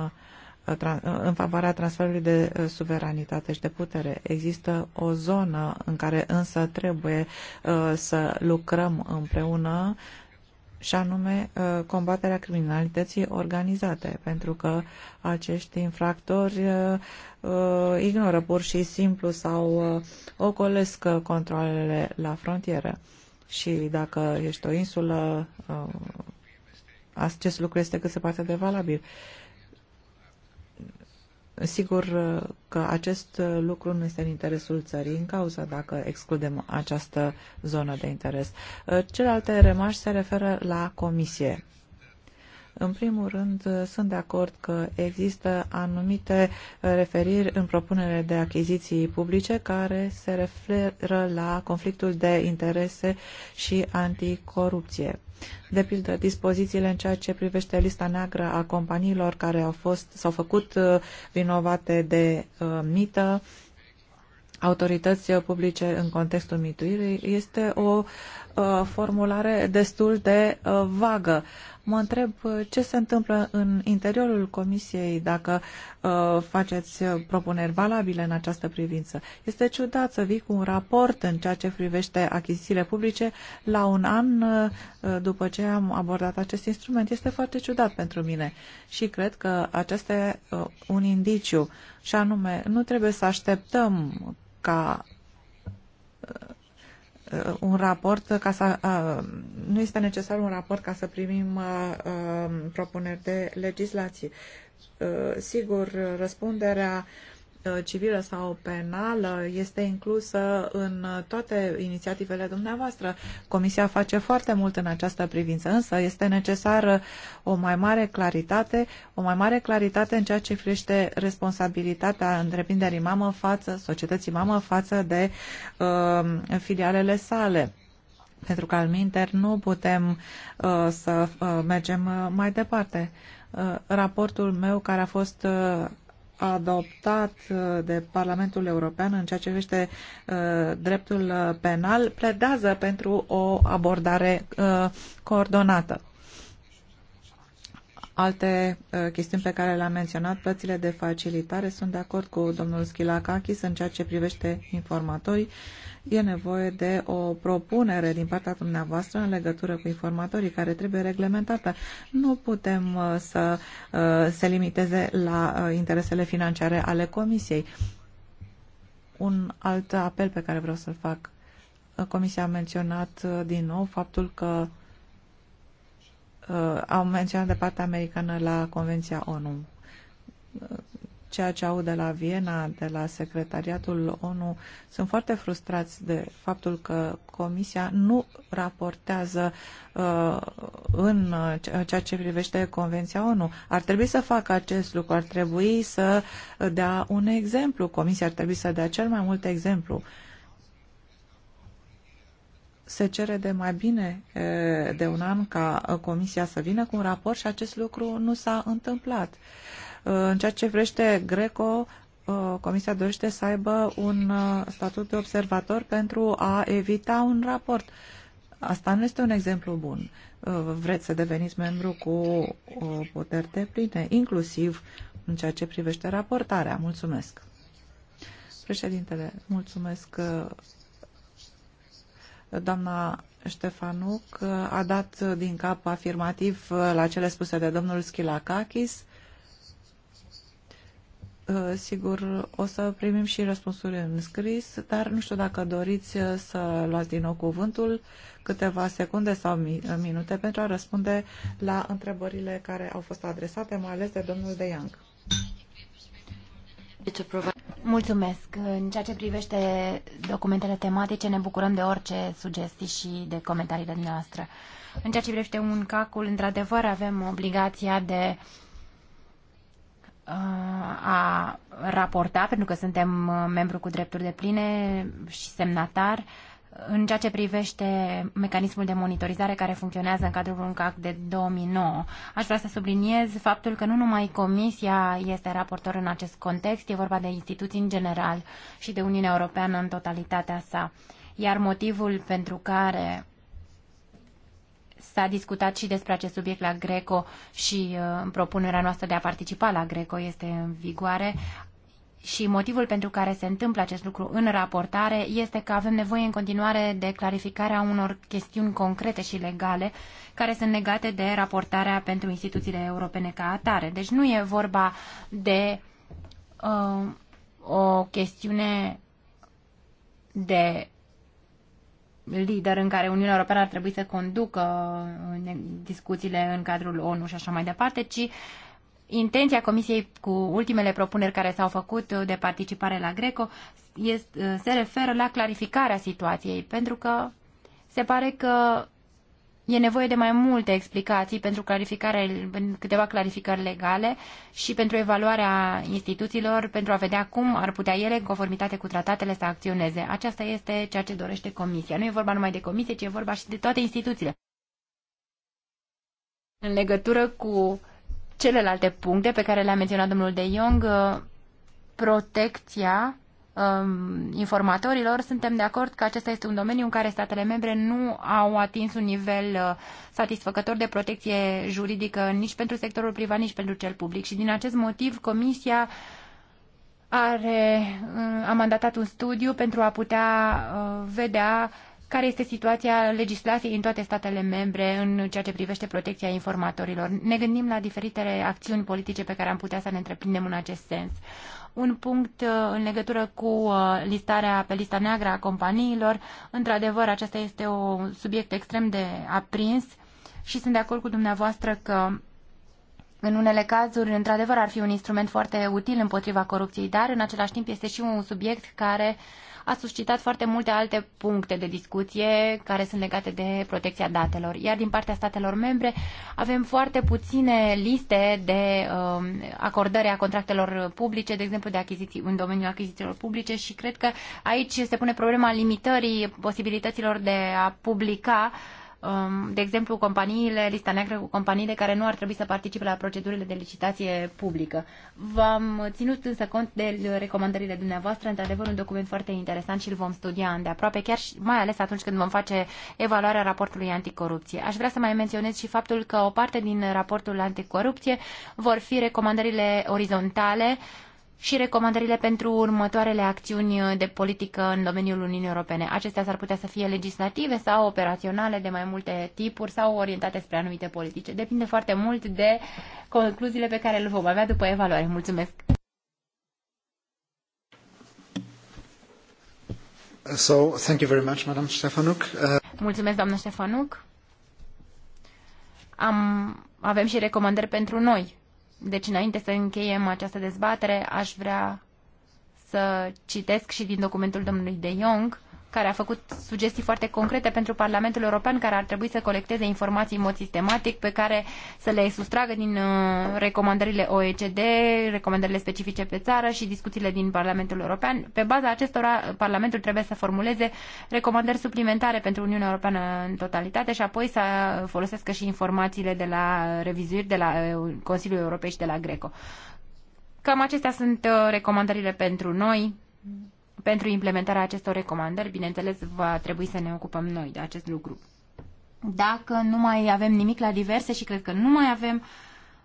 uh în favoarea transferului de uh, suveranitate și de putere. Există o zonă în care însă trebuie uh, să lucrăm împreună uh, și anume uh, combaterea criminalității organizate, pentru că acești infractori uh, uh, ignoră pur și simplu sau ocolesc controlele la frontieră. Și dacă ești o insulă, acest lucru este cât se poate de valabil. Sigur uh, că acest uh, lucru nu este în interesul țării în cauza dacă excludem această zonă de interes. Uh, celelalte remarci se referă la comisie. În primul rând, sunt de acord că există anumite referiri în propunere de achiziții publice care se referă la conflictul de interese și anticorupție. De pildă, dispozițiile în ceea ce privește lista neagră a companiilor care au fost, s-au făcut uh, vinovate de uh, mită, autorități publice în contextul mituirii, este o Uh, formulare destul de uh, vagă. Mă întreb uh, ce se întâmplă în interiorul Comisiei dacă uh, faceți propuneri valabile în această privință. Este ciudat să vii cu un raport în ceea ce privește achizițiile publice la un an uh, după ce am abordat acest instrument. Este foarte ciudat pentru mine și cred că acesta este uh, un indiciu și anume nu trebuie să așteptăm ca Uh, un raport ca să, uh, nu este necesar un raport ca să primim uh, propuneri de legislație. Sigur, răspunderea Uh, civilă sau penală este inclusă în uh, toate inițiativele dumneavoastră. Comisia face foarte mult în această privință, însă este necesară o mai mare claritate, o mai mare claritate în ceea ce privește responsabilitatea întreprinderii mamă față, societății mamă față de uh, filialele sale pentru că al minter nu putem uh, să uh, mergem uh, mai departe. Uh, raportul meu care a fost uh, adoptat uh, de Parlamentul European în ceea ce privește uh, dreptul penal pledează pentru o abordare uh, coordonată. Alte uh, chestiuni pe care le-am menționat, plățile de facilitare, sunt de acord cu domnul Schilacakis în ceea ce privește informatorii. E nevoie de o propunere din partea dumneavoastră în legătură cu informatorii care trebuie reglementată. Nu putem uh, să uh, se limiteze la uh, interesele financiare ale Comisiei. Un alt apel pe care vreau să-l fac. Comisia a menționat uh, din nou faptul că uh, au menționat de partea americană la Convenția ONU. Uh, ceea ce au de la Viena, de la Secretariatul ONU, sunt foarte frustrați de faptul că Comisia nu raportează uh, în ceea ce privește Convenția ONU. Ar trebui să facă acest lucru, ar trebui să dea un exemplu. Comisia ar trebui să dea cel mai mult exemplu. Uh, se cere de mai bine de un an ca Comisia să vină cu un raport și acest lucru nu s-a întâmplat. În ceea ce vrește Greco, Comisia dorește să aibă un statut de observator pentru a evita un raport. Asta nu este un exemplu bun. Vreți să deveniți membru cu puteri de pline, inclusiv în ceea ce privește raportarea. Mulțumesc. Președintele, mulțumesc Doamna Ștefanuc a dat din cap afirmativ la cele spuse de domnul Schilakakis. Uh, sigur, o să primim și răspunsuri în scris, dar nu știu dacă doriți să luați din nou cuvântul câteva secunde sau minute pentru a răspunde la întrebările care au fost adresate, mai ales de domnul Deiang. Deci Mulțumesc. În ceea ce privește documentele tematice, ne bucurăm de orice sugestii și de comentariile noastre. În ceea ce privește un cacul, într-adevăr avem obligația de uh, a raporta, pentru că suntem membru cu drepturi de pline și semnatar. Uh, în ceea ce privește mecanismul de monitorizare care funcționează în cadrul UNCAC de 2009. Aș vrea să subliniez faptul că nu numai Comisia este raportor în acest context, e vorba de instituții în general și de Uniunea Europeană în totalitatea sa. Iar motivul pentru care s-a discutat și despre acest subiect la Greco și uh, propunerea noastră de a participa la Greco este în vigoare. Și motivul pentru care se întâmplă acest lucru în raportare este că avem nevoie în continuare de clarificarea unor chestiuni concrete și legale care sunt legate de raportarea pentru instituțiile europene ca atare. Deci nu e vorba de uh, o chestiune de lider în care Uniunea Europeană ar trebui să conducă uh, discuțiile în cadrul ONU și așa mai departe, ci intenția Comisiei cu ultimele propuneri care s-au făcut de participare la Greco este, se referă la clarificarea situației, pentru că se pare că e nevoie de mai multe explicații pentru clarificare, câteva clarificări legale și pentru evaluarea instituțiilor, pentru a vedea cum ar putea ele, în conformitate cu tratatele, să acționeze. Aceasta este ceea ce dorește Comisia. Nu e vorba numai de Comisie, ci e vorba și de toate instituțiile. În legătură cu celelalte puncte pe care le-a menționat domnul De Jong, uh, protecția um, informatorilor, suntem de acord că acesta este un domeniu în care statele membre nu au atins un nivel uh, satisfăcător de protecție juridică nici pentru sectorul privat, nici pentru cel public. Și din acest motiv, Comisia are, uh, a mandatat un studiu pentru a putea vedea care este situația legislației în toate statele membre în ceea ce privește protecția informatorilor. Ne gândim la diferitele acțiuni politice pe care am putea să le întreprindem în acest sens. Un punct uh, în legătură cu uh, listarea pe lista neagră a companiilor. Într-adevăr, acesta este un subiect extrem de aprins și sunt de acord cu dumneavoastră că în unele cazuri, într-adevăr, ar fi un instrument foarte util împotriva corupției, dar în același timp este și un subiect care a suscitat foarte multe alte puncte de discuție care sunt legate de protecția datelor. Iar din partea statelor membre avem foarte puține liste de uh, acordări a contractelor publice, de exemplu de achiziții în domeniul achizițiilor publice și cred că aici se pune problema limitării posibilităților de a publica uh, Um, de exemplu, companiile, lista neagră cu companiile care nu ar trebui să participe la procedurile de licitație publică. V-am ținut însă cont de recomandările dumneavoastră, într-adevăr un document foarte interesant și îl vom studia îndeaproape, aproape, chiar și mai ales atunci când vom face evaluarea raportului anticorupție. Aș vrea să mai menționez și faptul că o parte din raportul anticorupție vor fi recomandările orizontale și recomandările pentru următoarele acțiuni de politică în domeniul Uniunii Europene. Acestea s-ar putea să fie legislative sau operaționale de mai multe tipuri sau orientate spre anumite politice. Depinde foarte mult de concluziile pe care le vom avea după evaluare. Mulțumesc! So, thank you very much, Madam Ștefanuc. Uh... Mulțumesc, doamnă Ștefanuc. Am, avem și recomandări pentru noi deci, înainte să încheiem această dezbatere, aș vrea să citesc și din documentul domnului De Jong, care a făcut sugestii foarte concrete pentru Parlamentul European, care ar trebui să colecteze informații în mod sistematic, pe care să le sustragă din uh, recomandările OECD, recomandările specifice pe țară și discuțiile din Parlamentul European. Pe baza acestora, Parlamentul trebuie să formuleze recomandări suplimentare pentru Uniunea Europeană în totalitate și apoi să folosească și informațiile de la revizuiri de la uh, Consiliul Europei și de la Greco. Cam acestea sunt uh, recomandările pentru noi pentru implementarea acestor recomandări, bineînțeles, va trebui să ne ocupăm noi de acest lucru. Dacă nu mai avem nimic la diverse și cred că nu mai avem,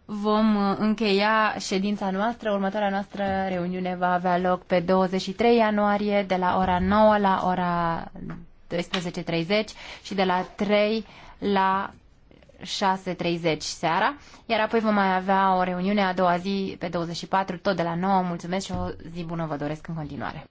vom uh, încheia ședința noastră. Următoarea noastră reuniune va avea loc pe 23 ianuarie de la ora 9 la ora 12.30 și de la 3 la 6.30 seara, iar apoi vom mai avea o reuniune a doua zi pe 24, tot de la 9. Mulțumesc și o zi bună vă doresc în continuare.